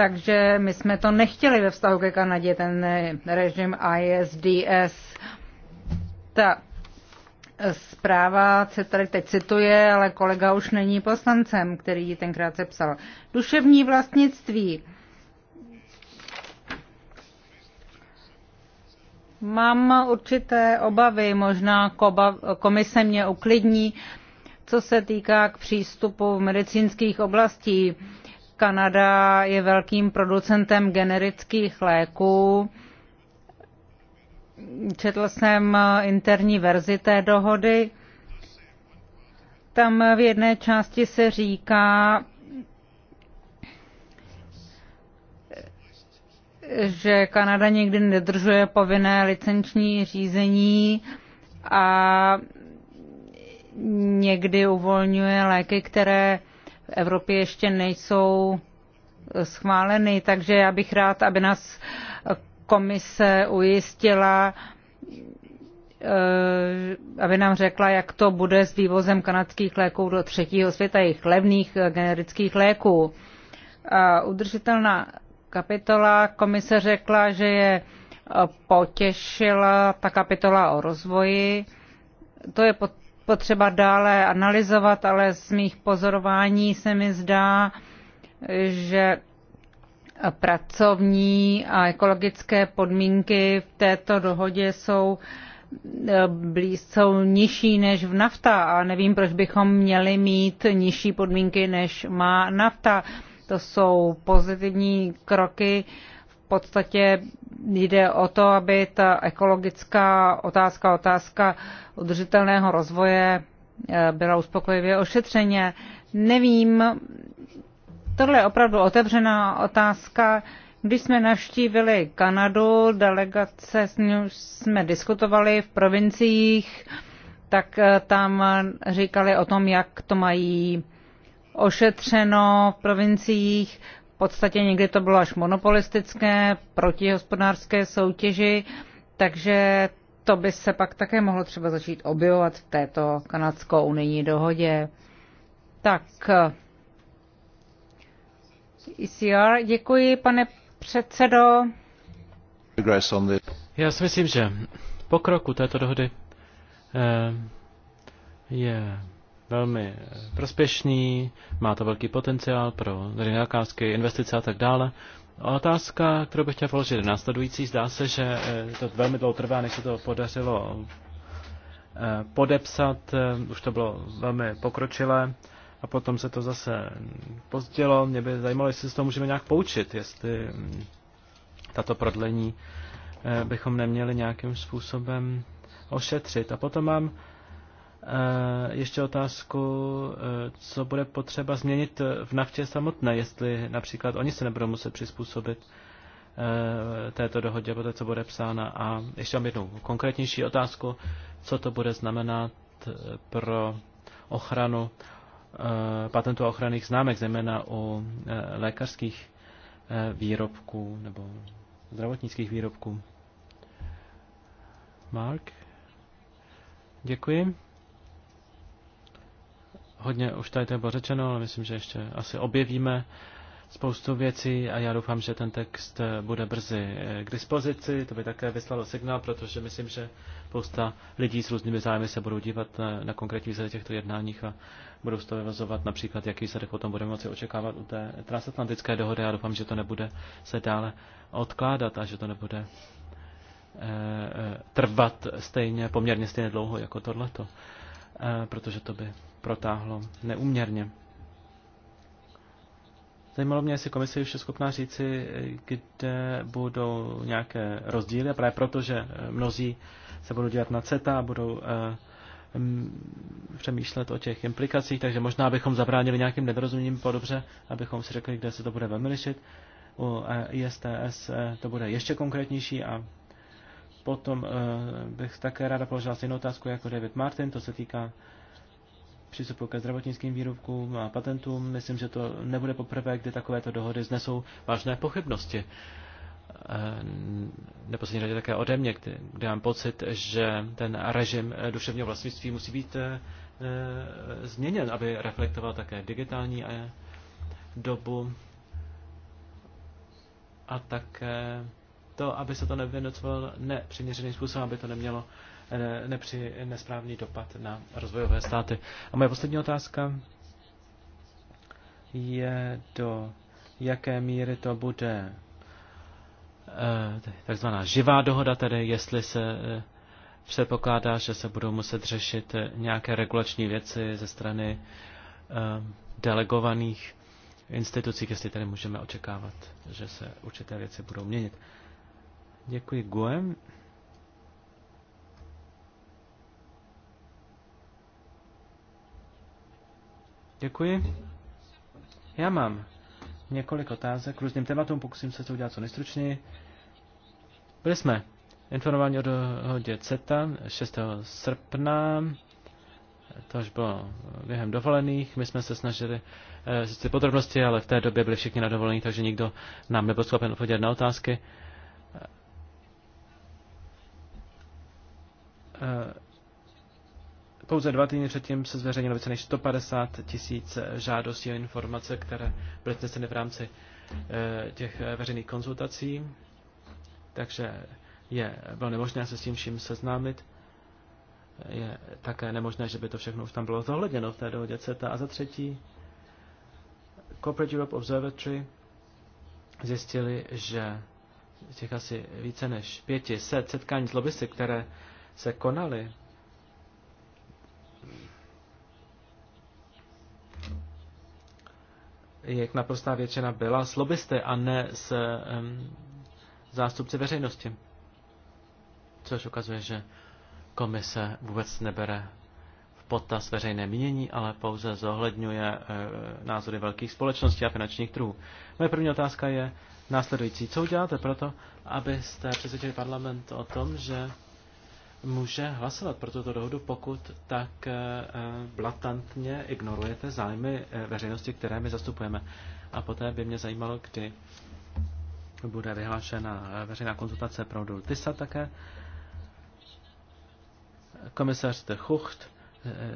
Takže my jsme to nechtěli ve vztahu ke Kanadě, ten eh, režim ISDS. Ta eh, zpráva, se tady teď cituje, ale kolega už není poslancem, který ji tenkrát se psal. Duševní vlastnictví. Mám určité obavy, možná komise mě uklidní, co se týká k přístupu v medicínských oblastí. Kanada je velkým producentem generických léků. Četl jsem interní verzi té dohody. Tam v jedné části se říká, že Kanada někdy nedržuje povinné licenční řízení a někdy uvolňuje léky, které Evropě ještě nejsou schváleny, takže já bych rád, aby nás komise ujistila, eh, aby nám řekla, jak to bude s vývozem kanadských léků do třetího světa, jejich levných eh, generických léků. A udržitelná kapitola komise řekla, že je eh, potěšila ta kapitola o rozvoji. To je pod potřeba dále analyzovat, ale z mých pozorování se mi zdá, že pracovní a ekologické podmínky v této dohodě jsou, eh, jsou nižší než v nafta a nevím, proč bychom měli mít nižší podmínky, než má nafta. To jsou pozitivní kroky, podstatě jde o to, aby ta ekologická otázka, otázka udržitelného rozvoje eh, byla uspokojivě ošetřeně. Nevím, tohle je opravdu otevřená otázka. Když jsme navštívili Kanadu, delegace jsme diskutovali v provinciích, tak eh, tam říkali o tom, jak to mají ošetřeno v provinciích podstatě někdy to bylo až monopolistické, proti hospodářské soutěži, takže to by se pak také mohlo třeba začít objevovat v této kanadsko-unijní dohodě. Tak, ECR, děkuji, pane předsedo. Já si myslím, že pokroku této dohody eh, je velmi prospěšný, má to velký potenciál pro zakázky, investice a tak dále. Otázka, kterou bych chtěl položit, je následující. Zdá se, že eh, to velmi dlouho trvá, než se to podařilo eh, podepsat. Eh, už to bylo velmi pokročilé a potom se to zase pozdělo. Mě by zajímalo, jestli se to můžeme nějak poučit, jestli hm, tato prodlení bychom neměli nějakým způsobem ošetřit. A potom mám Eh, ještě otázku, eh, co bude potřeba změnit v naftě samotné, jestli například oni se nebudou muset přizpůsobit eh, této dohodě, poté co bude psána. A ještě mám jednu konkrétnější otázku, co to bude znamenat pro ochranu patentů ochranných známek, zejména u lékařských výrobků nebo zdravotnických výrobků. Mark? Děkuji. Hodně už tady to bylo řečeno, ale myslím, že ještě asi objevíme spoustu věcí a já doufám, že ten text bude brzy eh, k dispozici. To by také vyslalo signál, protože myslím, že spousta lidí s různými zájmy se budou dívat na, na konkrétní výsledek těchto jednáních a budou z toho vyvazovat například, jaký výsledek potom budeme moci očekávat u té transatlantické dohody. Já doufám, že to nebude se dále odkládat a že to nebude eh, eh, trvat stejně, poměrně stejně dlouho jako tohleto. Eh, protože to by protáhlo neuměrně. Zajímalo mě, jestli komise už je schopná říci, kde budou nějaké rozdíly, a právě proto, že eh, mnozí se budou dělat na CETA a budou eh, přemýšlet o těch implikacích, takže možná bychom zabránili nějakým nedorozuměním podobře, abychom si řekli, kde se to bude velmi lišit. U ISTS to bude ještě konkrétnější a Potom eh, bych také ráda položila stejnou otázku jako David Martin, to se týká přístupu ke zdravotnickým výrobkům a patentům. Myslím, že to nebude poprvé, kdy takovéto dohody znesou vážné pochybnosti. V eh, neposlední řadě také ode mě, kde, kde mám pocit, že ten režim duševního vlastnictví musí být eh, změněn, aby reflektoval také digitální dobu a také to, aby se to nevynocovalo nepřiměřeným způsobem, aby to nemělo nepři, nesprávný dopad na rozvojové státy. A moje poslední otázka je do jaké míry to bude eh, takzvaná živá dohoda, tedy jestli se eh, předpokládá, že se budou muset řešit eh, nějaké regulační věci ze strany delegovaných institucí, jestli tedy můžeme očekávat, že se určité věci budou měnit. Děkuji, Guem. Děkuji. Já mám několik otázek k různým tématům, pokusím se to udělat co nejstručněji. Byli jsme informováni o dohodě CETA 6. srpna, to už bylo během dovolených, my jsme se snažili zjistit eh, podrobnosti, ale v té době byli všichni na dovolených, takže nikdo nám nebyl schopen odpovědět na otázky. Eh, pouze dva týdny předtím se zveřejnilo více než 150 tisíc žádostí o informace, které byly vzneseny v rámci eh, těch eh, veřejných konzultací, takže je, bylo nemožné se s tím vším seznámit. Je také nemožné, že by to všechno už tam bylo zohledněno v té dohodě CETA. A za třetí, Corporate Europe Observatory zjistili, že těch asi více než set setkání s lobbysty, které se konaly. Jak naprostá většina byla s lobbysty a ne s um, zástupci veřejnosti. Což ukazuje, že komise vůbec nebere v potaz veřejné mínění, ale pouze zohledňuje uh, názory velkých společností a finančních trhů. Moje první otázka je následující. Co uděláte proto, abyste přesvědčili parlament o tom, že může hlasovat pro tuto dohodu, pokud tak eh, blatantně ignorujete zájmy eh, veřejnosti, které my zastupujeme. A poté by mě zajímalo, kdy bude vyhlášena eh, veřejná konzultace pro Dultisa také. Komisař de Chucht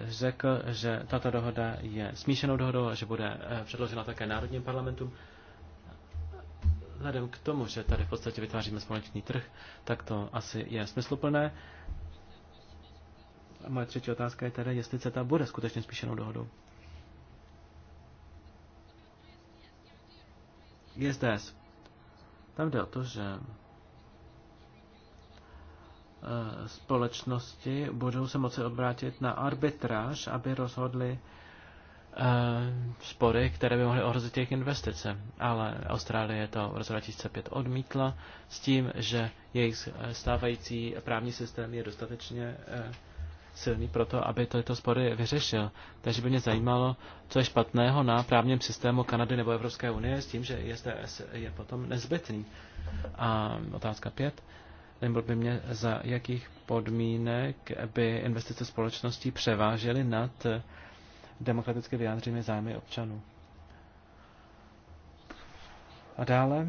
řekl, že tato dohoda je smíšenou dohodou a že bude předložena také národním parlamentům vzhledem k tomu, že tady v podstatě vytváříme společný trh, tak to asi je smysluplné. A moje třetí otázka je tedy, jestli CETA bude skutečně spíšenou dohodou. ISDS. Tam jde o to, že eh, společnosti budou se moci obrátit na arbitráž, aby rozhodli, Eh, spory, které by mohly ohrozit jejich investice. Ale Austrálie to v roce 2005 odmítla s tím, že jejich eh, stávající právní systém je dostatečně eh, silný pro to, aby tyto spory vyřešil. Takže by mě zajímalo, co je špatného na právním systému Kanady nebo Evropské unie s tím, že ISDS je potom nezbytný. A otázka pět. Nebo by mě za jakých podmínek by investice společností převážely nad demokraticky vyjádříme zájmy občanů. A dále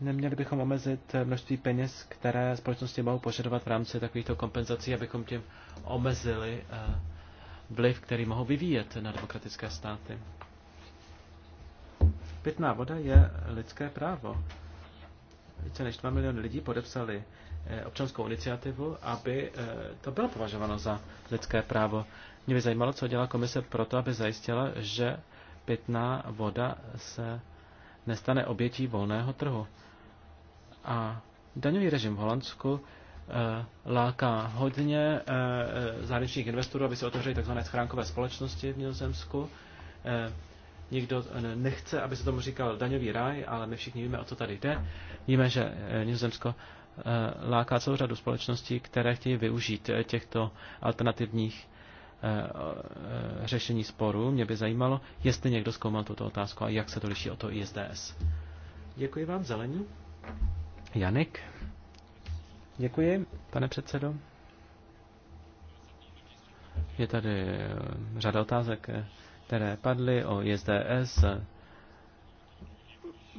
neměli bychom omezit množství peněz, které společnosti mohou požadovat v rámci takovýchto kompenzací, abychom tím omezili eh, vliv, který mohou vyvíjet na demokratické státy. Pitná voda je lidské právo. Více než 2 miliony lidí podepsali eh, občanskou iniciativu, aby eh, to bylo považováno za lidské právo. Mě by zajímalo, co dělá komise pro to, aby zajistila, že pitná voda se nestane obětí volného trhu. A daňový režim v Holandsku eh, láká hodně eh, eh, zahraničních investorů, aby se otevřeli tzv. schránkové společnosti v Nizozemsku. Nikdo nechce, aby se tomu říkal daňový ráj, ale my všichni víme, o co tady jde. Víme, že Nizozemsko láká celou řadu společností, které chtějí využít těchto alternativních Eh, eh, řešení sporů. Mě by zajímalo, jestli někdo zkoumal tuto otázku a jak se to liší o to ISDS. Děkuji vám, zelení. Janek. Děkuji, pane předsedo. Je tady eh, řada otázek, které padly o ISDS.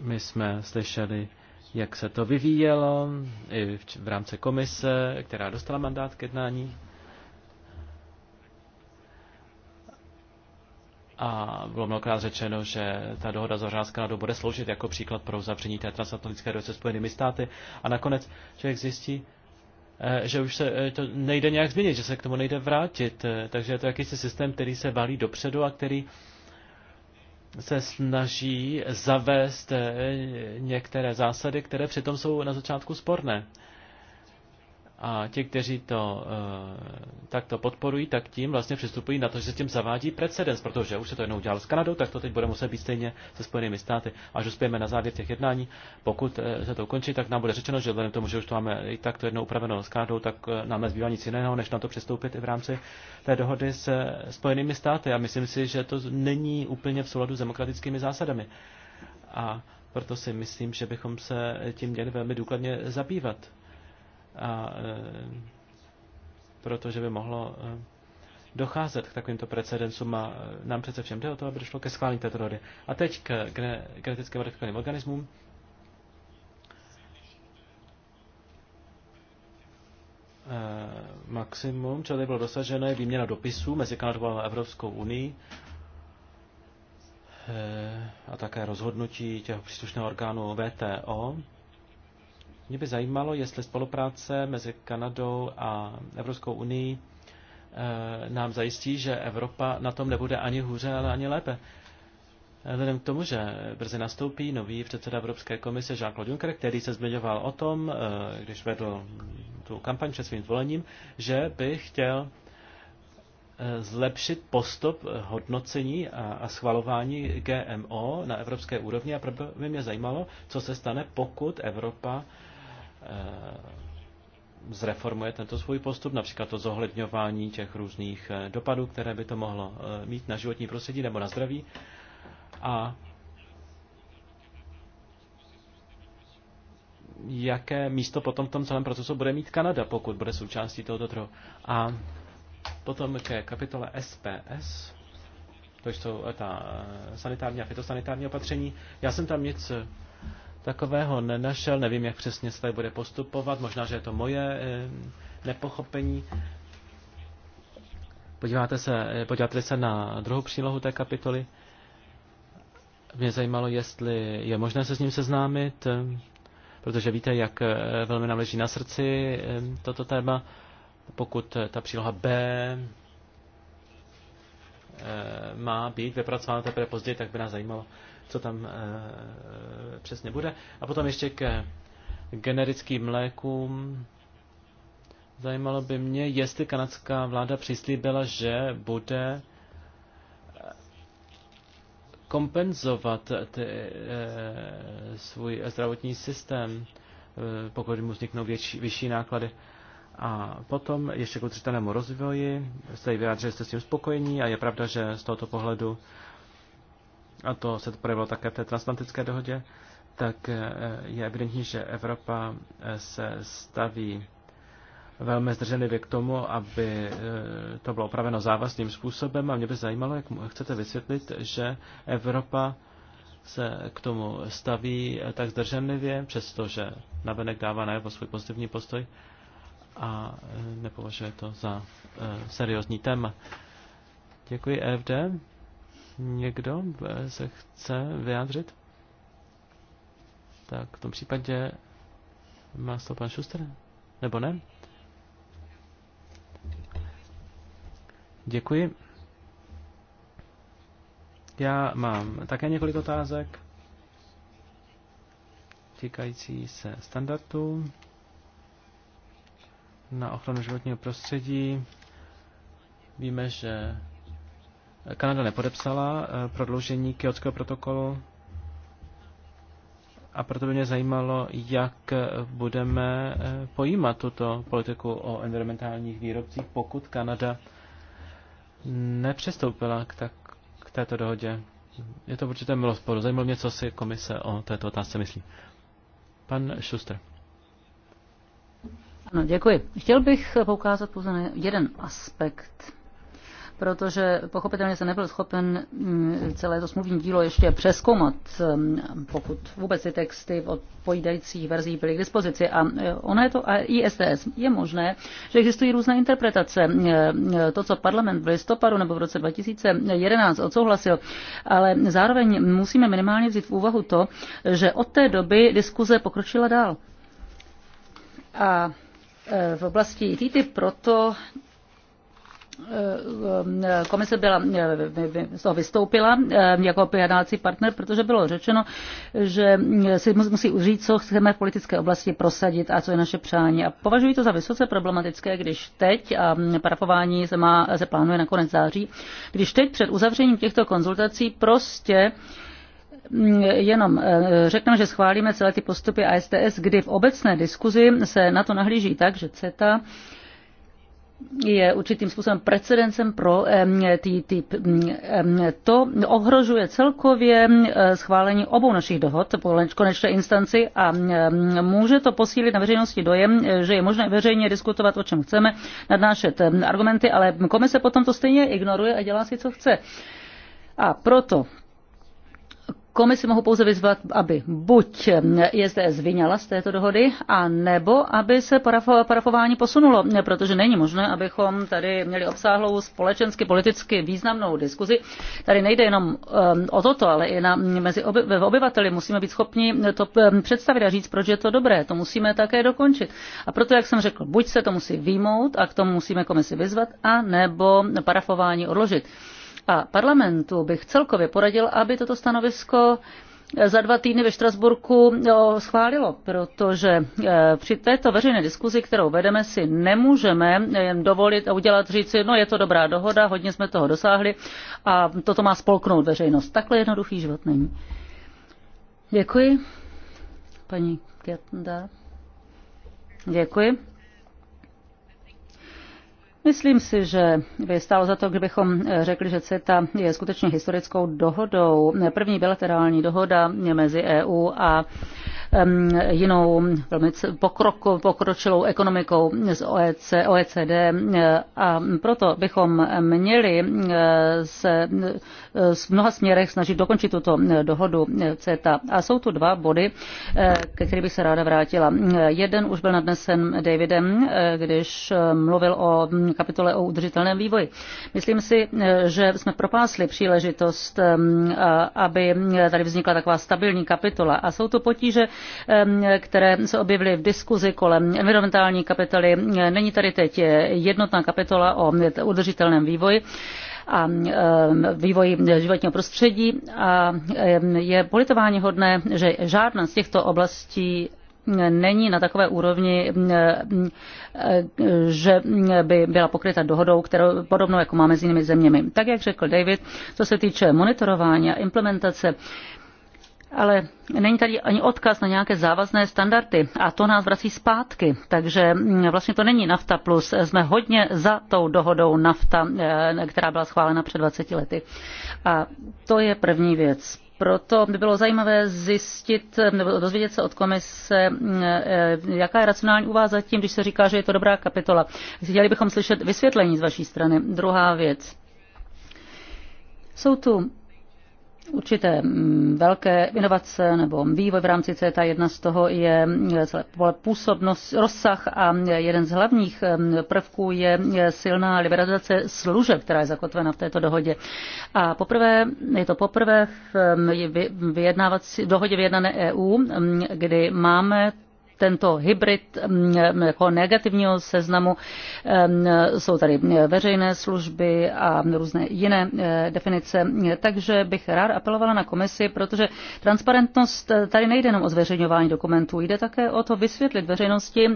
My jsme slyšeli, jak se to vyvíjelo i v rámci komise, která dostala mandát k jednání a bylo mnohokrát řečeno, že ta dohoda z Hořánská Kanadou bude sloužit jako příklad pro uzavření té transatlantické dohody se Spojenými státy. A nakonec člověk zjistí, eh, že už se eh, to nejde nějak změnit, že se k tomu nejde vrátit. Eh, takže je to jakýsi systém, který se valí dopředu a který se snaží zavést některé zásady, které přitom jsou na začátku sporné. A ti, kteří to e, eh, takto podporují, tak tím vlastně přistupují na to, že se tím zavádí precedens, protože už se to jednou udělal s Kanadou, tak to teď bude muset být stejně se Spojenými státy. Až uspějeme na závěr těch jednání, pokud e, se to ukončí, tak nám bude řečeno, že vzhledem k tomu, že už to máme i takto jednou upraveno s Kanadou, tak e, nám nezbývá nic jiného, než na to přistoupit i v rámci té dohody s e, Spojenými státy. A myslím si, že to není úplně v souladu s demokratickými zásadami. A proto si myslím, že bychom se tím měli velmi důkladně zabývat a eh, protože by mohlo eh, docházet k takovýmto precedencům a eh, nám přece všem jde o to, aby došlo ke schválení této dohody. A teď k geneticky modifikovaným organismům. maximum, co tady bylo dosaženo, je výměna dopisů mezi Kanadou a Evropskou unii a také rozhodnutí těch příslušného orgánu VTO mě by zajímalo, jestli spolupráce mezi Kanadou a Evropskou unii eh, nám zajistí, že Evropa na tom nebude ani hůře, ale ani lépe. Eh, vzhledem k tomu, že brzy nastoupí nový předseda Evropské komise Jean-Claude Juncker, který se zmiňoval o tom, eh, když vedl tu kampaň před svým zvolením, že by chtěl zlepšit postup hodnocení a schvalování GMO na evropské úrovni a proto by mě zajímalo, co se stane, pokud Evropa Eh, zreformuje tento svůj postup, například to zohledňování těch různých eh, dopadů, které by to mohlo eh, mít na životní prostředí nebo na zdraví. A jaké místo potom v tom celém procesu bude mít Kanada, pokud bude součástí tohoto trhu. A potom ke kapitole SPS, to jsou ta sanitární a fitosanitární opatření. Já jsem tam nic takového nenašel, nevím, jak přesně se tady bude postupovat, možná, že je to moje eh, nepochopení. Podíváte se, eh, podíváte se na druhou přílohu té kapitoly. Mě zajímalo, jestli je možné se s ním seznámit, eh, protože víte, jak velmi nám leží na srdci toto téma. Pokud ta příloha B má být vypracována teprve později, tak by nás zajímalo, co tam eh, přesně bude. A potom ještě ke generickým mlékům Zajímalo by mě, jestli kanadská vláda přislíbila, že bude eh, kompenzovat ty, e, svůj zdravotní systém, e, pokud mu vzniknou větší, vyšší náklady. A potom ještě k udržitelnému rozvoji, jste vyjádřili, jste s tím spokojení a je pravda, že z tohoto pohledu a to se to projevilo také v té transatlantické dohodě, tak eh, je evidentní, že Evropa eh, se staví velmi zdrženlivě k tomu, aby eh, to bylo opraveno závazným způsobem a mě by zajímalo, jak chcete vysvětlit, že Evropa se k tomu staví tak zdrženlivě, přestože navenek dává najevo svůj pozitivní postoj a nepovažuje to za seriózní téma. Děkuji EFD. Někdo eh, se chce vyjádřit? Tak v tom případě má to pan Šuster? Nebo ne? Děkuji. Já mám také několik otázek týkající se standardů na ochranu životního prostředí. Víme, že Kanada nepodepsala eh, prodloužení Kyotského protokolu a proto by mě zajímalo, jak eh, budeme eh, pojímat tuto politiku o environmentálních výrobcích, pokud Kanada nepřistoupila k, tak, k této dohodě. Je to určité milosporu. Zajímalo mě, co si komise o této otázce myslí. Pan Schuster. Ano, děkuji. Chtěl bych poukázat pouze na jeden aspekt protože pochopitelně se nebyl schopen mm, celé to smluvní dílo ještě přeskoumat, mm, pokud vůbec ty texty v odpovídajících verzích byly k dispozici. A e, ono je to ISDS. Je možné, že existují různé interpretace. E, e, to, co parlament v listopadu nebo v roce 2011 odsouhlasil, ale zároveň musíme minimálně vzít v úvahu to, že od té doby diskuze pokročila dál. A v oblasti TTIP proto Eh, komise byla, z eh, toho eh, vystoupila jako jednácí partner, protože bylo řečeno, že si musí užít, co chceme v politické oblasti prosadit a co je naše přání. A považuji to za vysoce problematické, když teď, a parafování se, má, se plánuje na konec září, když teď před uzavřením těchto konzultací prostě mm, jenom řekneme, že schválíme celé ty postupy ASTS, kdy v obecné diskuzi se na to nahlíží tak, že CETA je určitým způsobem precedencem pro ty typ To ohrožuje celkově schválení obou našich dohod po konečné instanci a může to posílit na veřejnosti dojem, že je možné veřejně diskutovat, o čem chceme, nadnášet argumenty, ale komise potom to stejně ignoruje a dělá si, co chce. A proto Komisi mohu pouze vyzvat, aby buď zde zvinala z této dohody, a nebo aby se parafování posunulo, protože není možné, abychom tady měli obsáhlou společensky politicky významnou diskuzi. Tady nejde jenom o toto, ale i na, mezi oby, obyvateli musíme být schopni to představit a říct, proč je to dobré. To musíme také dokončit. A proto, jak jsem řekl, buď se to musí výmout a k tomu musíme komisi vyzvat, a nebo parafování odložit. A parlamentu bych celkově poradil, aby toto stanovisko za dva týdny ve Štrasburku eh, schválilo, protože eh, při této veřejné diskuzi, kterou vedeme, si nemůžeme jen eh, dovolit a udělat říci, no je to dobrá dohoda, hodně jsme toho dosáhli a toto má spolknout veřejnost. Takhle jednoduchý život není. Děkuji. Paní Kjetnda. Děkuji. Myslím si, že by stálo za to, kdybychom eh, řekli, že CETA je skutečně historickou dohodou, první bilaterální dohoda mezi EU a jinou velmi pokroko, pokročilou ekonomikou z OECD e eh, a proto bychom měli eh, se z eh, mnoha směrech snažit dokončit tuto eh, dohodu eh, CETA. A jsou tu dva body, ke kterým bych se ráda vrátila. Jeden už byl nadnesen Davidem, když mluvil o mm, kapitole o udržitelném vývoji. Myslím si, že jsme propásli příležitost, aby tady vznikla taková stabilní kapitola. A jsou to potíže, které se objevily v diskuzi kolem environmentální kapitoly. Není tady teď jednotná kapitola o udržitelném vývoji a e, vývoji životního prostředí a e, je politování hodné, že žádná z těchto oblastí není na takové úrovni, e, že by byla pokryta dohodou, kterou podobnou, jako máme s jinými zeměmi. Tak, jak řekl David, co se týče monitorování a implementace, ale není tady ani odkaz na nějaké závazné standardy a to nás vrací zpátky. Takže mm, vlastně to není nafta plus. Jsme hodně za tou dohodou nafta, eh, která byla schválena před 20 lety. A to je první věc. Proto by bylo zajímavé zjistit eh, nebo dozvědět se od komise, eh, jaká je racionální úvaha zatím, když se říká, že je to dobrá kapitola. Chtěli bychom slyšet vysvětlení z vaší strany. Druhá věc. Jsou tu určité mm, velké inovace nebo vývoj v rámci CETA. Jedna z toho je eh, působnost, rozsah a jeden z hlavních eh, prvků je silná liberalizace služeb, která je zakotvena v této dohodě. A poprvé, je to poprvé eh, v vyjednávací, dohodě vyjednané EU, mm, kdy máme tento hybrid mm, mm, jako negativního seznamu. Jsou tady mm, veřejné služby a různé jiné eh, definice. Takže bych rád apelovala na komisi, protože transparentnost eh, tady nejde jenom o zveřejňování dokumentů, jde také o to vysvětlit veřejnosti,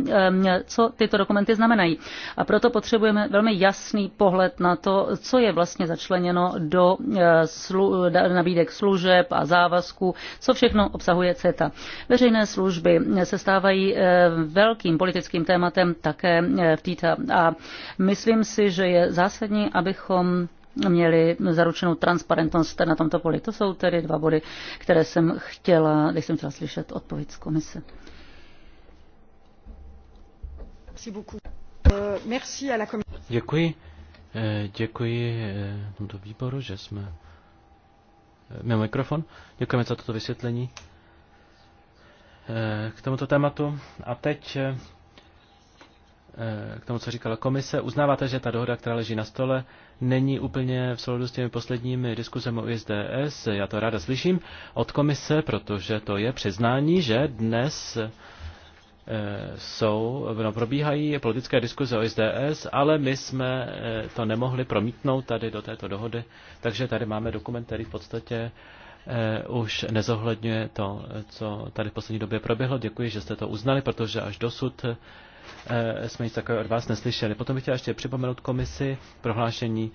co tyto dokumenty znamenají. A proto potřebujeme velmi jasný pohled na to, co je vlastně začleněno do eh, slu, nabídek služeb a závazků, co všechno obsahuje CETA. Veřejné služby se stávají stávají eh, velkým politickým tématem také eh, v TITA. A myslím si, že je zásadní, abychom měli zaručenou transparentnost na tomto poli. To jsou tedy dva body, které jsem chtěla, když jsem chtěla slyšet odpověď z komise. Euh, děkuji. Eh, děkuji tomto výboru, že jsme Měl mikrofon. Děkujeme za toto vysvětlení. Eh, k tomuto tématu. A teď eh, k tomu, co říkala komise. Uznáváte, že ta dohoda, která leží na stole, není úplně v souladu s těmi posledními diskuzemi o ISDS. Já to ráda slyším od komise, protože to je přiznání, že dnes eh, jsou, no, probíhají politické diskuze o ISDS, ale my jsme to nemohli promítnout tady do této dohody, takže tady máme dokument, který v podstatě Eh, už nezohledňuje to, co tady v poslední době proběhlo. Děkuji, že jste to uznali, protože až dosud eh, jsme nic takového od vás neslyšeli. Potom bych chtěl ještě připomenout komisi prohlášení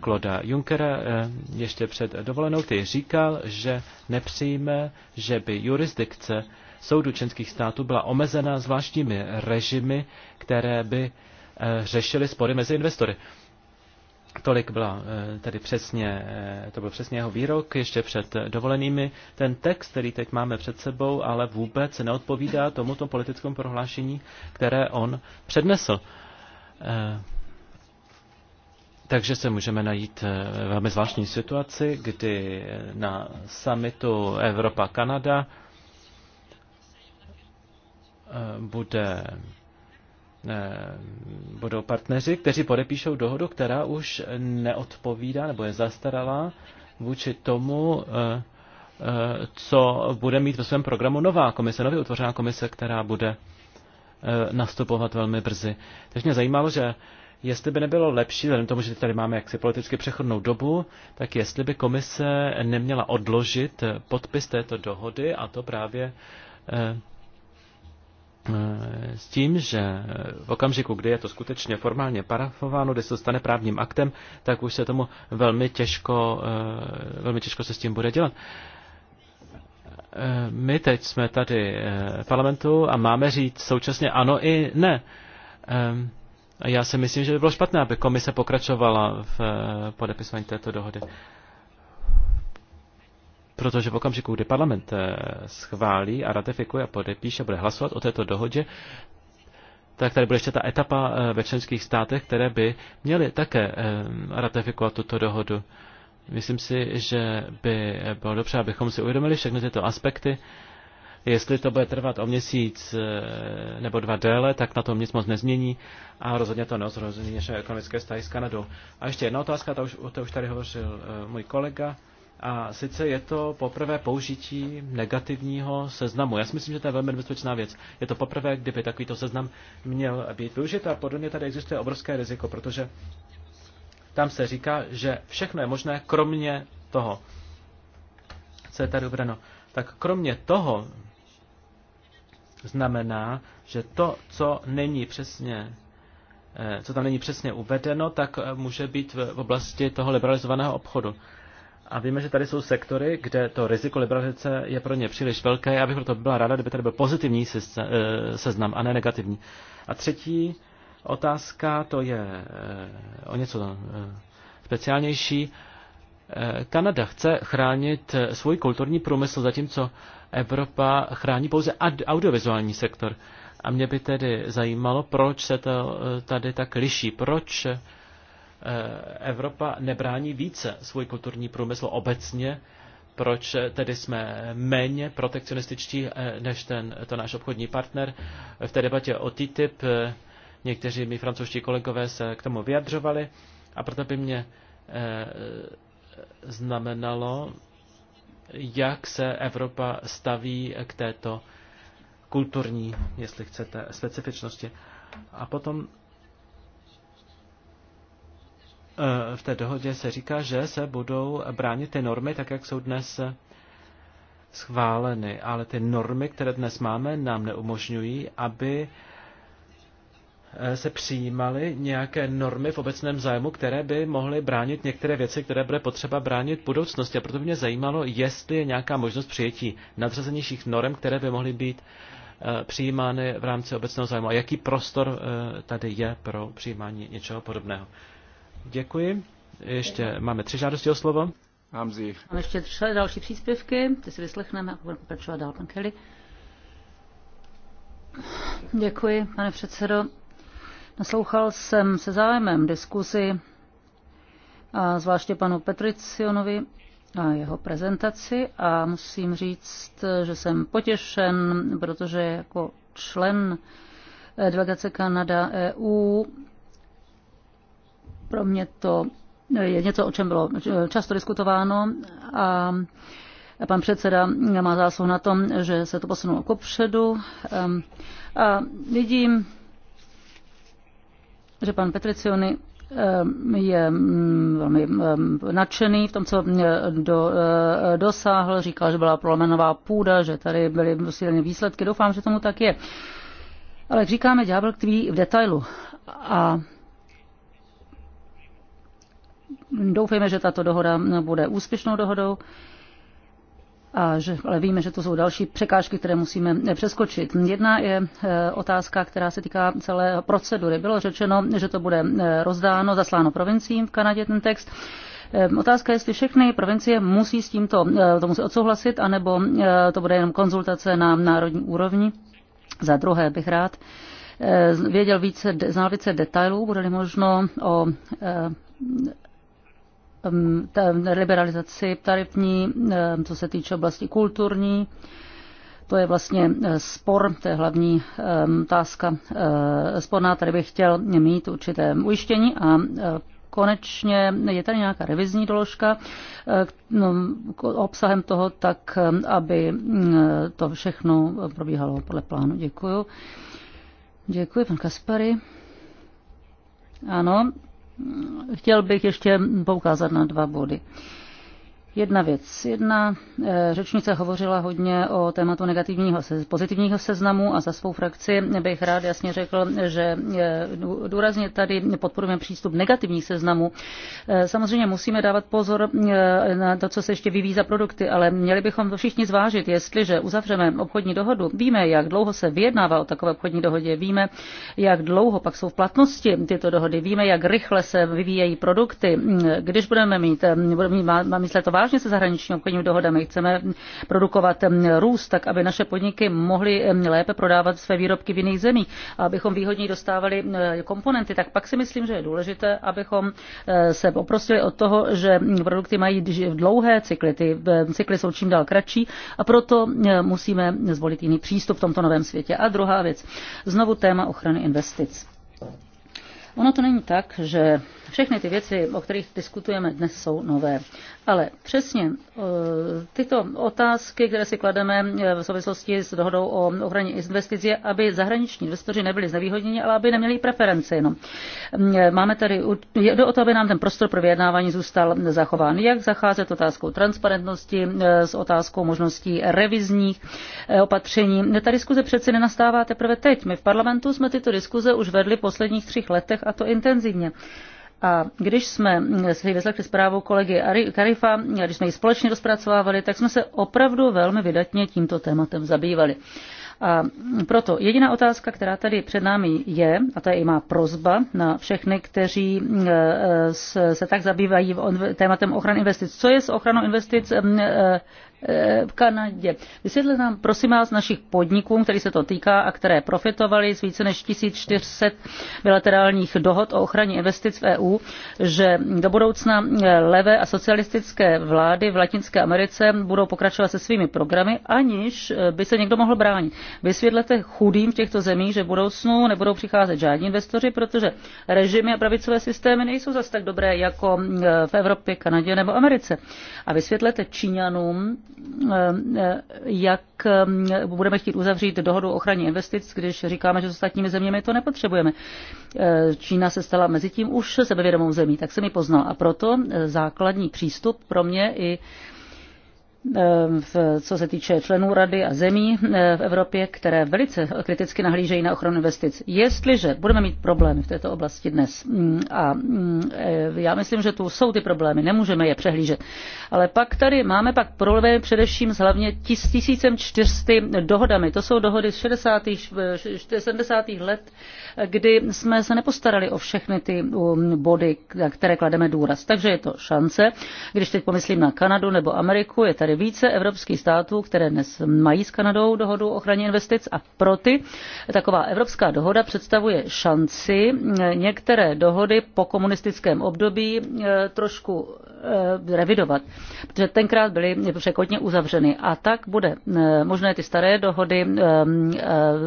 Kloda eh, Junckera ještě před dovolenou, který říkal, že nepřijme, že by jurisdikce soudu členských států byla omezena zvláštními režimy, které by řešily spory mezi investory. Tolik byla eh, tedy přesně, eh, to byl přesně jeho výrok ještě před dovolenými. Ten text, který teď máme před sebou, ale vůbec neodpovídá tomuto politickému prohlášení, které on přednesl. Eh, takže se můžeme najít velmi zvláštní situaci, kdy na summitu Evropa-Kanada bude Eh, budou partneři, kteří podepíšou dohodu, která už neodpovídá nebo je zastaralá vůči tomu, eh, eh, co bude mít ve svém programu nová komise, nově utvořená komise, která bude nastupovat velmi brzy. Takže mě zajímalo, že jestli by nebylo lepší, vzhledem tomu, že tady máme jaksi politicky přechodnou dobu, tak jestli by komise neměla odložit podpis této dohody a to právě Eh, s tím, že v okamžiku, kdy je to skutečně formálně parafováno, kdy se to stane právním aktem, tak už se tomu velmi těžko, eh, velmi těžko se s tím bude dělat. Eh, my teď jsme tady v parlamentu a máme říct současně ano i ne. Já si myslím, že by bylo špatné, aby komise pokračovala v podepisování této dohody. Protože v okamžiku, kdy parlament eh, schválí a ratifikuje a podepíše, bude hlasovat o této dohodě, tak tady bude ještě ta etapa eh, ve členských státech, které by měly také eh, ratifikovat tuto dohodu. Myslím si, že by bylo dobře, abychom si uvědomili všechny tyto aspekty. Jestli to bude trvat o měsíc nebo dva déle, tak na tom nic moc nezmění a rozhodně to neozrozumí naše ekonomické vztahy s Kanadou. A ještě jedna otázka, to už, to už tady hovořil můj kolega. A sice je to poprvé použití negativního seznamu. Já si myslím, že to je velmi nebezpečná věc. Je to poprvé, kdyby takovýto seznam měl být využit a podle mě tady existuje obrovské riziko, protože tam se říká, že všechno je možné, kromě toho. Co je tady uvedeno? Tak kromě toho znamená, že to, co není přesně eh, co tam není přesně uvedeno, tak eh, může být v oblasti toho liberalizovaného obchodu. A víme, že tady jsou sektory, kde to riziko liberalizace je pro ně příliš velké. Já bych proto byla ráda, kdyby tady byl pozitivní eh, seznam a ne negativní. A třetí otázka, to je eh, o něco eh, speciálnější. Kanada chce chránit svůj kulturní průmysl, zatímco Evropa chrání pouze audiovizuální sektor. A mě by tedy zajímalo, proč se to tady tak liší, proč Eh, Evropa nebrání více svůj kulturní průmysl obecně, proč eh, tedy jsme méně protekcionističtí eh, než ten, to náš obchodní partner. V té debatě o TTIP někteří mi francouzští kolegové se k tomu vyjadřovali a proto by mě znamenalo, jak se Evropa staví k této kulturní, jestli chcete, specifičnosti. A potom v té dohodě se říká, že se budou bránit ty normy, tak jak jsou dnes schváleny. Ale ty normy, které dnes máme, nám neumožňují, aby se přijímaly nějaké normy v obecném zájmu, které by mohly bránit některé věci, které bude potřeba bránit v budoucnosti. A proto by mě zajímalo, jestli je nějaká možnost přijetí nadřazenějších norm, které by mohly být eh, přijímány v rámci obecného zájmu a jaký prostor eh, tady je pro přijímání něčeho podobného. Děkuji. Ještě máme tři žádosti o slovo. Hamzi. Máme ještě tři další příspěvky, ty si vyslechneme a budeme pokračovat dál. Pan Kelly. Děkuji, pane předsedo. Naslouchal jsem se zájmem diskuzi, a zvláště panu Petricionovi a jeho prezentaci a musím říct, že jsem potěšen, protože jako člen delegace Kanada EU pro mě to je něco, o čem bylo často diskutováno a pan předseda má zásluh na tom, že se to posunulo kopředu. A vidím, že pan Petriciony je velmi nadšený v tom, co do, eh, dosáhl. Říkal, že byla prolomenová půda, že tady byly silné výsledky. Doufám, že tomu tak je. Ale jak říkáme, ďábel tví v detailu. A Doufejme, že tato dohoda bude úspěšnou dohodou. A že, ale víme, že to jsou další překážky, které musíme přeskočit. Jedna je e, otázka, která se týká celé procedury. Bylo řečeno, že to bude e, rozdáno, zasláno provinciím v Kanadě ten text. E, otázka je, jestli všechny provincie musí s tímto to musí odsouhlasit, anebo to bude jenom konzultace na národní úrovni. Za druhé bych rád věděl více, znal více detailů, bude-li možno o Um, liberalizaci tarifní, um, co se týče oblasti kulturní. To je vlastně uh, spor, to je hlavní um, otázka uh, sporná. Tady bych chtěl mít určité ujištění a uh, konečně je tady nějaká revizní doložka no, obsahem toho, tak aby to všechno probíhalo podle plánu. Děkuju. Děkuji, pan Kaspary. Ano, chtěl bych ještě poukázat na dva body. Jedna věc. Jedna eh, řečnice hovořila hodně o tématu negativního, pozitivního seznamu a za svou frakci bych rád jasně řekl, že eh, důrazně tady podporujeme přístup negativních seznamů. Eh, samozřejmě musíme dávat pozor na to, co se ještě vyvíjí za produkty, ale měli bychom to všichni zvážit, jestliže uzavřeme obchodní dohodu. Víme, jak dlouho se vyjednává o takové obchodní dohodě, víme, jak dlouho pak jsou v platnosti tyto dohody, víme, jak rychle se vyvíjejí produkty. Hm, když budeme mít, hm, budeme mít, má, má myslet to vážně, vážně se zahraničními obchodními dohodami. Chceme produkovat růst, tak aby naše podniky mohly lépe prodávat své výrobky v jiných zemích, abychom výhodně dostávali komponenty, tak pak si myslím, že je důležité, abychom eh, se poprosili od toho, že produkty mají dlouhé cykly, ty cykly jsou čím dál kratší a proto musíme zvolit jiný přístup v tomto novém světě. A druhá věc, znovu téma ochrany investic. Ono to není tak, že všechny ty věci, o kterých diskutujeme dnes, jsou nové. Ale přesně e, tyto otázky, které si klademe e, v souvislosti s dohodou o ochraně investic, je, aby zahraniční investoři nebyli znevýhodněni, ale aby neměli preference No. Máme tady, jde o to, aby nám ten prostor pro vyjednávání zůstal zachován. Jak zacházet otázkou transparentnosti, s otázkou možností revizních opatření. Ta diskuze přeci nenastává teprve teď. My v parlamentu jsme tyto diskuze už vedli v posledních třech letech a to intenzivně. A když jsme si vyslechli zprávu kolegy Karifa, když jsme ji společně rozpracovávali, tak jsme se opravdu velmi vydatně tímto tématem zabývali. A proto jediná otázka, která tady před námi je, a to je i má prozba na všechny, kteří e, e, se tak zabývají tématem ochrany investic. Co je s ochranou investic e, v Kanadě. Vysvětlete nám, prosím vás, našich podniků, který se to týká a které profitovaly z více než 1400 bilaterálních dohod o ochraně investic v EU, že do budoucna levé a socialistické vlády v Latinské Americe budou pokračovat se svými programy, aniž by se někdo mohl bránit. Vysvětlete chudým v těchto zemích, že v budoucnu nebudou přicházet žádní investoři, protože režimy a pravicové systémy nejsou zas tak dobré jako v Evropě, Kanadě nebo Americe. A vysvětlete Číňanům, jak eh, budeme chtít uzavřít dohodu o ochraně investic, když říkáme, že s ostatními zeměmi to nepotřebujeme. Eh, Čína se stala mezi tím už sebevědomou zemí, tak se mi poznal. A proto eh, základní přístup pro mě i Eh, co se týče členů rady a zemí eh, v Evropě, které velice kriticky nahlížejí na ochranu investic. Jestliže budeme mít problémy v této oblasti dnes, mm, a mm, eh, já myslím, že tu jsou ty problémy, nemůžeme je přehlížet, ale pak tady máme pak problémy především s hlavně 1400 dohodami. To jsou dohody z 60. 70. let, kdy jsme se nepostarali o všechny ty um, body, které klademe důraz. Takže je to šance. Když teď pomyslím na Kanadu nebo Ameriku, je tady více evropských států, které dnes mají s Kanadou dohodu o ochraně investic a pro ty taková evropská dohoda představuje šanci eh, některé dohody po komunistickém období eh, trošku eh, revidovat, protože tenkrát byly překotně uzavřeny a tak bude možné ty staré dohody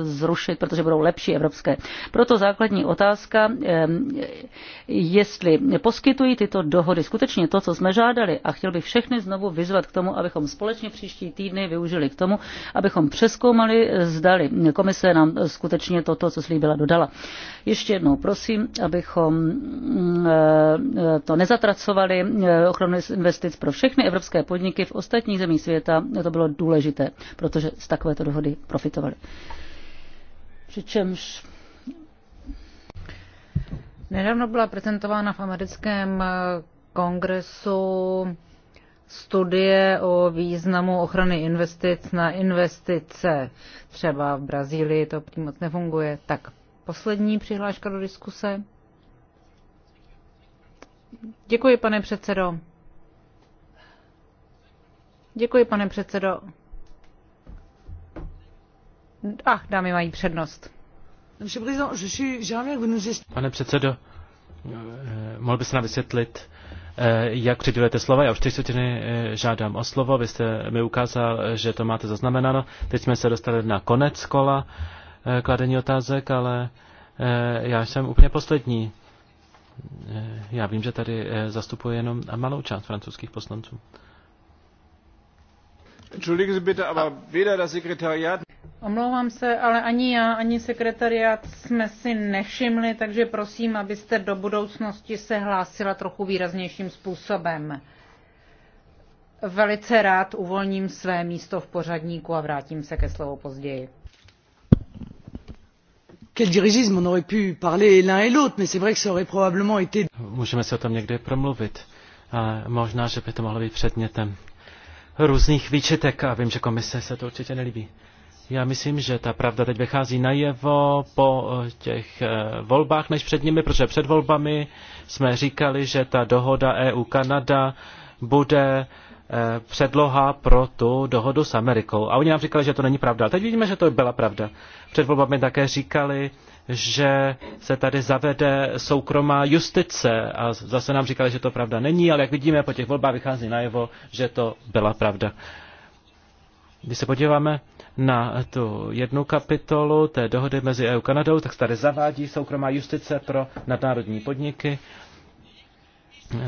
zrušit, protože budou lepší evropské. Proto základní otázka, jestli poskytují tyto dohody skutečně to, co jsme žádali a chtěl bych všechny znovu vyzvat k tomu, abychom abychom společně příští týdny využili k tomu, abychom přeskoumali, zdali komise nám skutečně toto, co slíbila, dodala. Ještě jednou prosím, abychom eh, to nezatracovali, eh, ochranu investic pro všechny evropské podniky v ostatních zemích světa, to bylo důležité, protože z takovéto dohody profitovali. Přičemž Nedávno byla prezentována v americkém eh, kongresu studie o významu ochrany investic na investice. Třeba v Brazílii to moc nefunguje. Tak poslední přihláška do diskuse. Děkuji, pane předsedo. Děkuji, pane předsedo. Ach, dámy mají přednost. Pane předsedo, eh, mohl byste nám vysvětlit, Eh, jak přidělujete slova. Já už tři čtvrtiny eh, žádám o slovo, vy jste mi ukázal, že to máte zaznamenáno. Teď jsme se dostali na konec kola eh, kladení otázek, ale já jsem úplně poslední. Já vím, že tady zastupuje jenom malou část francouzských poslanců. Entschuldigen Sie bitte, aber weder das Sekretariat Omlouvám se, ale ani já, ani sekretariát jsme si nevšimli, takže prosím, abyste do budoucnosti se hlásila trochu výraznějším způsobem. Velice rád uvolním své místo v pořadníku a vrátím se ke slovu později. Quel dirigisme, on aurait pu parler l'un et l'autre, mais c'est vrai que ça aurait probablement été... Můžeme se o tom někde promluvit. A možná, že by to mohlo být předmětem různých výčitek a vím, že komise se to určitě nelíbí. Já myslím, že ta pravda teď vychází najevo po eh, těch eh, volbách než před nimi, protože před volbami jsme říkali, že ta dohoda EU-Kanada bude eh, předloha pro tu dohodu s Amerikou. A oni nám říkali, že to není pravda. teď vidíme, že to byla pravda. Před volbami také říkali, že se tady zavede soukromá justice a zase nám říkali, že to pravda není, ale jak vidíme, po těch volbách vychází najevo, že to byla pravda. Když se podíváme na tu jednu kapitolu té dohody mezi EU a Kanadou, tak se tady zavádí soukromá justice pro nadnárodní podniky.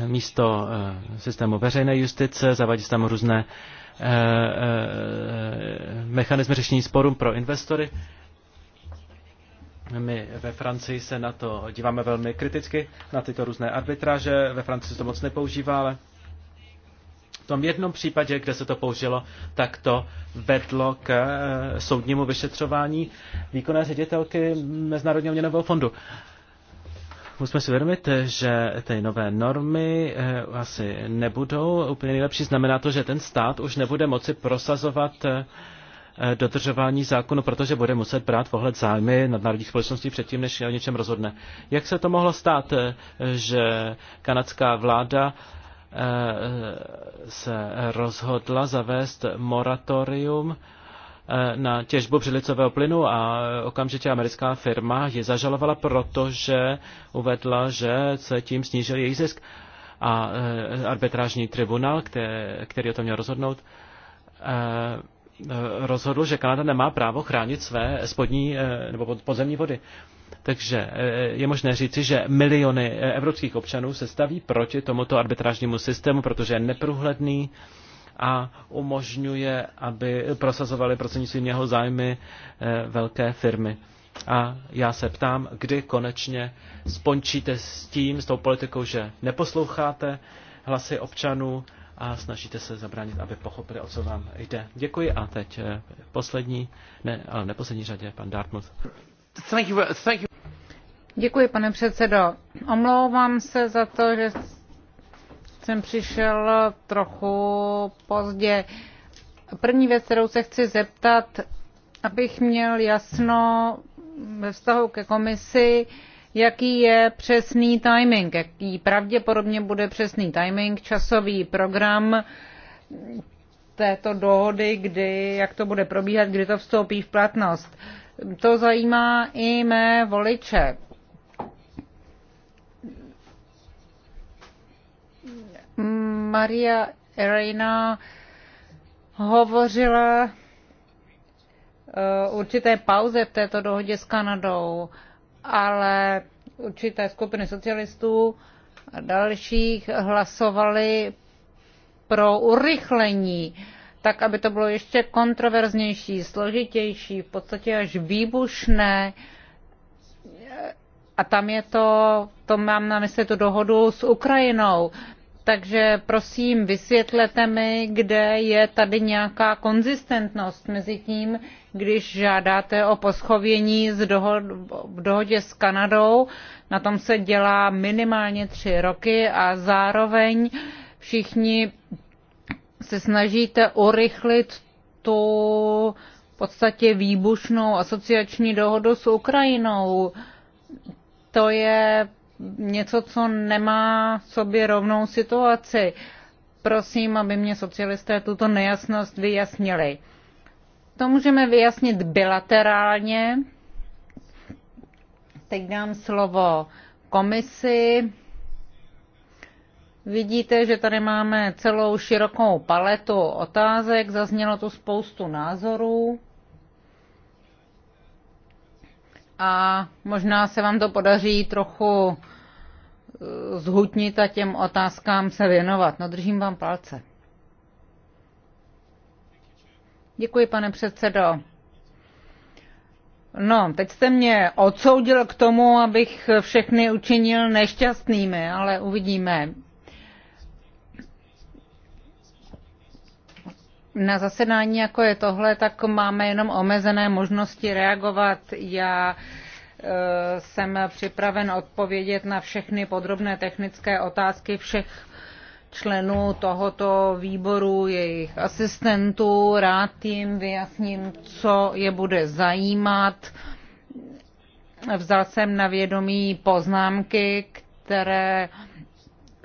Místo eh, systému veřejné justice zavádí se tam různé eh, eh, mechanismy řešení sporů pro investory. My ve Francii se na to díváme velmi kriticky, na tyto různé arbitráže. Ve Francii se to moc nepoužívá, ale tom jednom případě, kde se to použilo, tak to vedlo k eh, soudnímu vyšetřování výkonné ředitelky Mezinárodního měnového fondu. Musíme si uvědomit, že ty nové normy eh, asi nebudou úplně nejlepší. Znamená to, že ten stát už nebude moci prosazovat eh, dodržování zákonu, protože bude muset brát pohled zájmy nadnárodních společností předtím, než o něčem rozhodne. Jak se to mohlo stát, že kanadská vláda Eh, se rozhodla zavést moratorium eh, na těžbu břidlicového plynu a okamžitě americká firma ji zažalovala, protože uvedla, že se tím snížil její zisk. A eh, arbitrážní tribunál, který o tom měl rozhodnout, rozhodl, že Kanada nemá právo chránit své spodní nebo podzemní vody. Takže eh, je možné říci, že miliony eh, evropských občanů se staví proti tomuto arbitrážnímu systému, protože je neprůhledný a umožňuje, aby prosazovali prostřednictvím jeho zájmy eh, velké firmy. A já se ptám, kdy konečně spončíte s tím, s tou politikou, že neposloucháte hlasy občanů a snažíte se zabránit, aby pochopili, o co vám jde. Děkuji a teď poslední, ne, ale neposlední řadě, pan Dartmouth. Děkuji, pane předsedo. Omlouvám se za to, že jsem přišel trochu pozdě. První věc, kterou se chci zeptat, abych měl jasno ve vztahu ke komisi, jaký je přesný timing, jaký pravděpodobně bude přesný timing, časový program této dohody, kdy, jak to bude probíhat, kdy to vstoupí v platnost. To zajímá i mé voliče. Maria Reina hovořila eh, určité pauze v této dohodě s Kanadou, ale určité skupiny socialistů a dalších hlasovali pro urychlení tak aby to bylo ještě kontroverznější, složitější, v podstatě až výbušné. A tam je to, to mám na mysli tu dohodu s Ukrajinou. Takže prosím, vysvětlete mi, kde je tady nějaká konzistentnost mezi tím, když žádáte o poschovění z dohod, v dohodě s Kanadou, na tom se dělá minimálně tři roky a zároveň všichni se snažíte urychlit tu v podstatě výbušnou asociační dohodu s Ukrajinou. To je něco, co nemá v sobě rovnou situaci. Prosím, aby mě socialisté tuto nejasnost vyjasnili. To můžeme vyjasnit bilaterálně. Teď dám slovo komisi. Vidíte, že tady máme celou širokou paletu otázek, zaznělo tu spoustu názorů. A možná se vám to podaří trochu eh, zhutnit a těm otázkám se věnovat. No držím vám palce. Děkuji, pane předsedo. No, teď jste mě odsoudil k tomu, abych všechny učinil nešťastnými, ale uvidíme. na zasedání, jako je tohle, tak máme jenom omezené možnosti reagovat. Já e, jsem připraven odpovědět na všechny podrobné technické otázky všech členů tohoto výboru, jejich asistentů. Rád jim vyjasním, co je bude zajímat. Vzal jsem na vědomí poznámky, které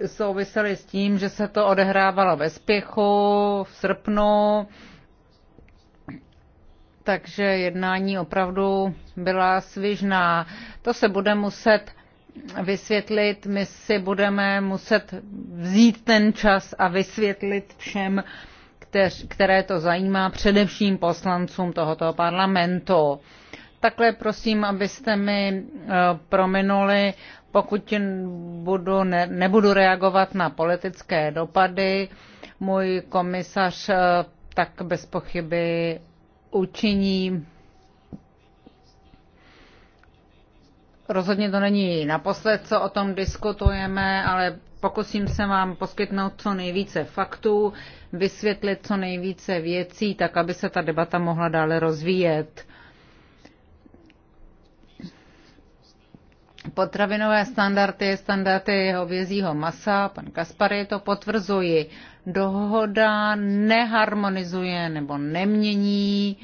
souvisely s tím, že se to odehrávalo ve spěchu v srpnu, takže jednání opravdu byla svižná. To se bude muset vysvětlit, my si budeme muset vzít ten čas a vysvětlit všem, které to zajímá, především poslancům tohoto parlamentu. Takhle prosím, abyste mi eh, prominuli pokud budu, ne, nebudu reagovat na politické dopady, můj komisař eh, tak bez pochyby učiní. Rozhodně to není naposled, co o tom diskutujeme, ale pokusím se vám poskytnout co nejvíce faktů, vysvětlit co nejvíce věcí, tak aby se ta debata mohla dále rozvíjet. potravinové standardy, standardy hovězího masa, pan Kaspary to potvrzuji, dohoda neharmonizuje nebo nemění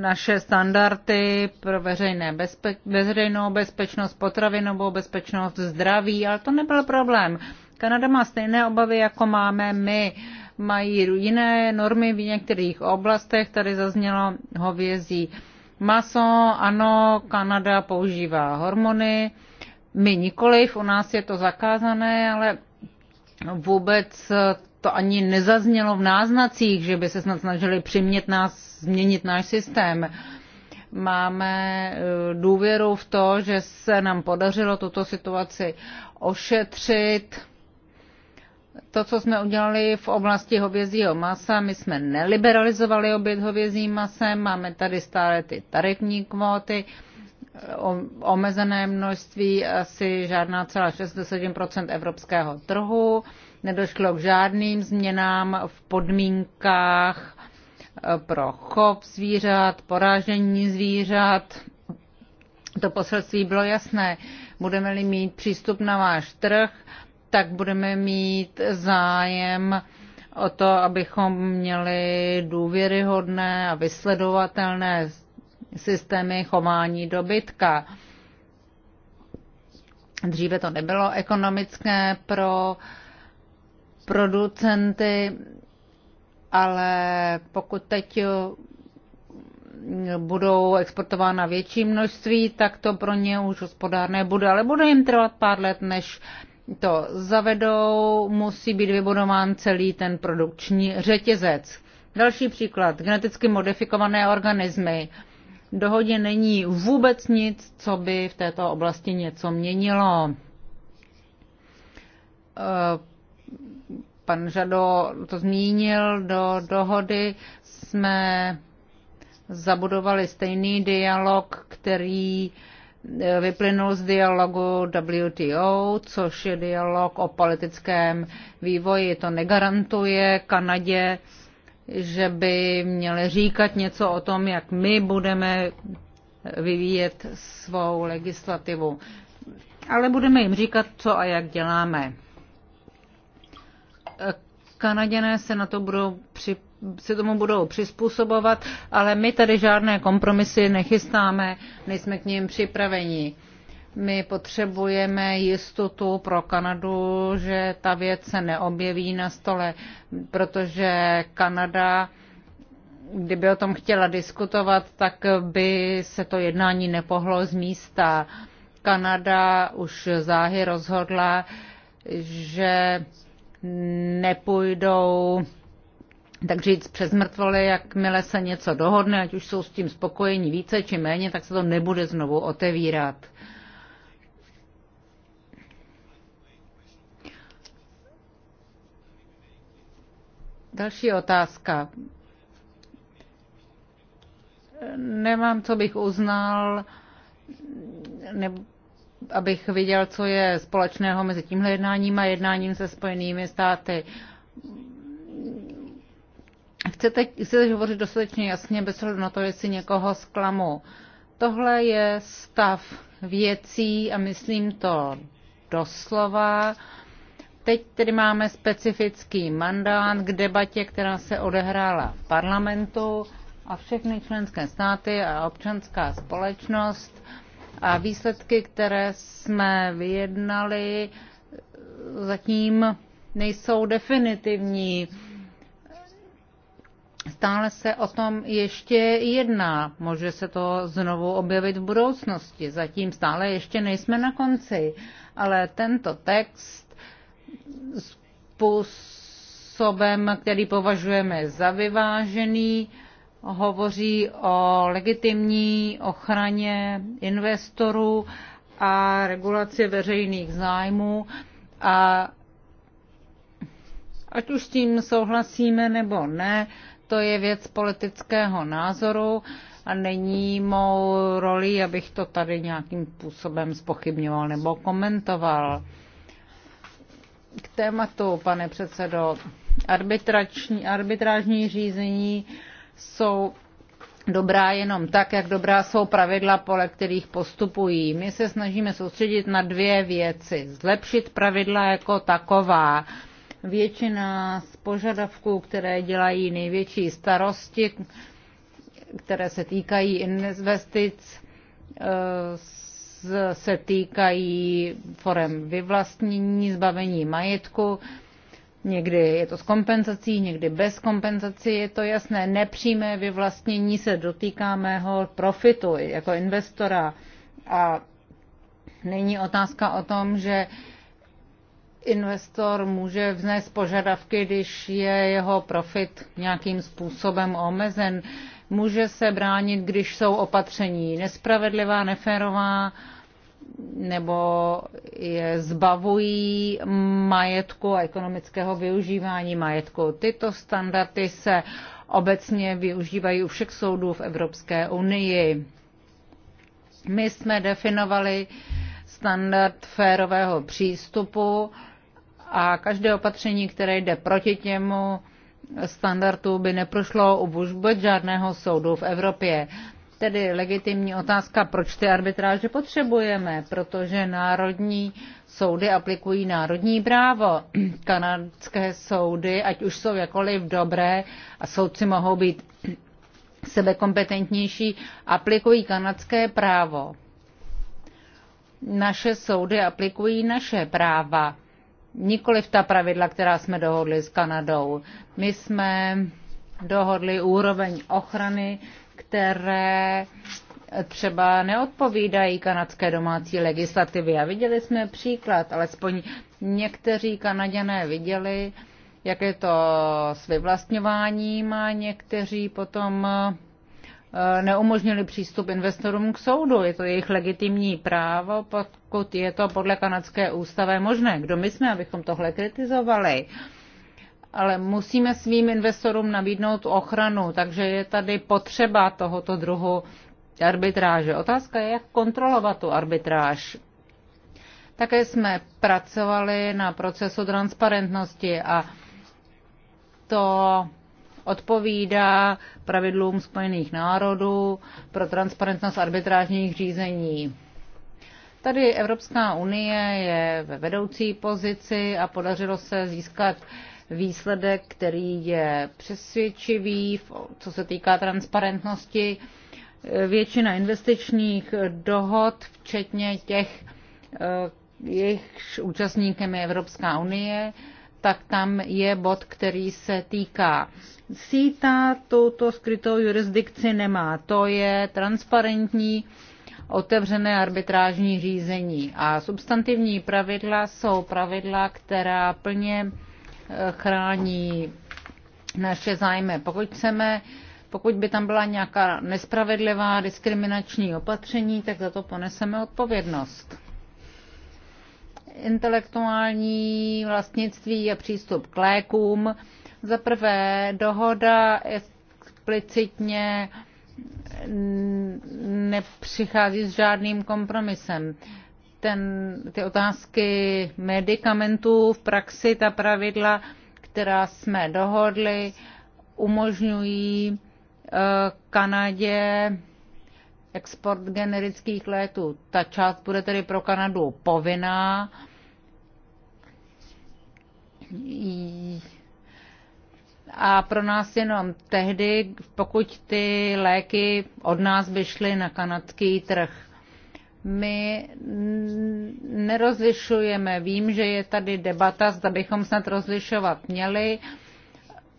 naše standardy pro veřejné bezpeč, veřejnou bezpečnost, potravinovou bezpečnost, zdraví, ale to nebyl problém. Kanada má stejné obavy, jako máme my. Mají jiné normy v některých oblastech, tady zaznělo hovězí Maso, ano, Kanada používá hormony, my nikoliv, u nás je to zakázané, ale vůbec to ani nezaznělo v náznacích, že by se snad snažili přimět nás změnit náš systém. Máme eh, důvěru v to, že se nám podařilo tuto situaci ošetřit to, co jsme udělali v oblasti hovězího masa, my jsme neliberalizovali oběd hovězím masem, máme tady stále ty tarifní kvóty, omezené množství, asi žádná celá 6-7 evropského trhu. Nedošlo k žádným změnám v podmínkách e, pro chov zvířat, porážení zvířat. To poselství bylo jasné. Budeme-li mít přístup na váš trh, tak budeme mít zájem o to, abychom měli důvěryhodné a vysledovatelné systémy chování dobytka. Dříve to nebylo ekonomické pro producenty, ale pokud teď budou exportována větší množství, tak to pro ně už hospodárné bude, ale bude jim trvat pár let, než to zavedou, musí být vybudován celý ten produkční řetězec. Další příklad, geneticky modifikované organismy. Dohodě není vůbec nic, co by v této oblasti něco měnilo. Eh, pan Žado to zmínil, do dohody jsme zabudovali stejný dialog, který uh, vyplynul z dialogu WTO, což je dialog o politickém vývoji. To negarantuje Kanadě, že by měli říkat něco o tom, jak my budeme vyvíjet svou legislativu. Ale budeme jim říkat, co a jak děláme. Kanaděné se na to budou připravit se tomu budou přizpůsobovat, ale my tady žádné kompromisy nechystáme, nejsme k ním připraveni. My potřebujeme jistotu pro Kanadu, že ta věc se neobjeví na stole, protože Kanada, kdyby o tom chtěla diskutovat, tak by se to jednání nepohlo z místa. Kanada už záhy rozhodla, že nepůjdou tak říct přes mrtvoly, jakmile se něco dohodne, ať už jsou s tím spokojení více či méně, tak se to nebude znovu otevírat. Další otázka. Nemám, co bych uznal, ne, abych viděl, co je společného mezi tímhle jednáním a jednáním se Spojenými státy Chcete, chcete hovořit dostatečně jasně, bez ohledu na to, jestli někoho zklamu. Tohle je stav věcí a myslím to doslova. Teď tedy máme specifický mandát k debatě, která se odehrála v parlamentu a všechny členské státy a občanská společnost a výsledky, které jsme vyjednali, zatím nejsou definitivní Stále se o tom ještě jedná. Může se to znovu objevit v budoucnosti. Zatím stále ještě nejsme na konci. Ale tento text způsobem, který považujeme za vyvážený, hovoří o legitimní ochraně investorů a regulaci veřejných zájmů a ať už s tím souhlasíme nebo ne, to je věc politického názoru a není mou roli, abych to tady nějakým způsobem spochybňoval nebo komentoval. K tématu, pane předsedo, arbitrační, arbitrážní řízení jsou dobrá jenom tak, jak dobrá jsou pravidla, pole kterých postupují. My se snažíme soustředit na dvě věci. Zlepšit pravidla jako taková Většina z požadavků, které dělají největší starosti, které se týkají investic, eh, se týkají forem vyvlastnění, zbavení majetku. Někdy je to s kompenzací, někdy bez kompenzací, je to jasné. Nepřímé vyvlastnění se dotýká mého profitu jako investora. A není otázka o tom, že uh, investor může vznést požadavky, když je jeho profit nějakým způsobem omezen. Může se bránit, když jsou opatření nespravedlivá, neférová, nebo je zbavují majetku a ekonomického využívání majetku. Tyto standardy se obecně využívají u všech soudů v Evropské unii. My jsme definovali standard férového přístupu, a každé opatření, které jde proti těmu standardu, by neprošlo vůbec žádného soudu v Evropě. Tedy legitimní otázka, proč ty arbitráže potřebujeme, protože národní soudy aplikují národní právo. Kanadské soudy, ať už jsou jakoliv dobré a soudci mohou být sebekompetentnější, aplikují kanadské právo. Naše soudy aplikují naše práva nikoliv ta pravidla, která jsme dohodli s Kanadou. My jsme dohodli úroveň ochrany, které třeba neodpovídají kanadské domácí legislativě. A viděli jsme příklad, alespoň někteří Kanaděné viděli, jak je to s vyvlastňováním a někteří potom neumožnili přístup investorům k soudu. Je to jejich legitimní právo, pokud je to podle kanadské ústavy možné. Kdo my jsme, abychom tohle kritizovali? Ale musíme svým investorům nabídnout ochranu, takže je tady potřeba tohoto druhu arbitráže. Otázka je, jak kontrolovat tu arbitráž. Také jsme pracovali na procesu transparentnosti a to odpovídá pravidlům Spojených národů pro transparentnost arbitrážních řízení. Tady Evropská unie je ve vedoucí pozici a podařilo se získat výsledek, který je přesvědčivý, co se týká transparentnosti. Většina investičních dohod, včetně těch, eh, jejichž účastníkem je Evropská unie, tak tam je bod, který se týká. síta tuto skrytou jurisdikci nemá. To je transparentní otevřené arbitrážní řízení. A substantivní pravidla jsou pravidla, která plně eh, chrání naše zájmy. Pokud chceme, pokud by tam byla nějaká nespravedlivá diskriminační opatření, tak za to poneseme odpovědnost intelektuální vlastnictví a přístup k lékům. Za prvé, dohoda explicitně nepřichází s žádným kompromisem. Ten, ty otázky medicamentů v praxi, ta pravidla, která jsme dohodli, umožňují eh, Kanadě export generických léků. Ta část bude tedy pro Kanadu povinná. A pro nás jenom tehdy, pokud ty léky od nás by šly na kanadský trh. My nerozlišujeme. Vím, že je tady debata, zda bychom snad rozlišovat měli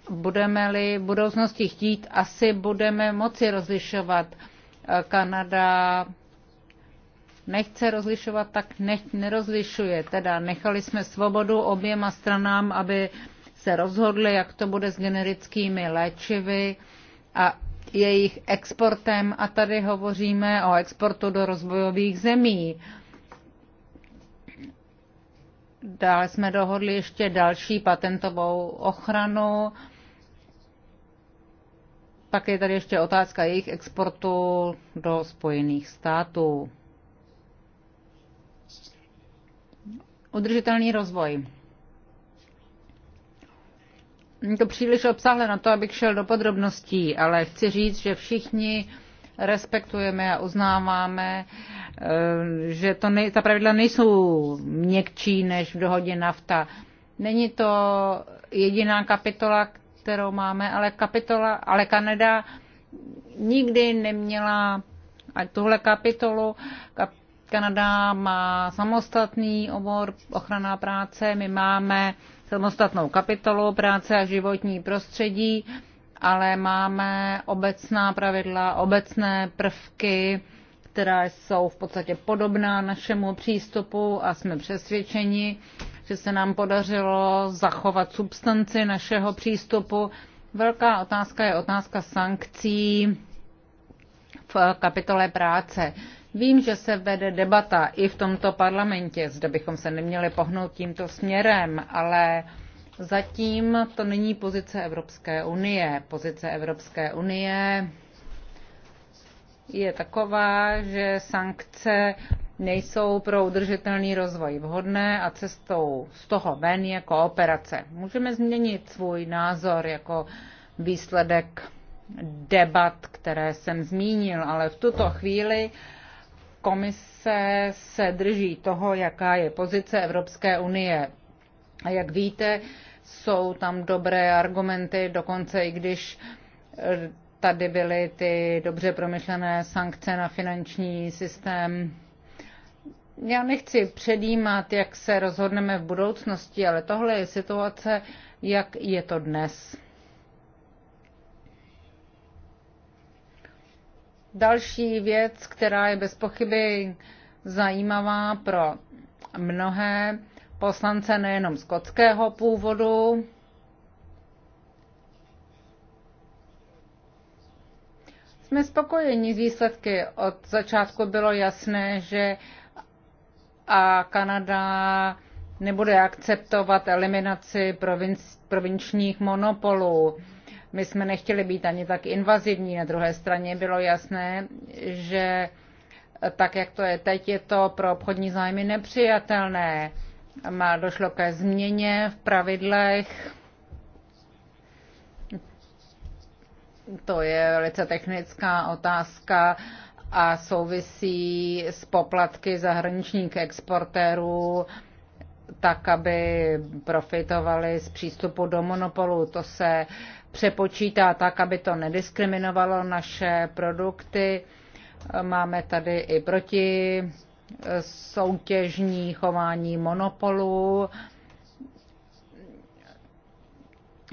budeme-li v budoucnosti chtít, asi budeme moci rozlišovat. Eh, Kanada nechce rozlišovat, tak nech, nerozlišuje. Teda nechali jsme svobodu oběma stranám, aby se rozhodli, jak to bude s generickými léčivy a jejich exportem. A tady hovoříme o exportu do rozvojových zemí. Dále jsme dohodli ještě další patentovou ochranu. Pak je tady ještě otázka jejich exportu do Spojených států. Udržitelný rozvoj. Je to příliš obsáhle na to, abych šel do podrobností, ale chci říct, že všichni respektujeme a uznáváme, eh, že to nej, ta pravidla nejsou měkčí než v dohodě nafta. Není to jediná kapitola, kterou máme, ale kapitola, ale Kanada nikdy neměla tuhle kapitolu. Kanada má samostatný obor ochrana práce, my máme samostatnou kapitolu práce a životní prostředí, ale máme obecná pravidla, obecné prvky, která jsou v podstatě podobná našemu přístupu a jsme přesvědčeni, že se nám podařilo zachovat substanci našeho přístupu. Velká otázka je otázka sankcí v kapitole práce. Vím, že se vede debata i v tomto parlamentě, zde bychom se neměli pohnout tímto směrem, ale zatím to není pozice Evropské unie. Pozice Evropské unie je taková, že sankce nejsou pro udržitelný rozvoj vhodné a cestou z toho ven je kooperace. Můžeme změnit svůj názor jako výsledek debat, které jsem zmínil, ale v tuto chvíli komise se drží toho, jaká je pozice Evropské unie. A jak víte, jsou tam dobré argumenty, dokonce i když eh, tady byly ty dobře promyšlené sankce na finanční systém já nechci předjímat, jak se rozhodneme v budoucnosti, ale tohle je situace, jak je to dnes. Další věc, která je bez pochyby zajímavá pro mnohé poslance nejenom skotského původu, Jsme spokojeni s výsledky. Od začátku bylo jasné, že a Kanada nebude akceptovat eliminaci provinc, provinčních monopolů. My jsme nechtěli být ani tak invazivní. Na druhé straně bylo jasné, že tak, jak to je teď, je to pro obchodní zájmy nepřijatelné. Má došlo ke změně v pravidlech. To je velice technická otázka a souvisí s poplatky zahraničních exportérů tak, aby profitovali z přístupu do monopolu. To se přepočítá tak, aby to nediskriminovalo naše produkty. Máme tady i proti soutěžní chování monopolu.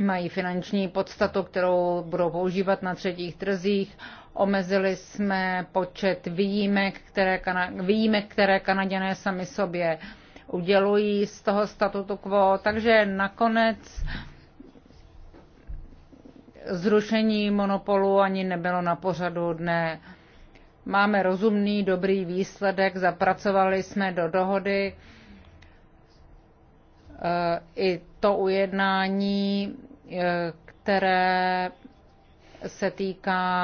Mají finanční podstatu, kterou budou používat na třetích trzích. Omezili jsme počet výjimek, které, Kana- výjimek, které Kanaděné sami sobě udělují z toho statutu quo. Takže nakonec zrušení monopolu ani nebylo na pořadu dne. Máme rozumný, dobrý výsledek, zapracovali jsme do dohody e, i to ujednání, e, které se týká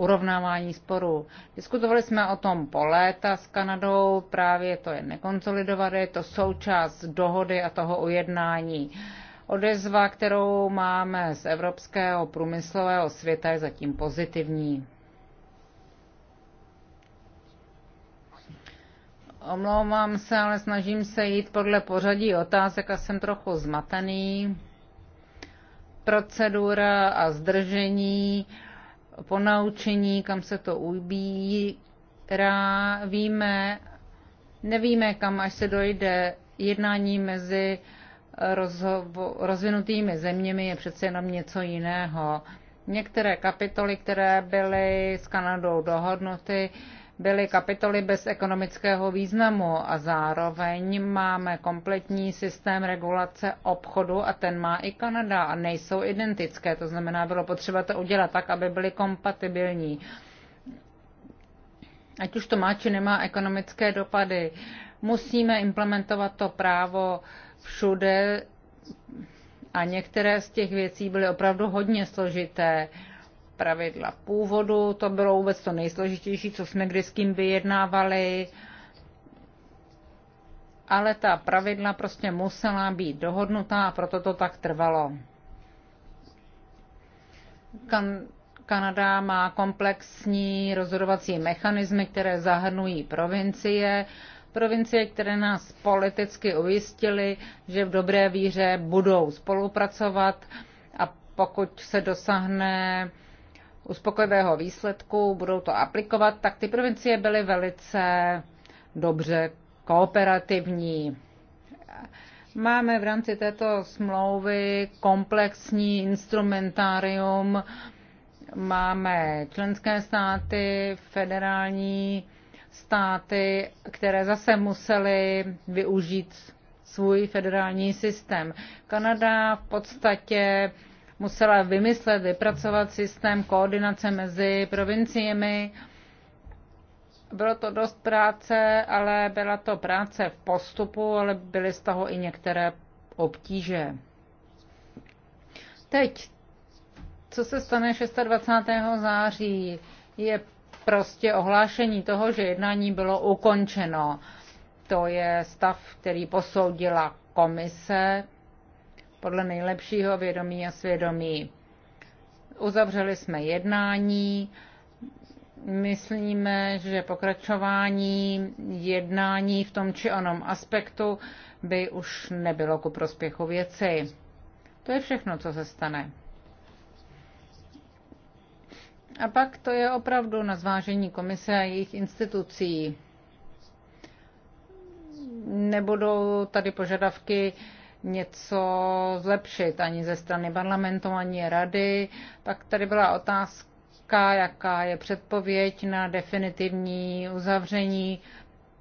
urovnávání sporů. Diskutovali jsme o tom po léta s Kanadou, právě to je nekonsolidované, to součást dohody a toho ujednání. Odezva, kterou máme z evropského průmyslového světa, je zatím pozitivní. Omlouvám se, ale snažím se jít podle pořadí otázek a jsem trochu zmatený. Procedura a zdržení ponaučení, kam se to ubírá. Víme, nevíme, kam až se dojde jednání mezi rozvinutými zeměmi je přece jenom něco jiného. Některé kapitoly, které byly s Kanadou dohodnuty, byly kapitoly bez ekonomického významu a zároveň máme kompletní systém regulace obchodu a ten má i Kanada a nejsou identické. To znamená, bylo potřeba to udělat tak, aby byly kompatibilní. Ať už to má či nemá ekonomické dopady, musíme implementovat to právo všude a některé z těch věcí byly opravdu hodně složité pravidla původu, to bylo vůbec to nejsložitější, co jsme kdy s kým vyjednávali, ale ta pravidla prostě musela být dohodnutá a proto to tak trvalo. Kan- Kanada má komplexní rozhodovací mechanismy, které zahrnují provincie, provincie, které nás politicky ujistily, že v dobré víře budou spolupracovat a pokud se dosáhne uspokojivého výsledku, budou to aplikovat, tak ty provincie byly velice dobře kooperativní. Máme v rámci této smlouvy komplexní instrumentárium, máme členské státy, federální státy, které zase musely využít svůj federální systém. Kanada v podstatě musela vymyslet, vypracovat systém koordinace mezi provinciemi. Bylo to dost práce, ale byla to práce v postupu, ale byly z toho i některé obtíže. Teď, co se stane 26. září, je prostě ohlášení toho, že jednání bylo ukončeno. To je stav, který posoudila komise podle nejlepšího vědomí a svědomí. Uzavřeli jsme jednání, myslíme, že pokračování jednání v tom či onom aspektu by už nebylo ku prospěchu věci. To je všechno, co se stane. A pak to je opravdu na zvážení komise a jejich institucí. Nebudou tady požadavky něco zlepšit ani ze strany parlamentu, ani rady. Pak tady byla otázka, jaká je předpověď na definitivní uzavření.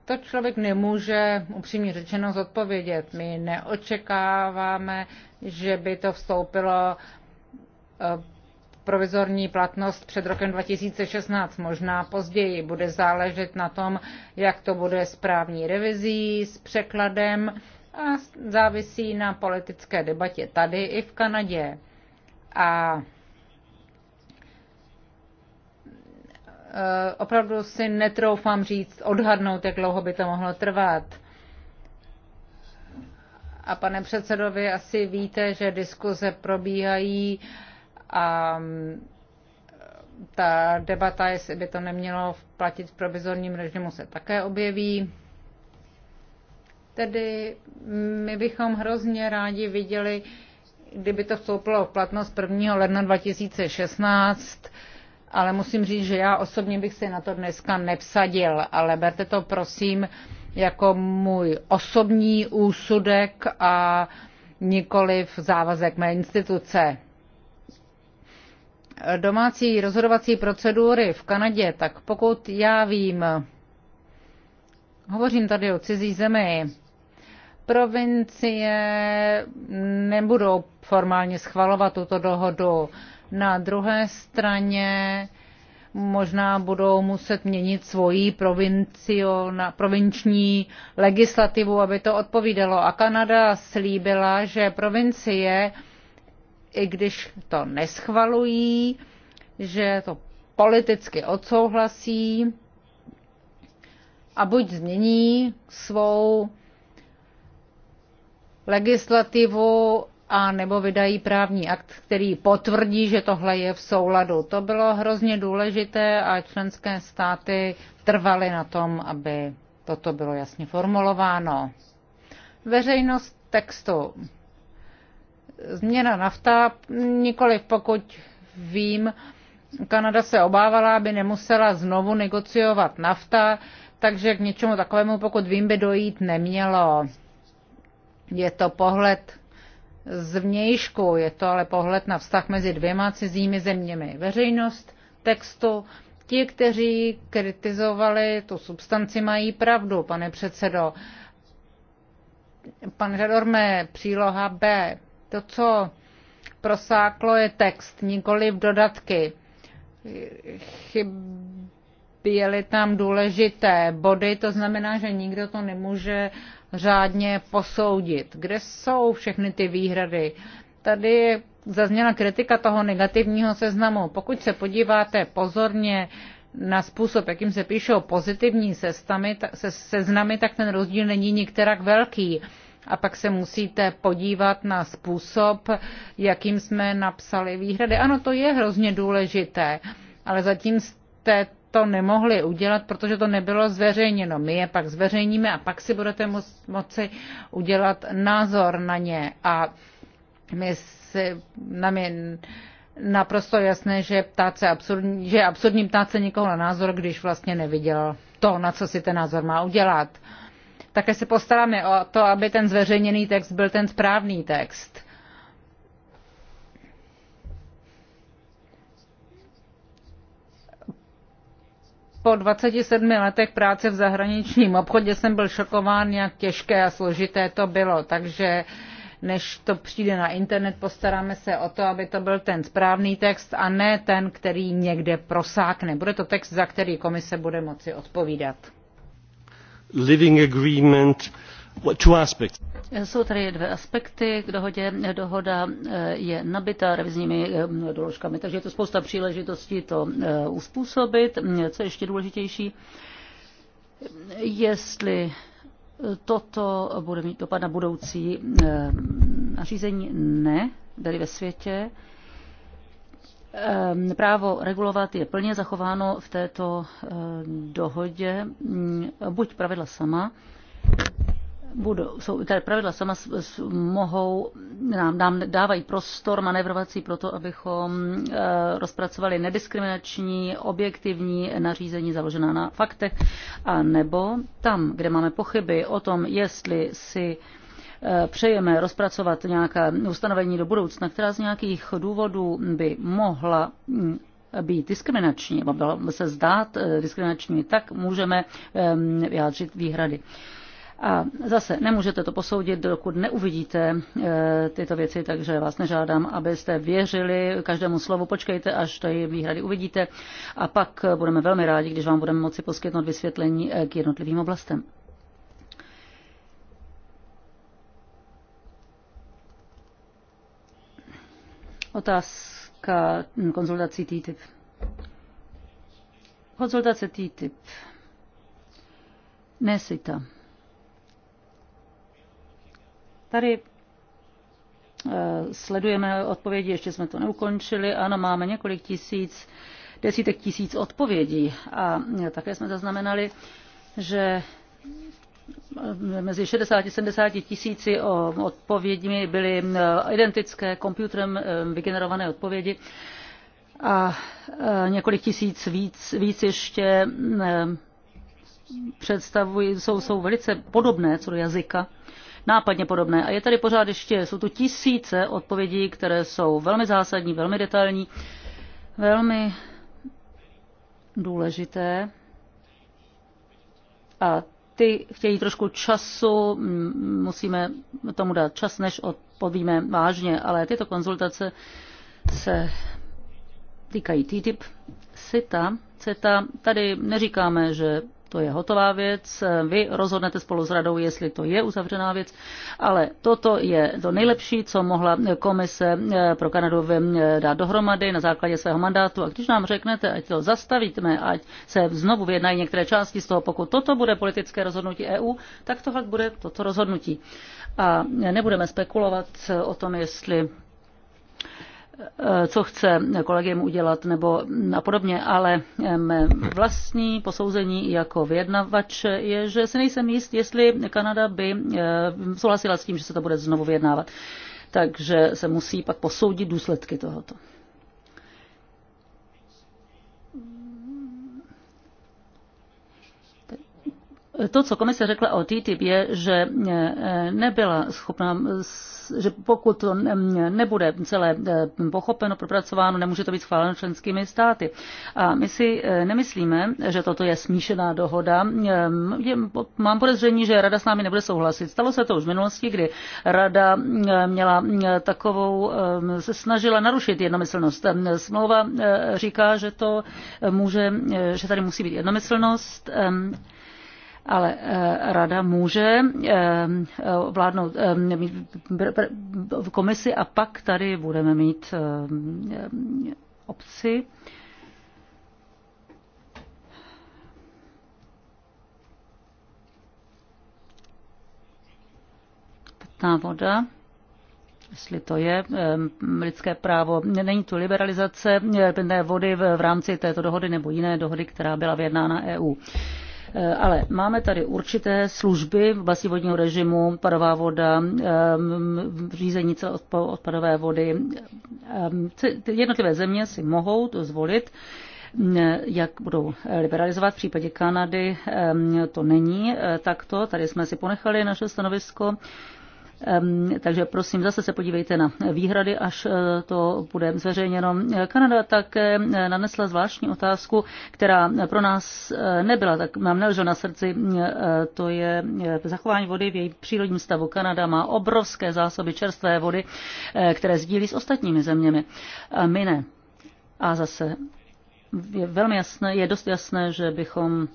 To člověk nemůže upřímně řečeno zodpovědět. My neočekáváme, že by to vstoupilo eh, provizorní platnost před rokem 2016, možná později. Bude záležet na tom, jak to bude s právní revizí, s překladem a závisí na politické debatě tady i v Kanadě. A e, opravdu si netroufám říct, odhadnout, jak dlouho by to mohlo trvat. A pane předsedovi, asi víte, že diskuze probíhají a ta debata, jestli by to nemělo platit v provizorním režimu, se také objeví. Tedy my bychom hrozně rádi viděli, kdyby to vstoupilo v platnost 1. ledna 2016, ale musím říct, že já osobně bych se na to dneska nepsadil, ale berte to prosím jako můj osobní úsudek a nikoliv závazek mé instituce. Domácí rozhodovací procedury v Kanadě, tak pokud já vím, Hovořím tady o cizí zemi. Provincie nebudou formálně schvalovat tuto dohodu. Na druhé straně možná budou muset měnit svoji na provinční legislativu, aby to odpovídalo. A Kanada slíbila, že provincie, i když to neschvalují, že to politicky odsouhlasí, a buď změní svou legislativu a nebo vydají právní akt, který potvrdí, že tohle je v souladu. To bylo hrozně důležité a členské státy trvaly na tom, aby toto bylo jasně formulováno. Veřejnost textu. Změna nafta, nikoli pokud vím, Kanada se obávala, aby nemusela znovu negociovat nafta takže k něčemu takovému, pokud vím, by dojít nemělo. Je to pohled zvnějšku, je to ale pohled na vztah mezi dvěma cizími zeměmi. Veřejnost textu, ti, kteří kritizovali tu substanci, mají pravdu, pane předsedo. Pan Žadorme, příloha B. To, co prosáklo, je text, nikoli v dodatky. Chyb byly tam důležité body, to znamená, že nikdo to nemůže řádně posoudit. Kde jsou všechny ty výhrady? Tady zazněla kritika toho negativního seznamu. Pokud se podíváte pozorně na způsob, jakým se píšou pozitivní sestamy, se, seznamy, tak ten rozdíl není nikterak velký. A pak se musíte podívat na způsob, jakým jsme napsali výhrady. Ano, to je hrozně důležité, ale zatím jste to nemohli udělat, protože to nebylo zveřejněno. My je pak zveřejníme a pak si budete moci udělat názor na ně. A my si, nám je naprosto jasné, že, ptát se absurdní, že je absurdní ptát se někoho na názor, když vlastně neviděl to, na co si ten názor má udělat. Také se postaráme o to, aby ten zveřejněný text byl ten správný text po 27 letech práce v zahraničním obchodě jsem byl šokován, jak těžké a složité to bylo. Takže než to přijde na internet, postaráme se o to, aby to byl ten správný text a ne ten, který někde prosákne. Bude to text, za který komise bude moci odpovídat. Living agreement jsou tady dvě aspekty k dohodě. Dohoda eh, je nabitá revizními eh, doložkami, takže je to spousta příležitostí to eh, uspůsobit. Co je ještě důležitější, jestli toto bude mít dopad na budoucí nařízení, ne, tady ve světě. Právo regulovat je plně zachováno v této dohodě, mm, buď pravidla sama, budou, jsou, tady pravidla sama mohou, nám, nám dávají prostor manevrovací pro to, abychom e, rozpracovali nediskriminační, objektivní nařízení založená na faktech, a nebo tam, kde máme pochyby o tom, jestli si eh, přejeme rozpracovat nějaká ustanovení do budoucna, která z nějakých důvodů by mohla mm, být diskriminační, nebo se zdát eh, diskriminační, tak můžeme vyjádřit výhrady. A zase nemůžete to posoudit, dokud neuvidíte eh, tyto věci, takže vás nežádám, abyste věřili každému slovu. Počkejte, až ty výhrady uvidíte a pak budeme velmi rádi, když vám budeme moci poskytnout vysvětlení eh, k jednotlivým oblastem. Otázka konzultací TTIP. Konzultace TTIP. Nesita. Tady eh, sledujeme odpovědi, ještě jsme to neukončili. Ano, máme několik tisíc, desítek tisíc odpovědí a eh, také jsme zaznamenali, že eh, mezi 60 a 70 tisíci odpovědmi byly identické komputerem vygenerované odpovědi a několik tisíc víc, víc ještě představují, jsou, jsou velice podobné co do jazyka nápadně podobné. A je tady pořád ještě, jsou tu tisíce odpovědí, které jsou velmi zásadní, velmi detailní, velmi důležité. A ty chtějí trošku času, mm, musíme tomu dát čas, než odpovíme vážně, ale tyto konzultace se týkají TTIP, CETA. CETA, tady neříkáme, že to je hotová věc, vy rozhodnete spolu s radou, jestli to je uzavřená věc, ale toto je to nejlepší, co mohla komise eh, pro Kanadu dát dohromady na základě svého mandátu. A když nám řeknete, ať to zastavíme, ať se znovu vyjednají některé části z toho, pokud toto bude politické rozhodnutí EU, tak tohle bude toto rozhodnutí. A eh, nebudeme spekulovat o tom, jestli Eh, co chce kolegiem udělat nebo a podobně, ale mé vlastní posouzení jako vyjednavač je, že si nejsem jist, jestli Kanada by eh, souhlasila s tím, že se to bude znovu vyjednávat. Takže se musí pak posoudit důsledky tohoto. To, co komise řekla o TTIP, je, že eh, nebyla schopná, že pokud to mm, nebude celé eh, pochopeno, propracováno, nemůže to být schváleno členskými státy. A my si eh, nemyslíme, že toto je smíšená dohoda. Mám podezření, že Rada s námi nebude souhlasit. Stalo se to už v minulosti, kdy Rada měla takovou, se snažila narušit jednomyslnost. Smlouva říká, že to může, že tady musí být jednomyslnost ale eh, rada může eh, vládnout eh, komisi a pak tady budeme mít obci. Pitná voda jestli to je lidské právo. Není tu liberalizace pitné vody v rámci této dohody nebo jiné dohody, která byla vyjednána EU. Eh, ale máme tady určité služby v oblasti vodního režimu, parová voda, ehm, řízení odpadové vody. Ehm, jednotlivé země si mohou to zvolit mm, jak budou liberalizovat. V případě Kanady ehm, to není eh, takto. Tady jsme si ponechali naše stanovisko. Takže prosím, zase se podívejte na výhrady, až eh, to bude zveřejněno. Kanada také eh, nanesla zvláštní otázku, která pro nás eh, nebyla, tak nám nelžel na srdci, to je zachování vody v jejím přírodním stavu. Kanada má obrovské zásoby čerstvé vody, které sdílí s ostatními zeměmi. A my ne. A zase je velmi jasné, je dost jasné, že bychom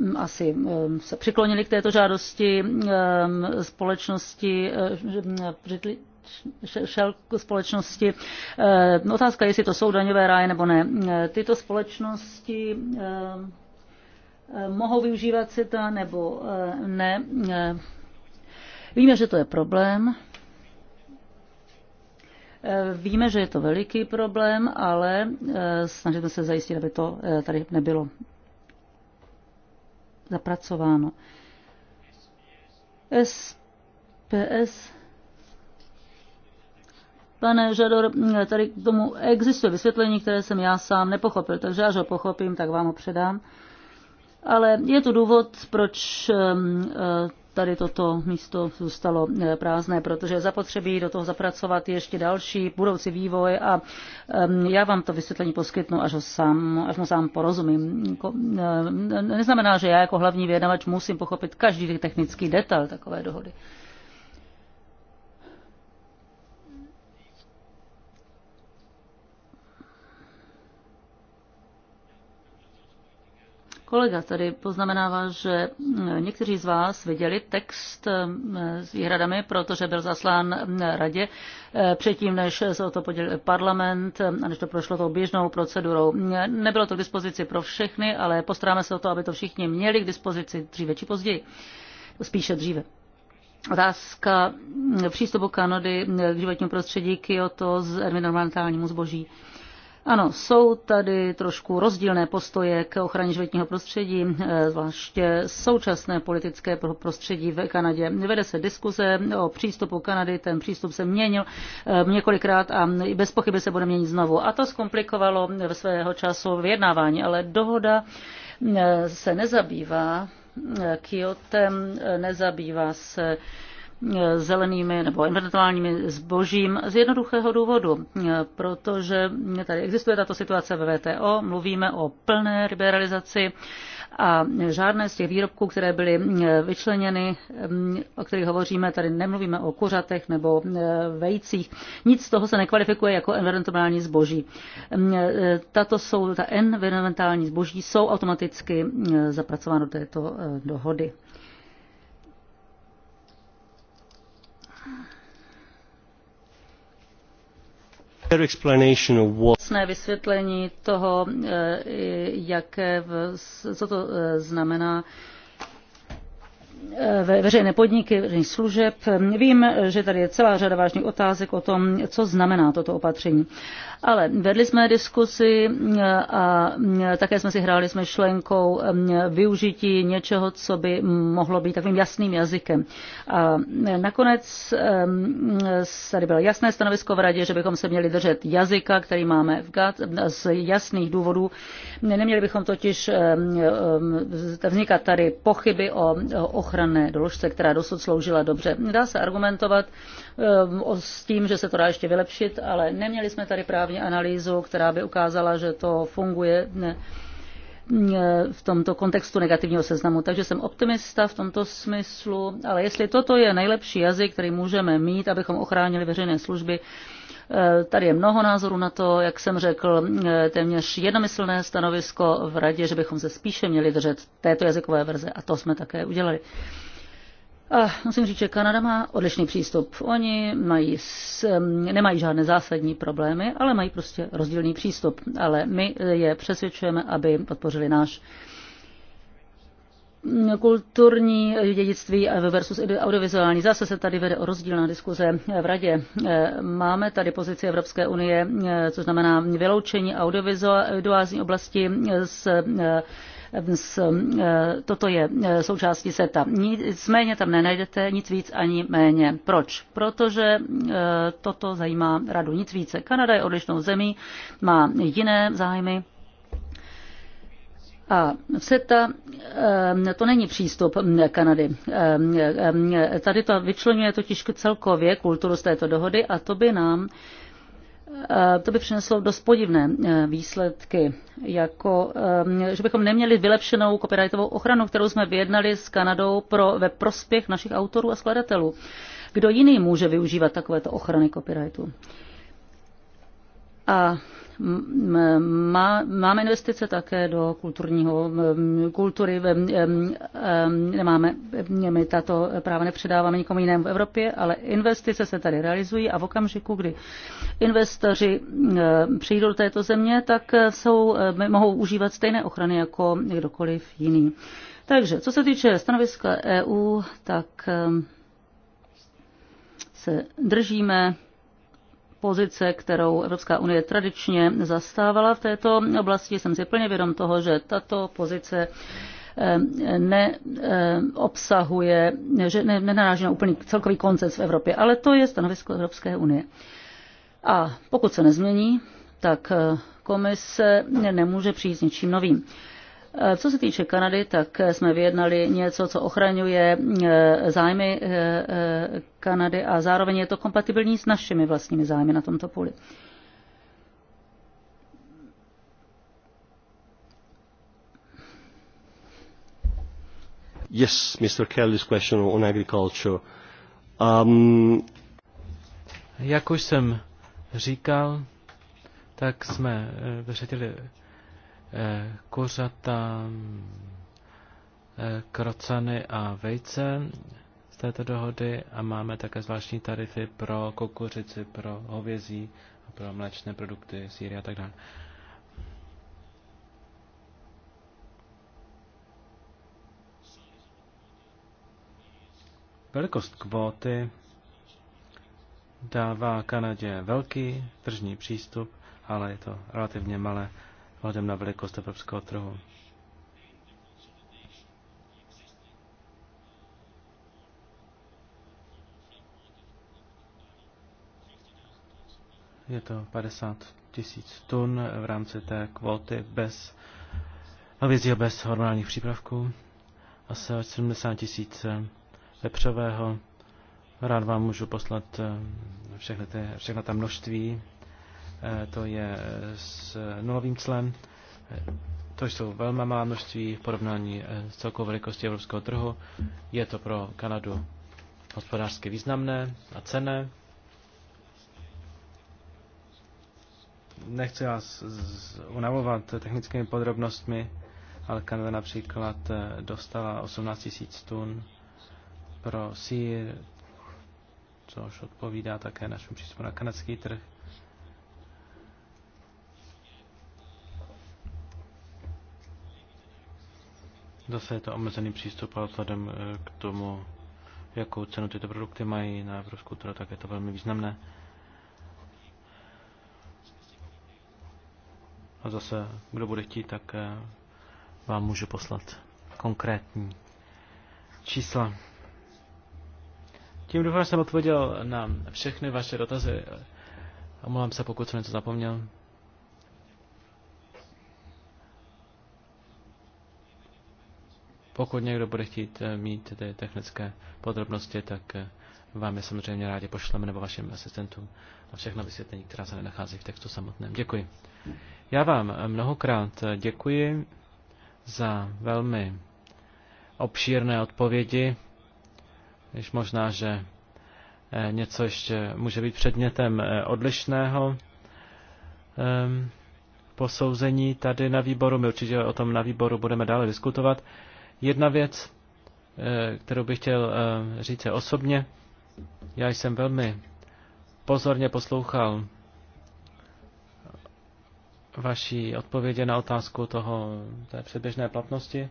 Mm, asi mm, se přiklonili k této žádosti mm, společnosti eh, šel společnosti. Eh, no, otázka je, jestli to jsou daňové ráje nebo ne. Eh, tyto společnosti mohou využívat CETA nebo ne. Víme, že to je problém. Víme, že je to veliký problém, ale snažíme se zajistit, aby to tady nebylo zapracováno. SPS Pane Žador, tady k tomu existuje vysvětlení, které jsem já sám nepochopil, takže až ho pochopím, tak vám ho předám. Ale je tu důvod, proč um, tady toto místo zůstalo eh, prázdné, protože zapotřebí do toho zapracovat ještě další budoucí vývoj a ehm, já vám to vysvětlení poskytnu, až ho sám, až ho sám porozumím. Eh, neznamená, že já jako hlavní vědavač musím pochopit každý technický detail takové dohody. Kolega tady poznamenává, že mm, někteří z vás viděli text mm, s výhradami, protože byl zaslán mm, radě eh, předtím, než se o to podělil parlament a než to prošlo tou běžnou procedurou. Nebylo to k dispozici pro všechny, ale postaráme se o to, aby to všichni měli k dispozici dříve či později. Spíše dříve. Otázka přístupu Kanady k životnímu prostředí Kyoto z environmentálnímu zboží. Ano, jsou tady trošku rozdílné postoje k ochraně životního prostředí, eh, zvláště současné politické prostředí v Kanadě. Vede se diskuze o přístupu Kanady, ten přístup se měnil eh, několikrát a bez pochyby se bude měnit znovu. A to zkomplikovalo ve svého času vyjednávání, ale dohoda eh, se nezabývá Kyotem, nezabývá se zelenými nebo environmentálními zbožím z jednoduchého důvodu, protože tady existuje tato situace ve VTO, mluvíme o plné liberalizaci a žádné z těch výrobků, které byly eh, vyčleněny, mm, o kterých hovoříme, tady nemluvíme o kuřatech nebo eh, vejcích, nic z toho se nekvalifikuje jako environmentální zboží. Mm, eh, tato jsou, ta environmentální zboží jsou automaticky mm, zapracována do této dohody. Jasné vysvětlení toho, eh, jaké co to eh, znamená Eh, veřejné podniky, veřejných služeb. Vím, že tady je celá řada vážných otázek o tom, co znamená toto opatření. Ale vedli jsme diskusi eh, a eh, také jsme si hráli s myšlenkou využití něčeho, co by mohlo být takovým jasným jazykem. A nakonec tady bylo jasné stanovisko v radě, že bychom se měli držet jazyka, který máme v GAT, z jasných důvodů. Neměli bychom totiž vznikat tady pochyby o, o ochranné doložce, která dosud sloužila dobře. Dá se argumentovat eh, s tím, že se to dá ještě vylepšit, ale neměli jsme tady právní analýzu, která by ukázala, že to funguje eh, v tomto kontextu negativního seznamu. Takže jsem optimista v tomto smyslu, ale jestli toto je nejlepší jazyk, který můžeme mít, abychom ochránili veřejné služby, Eh, tady je mnoho názorů na to, jak jsem řekl, eh, téměř jednomyslné stanovisko v radě, že bychom se spíše měli držet této jazykové verze a to jsme také udělali. A musím říct, že Kanada má odlišný přístup. Oni mají, nemají žádné zásadní problémy, ale mají prostě rozdílný přístup. Ale my je přesvědčujeme, aby podpořili náš kulturní dědictví versus audiovizuální. Zase se tady vede o rozdílná diskuze v radě. Eh, máme tady pozici Evropské unie, eh, což znamená vyloučení audiovizuální oblasti z s, eh, toto je součástí SETA. Nicméně tam nenajdete nic víc ani méně. Proč? Protože toto zajímá radu nic více. Kanada je odlišnou zemí, má jiné zájmy, a CETA ehm, to není přístup Kanady. Ehm, ehm, tady to vyčlenuje totiž celkově kulturu z této dohody a to by nám eh, to by přineslo dost podivné eh, výsledky, jako, že bychom neměli vylepšenou copyrightovou ochranu, kterou jsme vyjednali s Kanadou pro, ve prospěch našich autorů a skladatelů. Kdo jiný může využívat takovéto ochrany copyrightu? A má, máme investice také do kulturního kultury. Nemáme, my tato práva nepředáváme nikomu jinému v Evropě, ale investice se tady realizují a v okamžiku, kdy investoři přijdou do této země, tak jsou, mohou užívat stejné ochrany jako kdokoliv jiný. Takže, co se týče stanoviska EU, tak se držíme pozice, kterou Evropská unie tradičně zastávala v této oblasti. Jsem si plně vědom toho, že tato pozice eh, neobsahuje, eh, že nenaráží na úplný celkový koncept v Evropě, ale to je stanovisko Evropské unie. A pokud se nezmění, tak eh, komise nemůže přijít s ničím novým. Eh, co se týče Kanady, tak eh, jsme vyjednali něco, co ochraňuje eh, zájmy Kanady a zároveň je to kompatibilní s našimi vlastními zájmy na tomto poli. Yes, Mr. Kelly's question on agriculture. Um... Jak už jsem říkal, tak jsme vyřadili Eh, kuřata, eh, krocany a vejce z této dohody a máme také zvláštní tarify pro kukuřici, pro hovězí a pro mléčné produkty, síry a tak dále. Velikost kvóty dává Kanadě velký tržní přístup, ale je to relativně malé ohledem na velikost evropského trhu. Je to 50 tisíc tun v rámci té kvóty bez hovězího bez hormonálních přípravků, se 70 tisíc vepřového. Rád vám můžu poslat eh, všechny ty, všechna ta množství Eh, to je eh, s eh, nulovým clem. To jsou velmi malá množství v porovnání s celkovou velikostí evropského trhu. Je to pro Kanadu hospodářsky významné a cené. Nechci vás unavovat technickými podrobnostmi, ale Kanada například dostala 18 000 tun pro sír, což odpovídá také našemu přístupu na kanadský trh. Zase je to omezený přístup a vzhledem eh, k tomu, jakou cenu tyto produkty mají na evropskou trhu, tak je to velmi významné. A zase, kdo bude chtít, tak eh, vám můžu poslat konkrétní čísla. Tím doufám, že jsem odpověděl na všechny vaše dotazy. Omlouvám se, pokud jsem něco zapomněl. Pokud někdo bude chtít eh, mít ty technické podrobnosti, tak eh, vám je samozřejmě rádi pošleme nebo vašim asistentům a všechno vysvětlení, která se nenachází v textu samotném. Děkuji. Já vám eh, mnohokrát děkuji za velmi obšírné odpovědi, když možná, že něco ještě může být předmětem odlišného ehm, posouzení tady na výboru. My určitě o tom na výboru budeme dále diskutovat. Jedna věc, eh, kterou bych chtěl eh, říct osobně. Já jsem velmi pozorně poslouchal vaší odpovědi na otázku toho, té předběžné platnosti.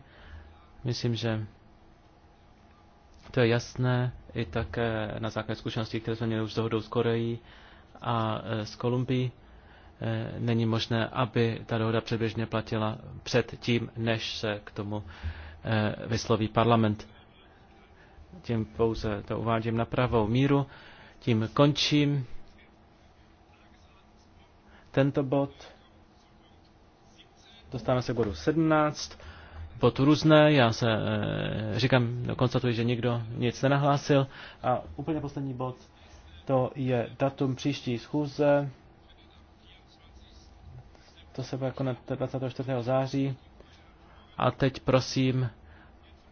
Myslím, že to je jasné i také na základě zkušeností, které jsme měli už s dohodou s Koreí a eh, s Kolumbií. Není možné, aby ta dohoda předběžně platila před tím, než se k tomu Eh, vysloví parlament. Tím pouze to uvádím na pravou míru. Tím končím tento bod. Dostáváme se k bodu 17. Bod různé, já se e, říkám, no, konstatuji, že nikdo nic nenahlásil. A úplně poslední bod, to je datum příští schůze. To se bude konat 24. září. A teď prosím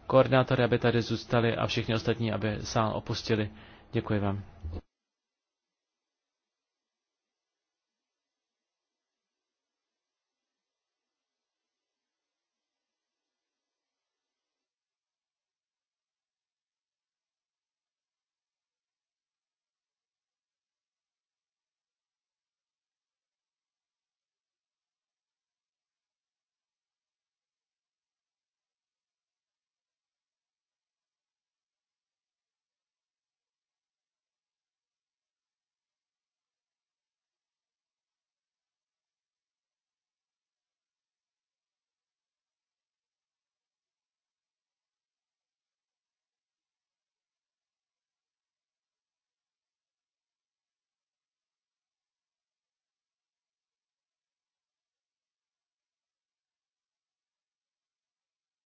koordinátory, aby tady zůstali a všichni ostatní, aby sál opustili. Děkuji vám.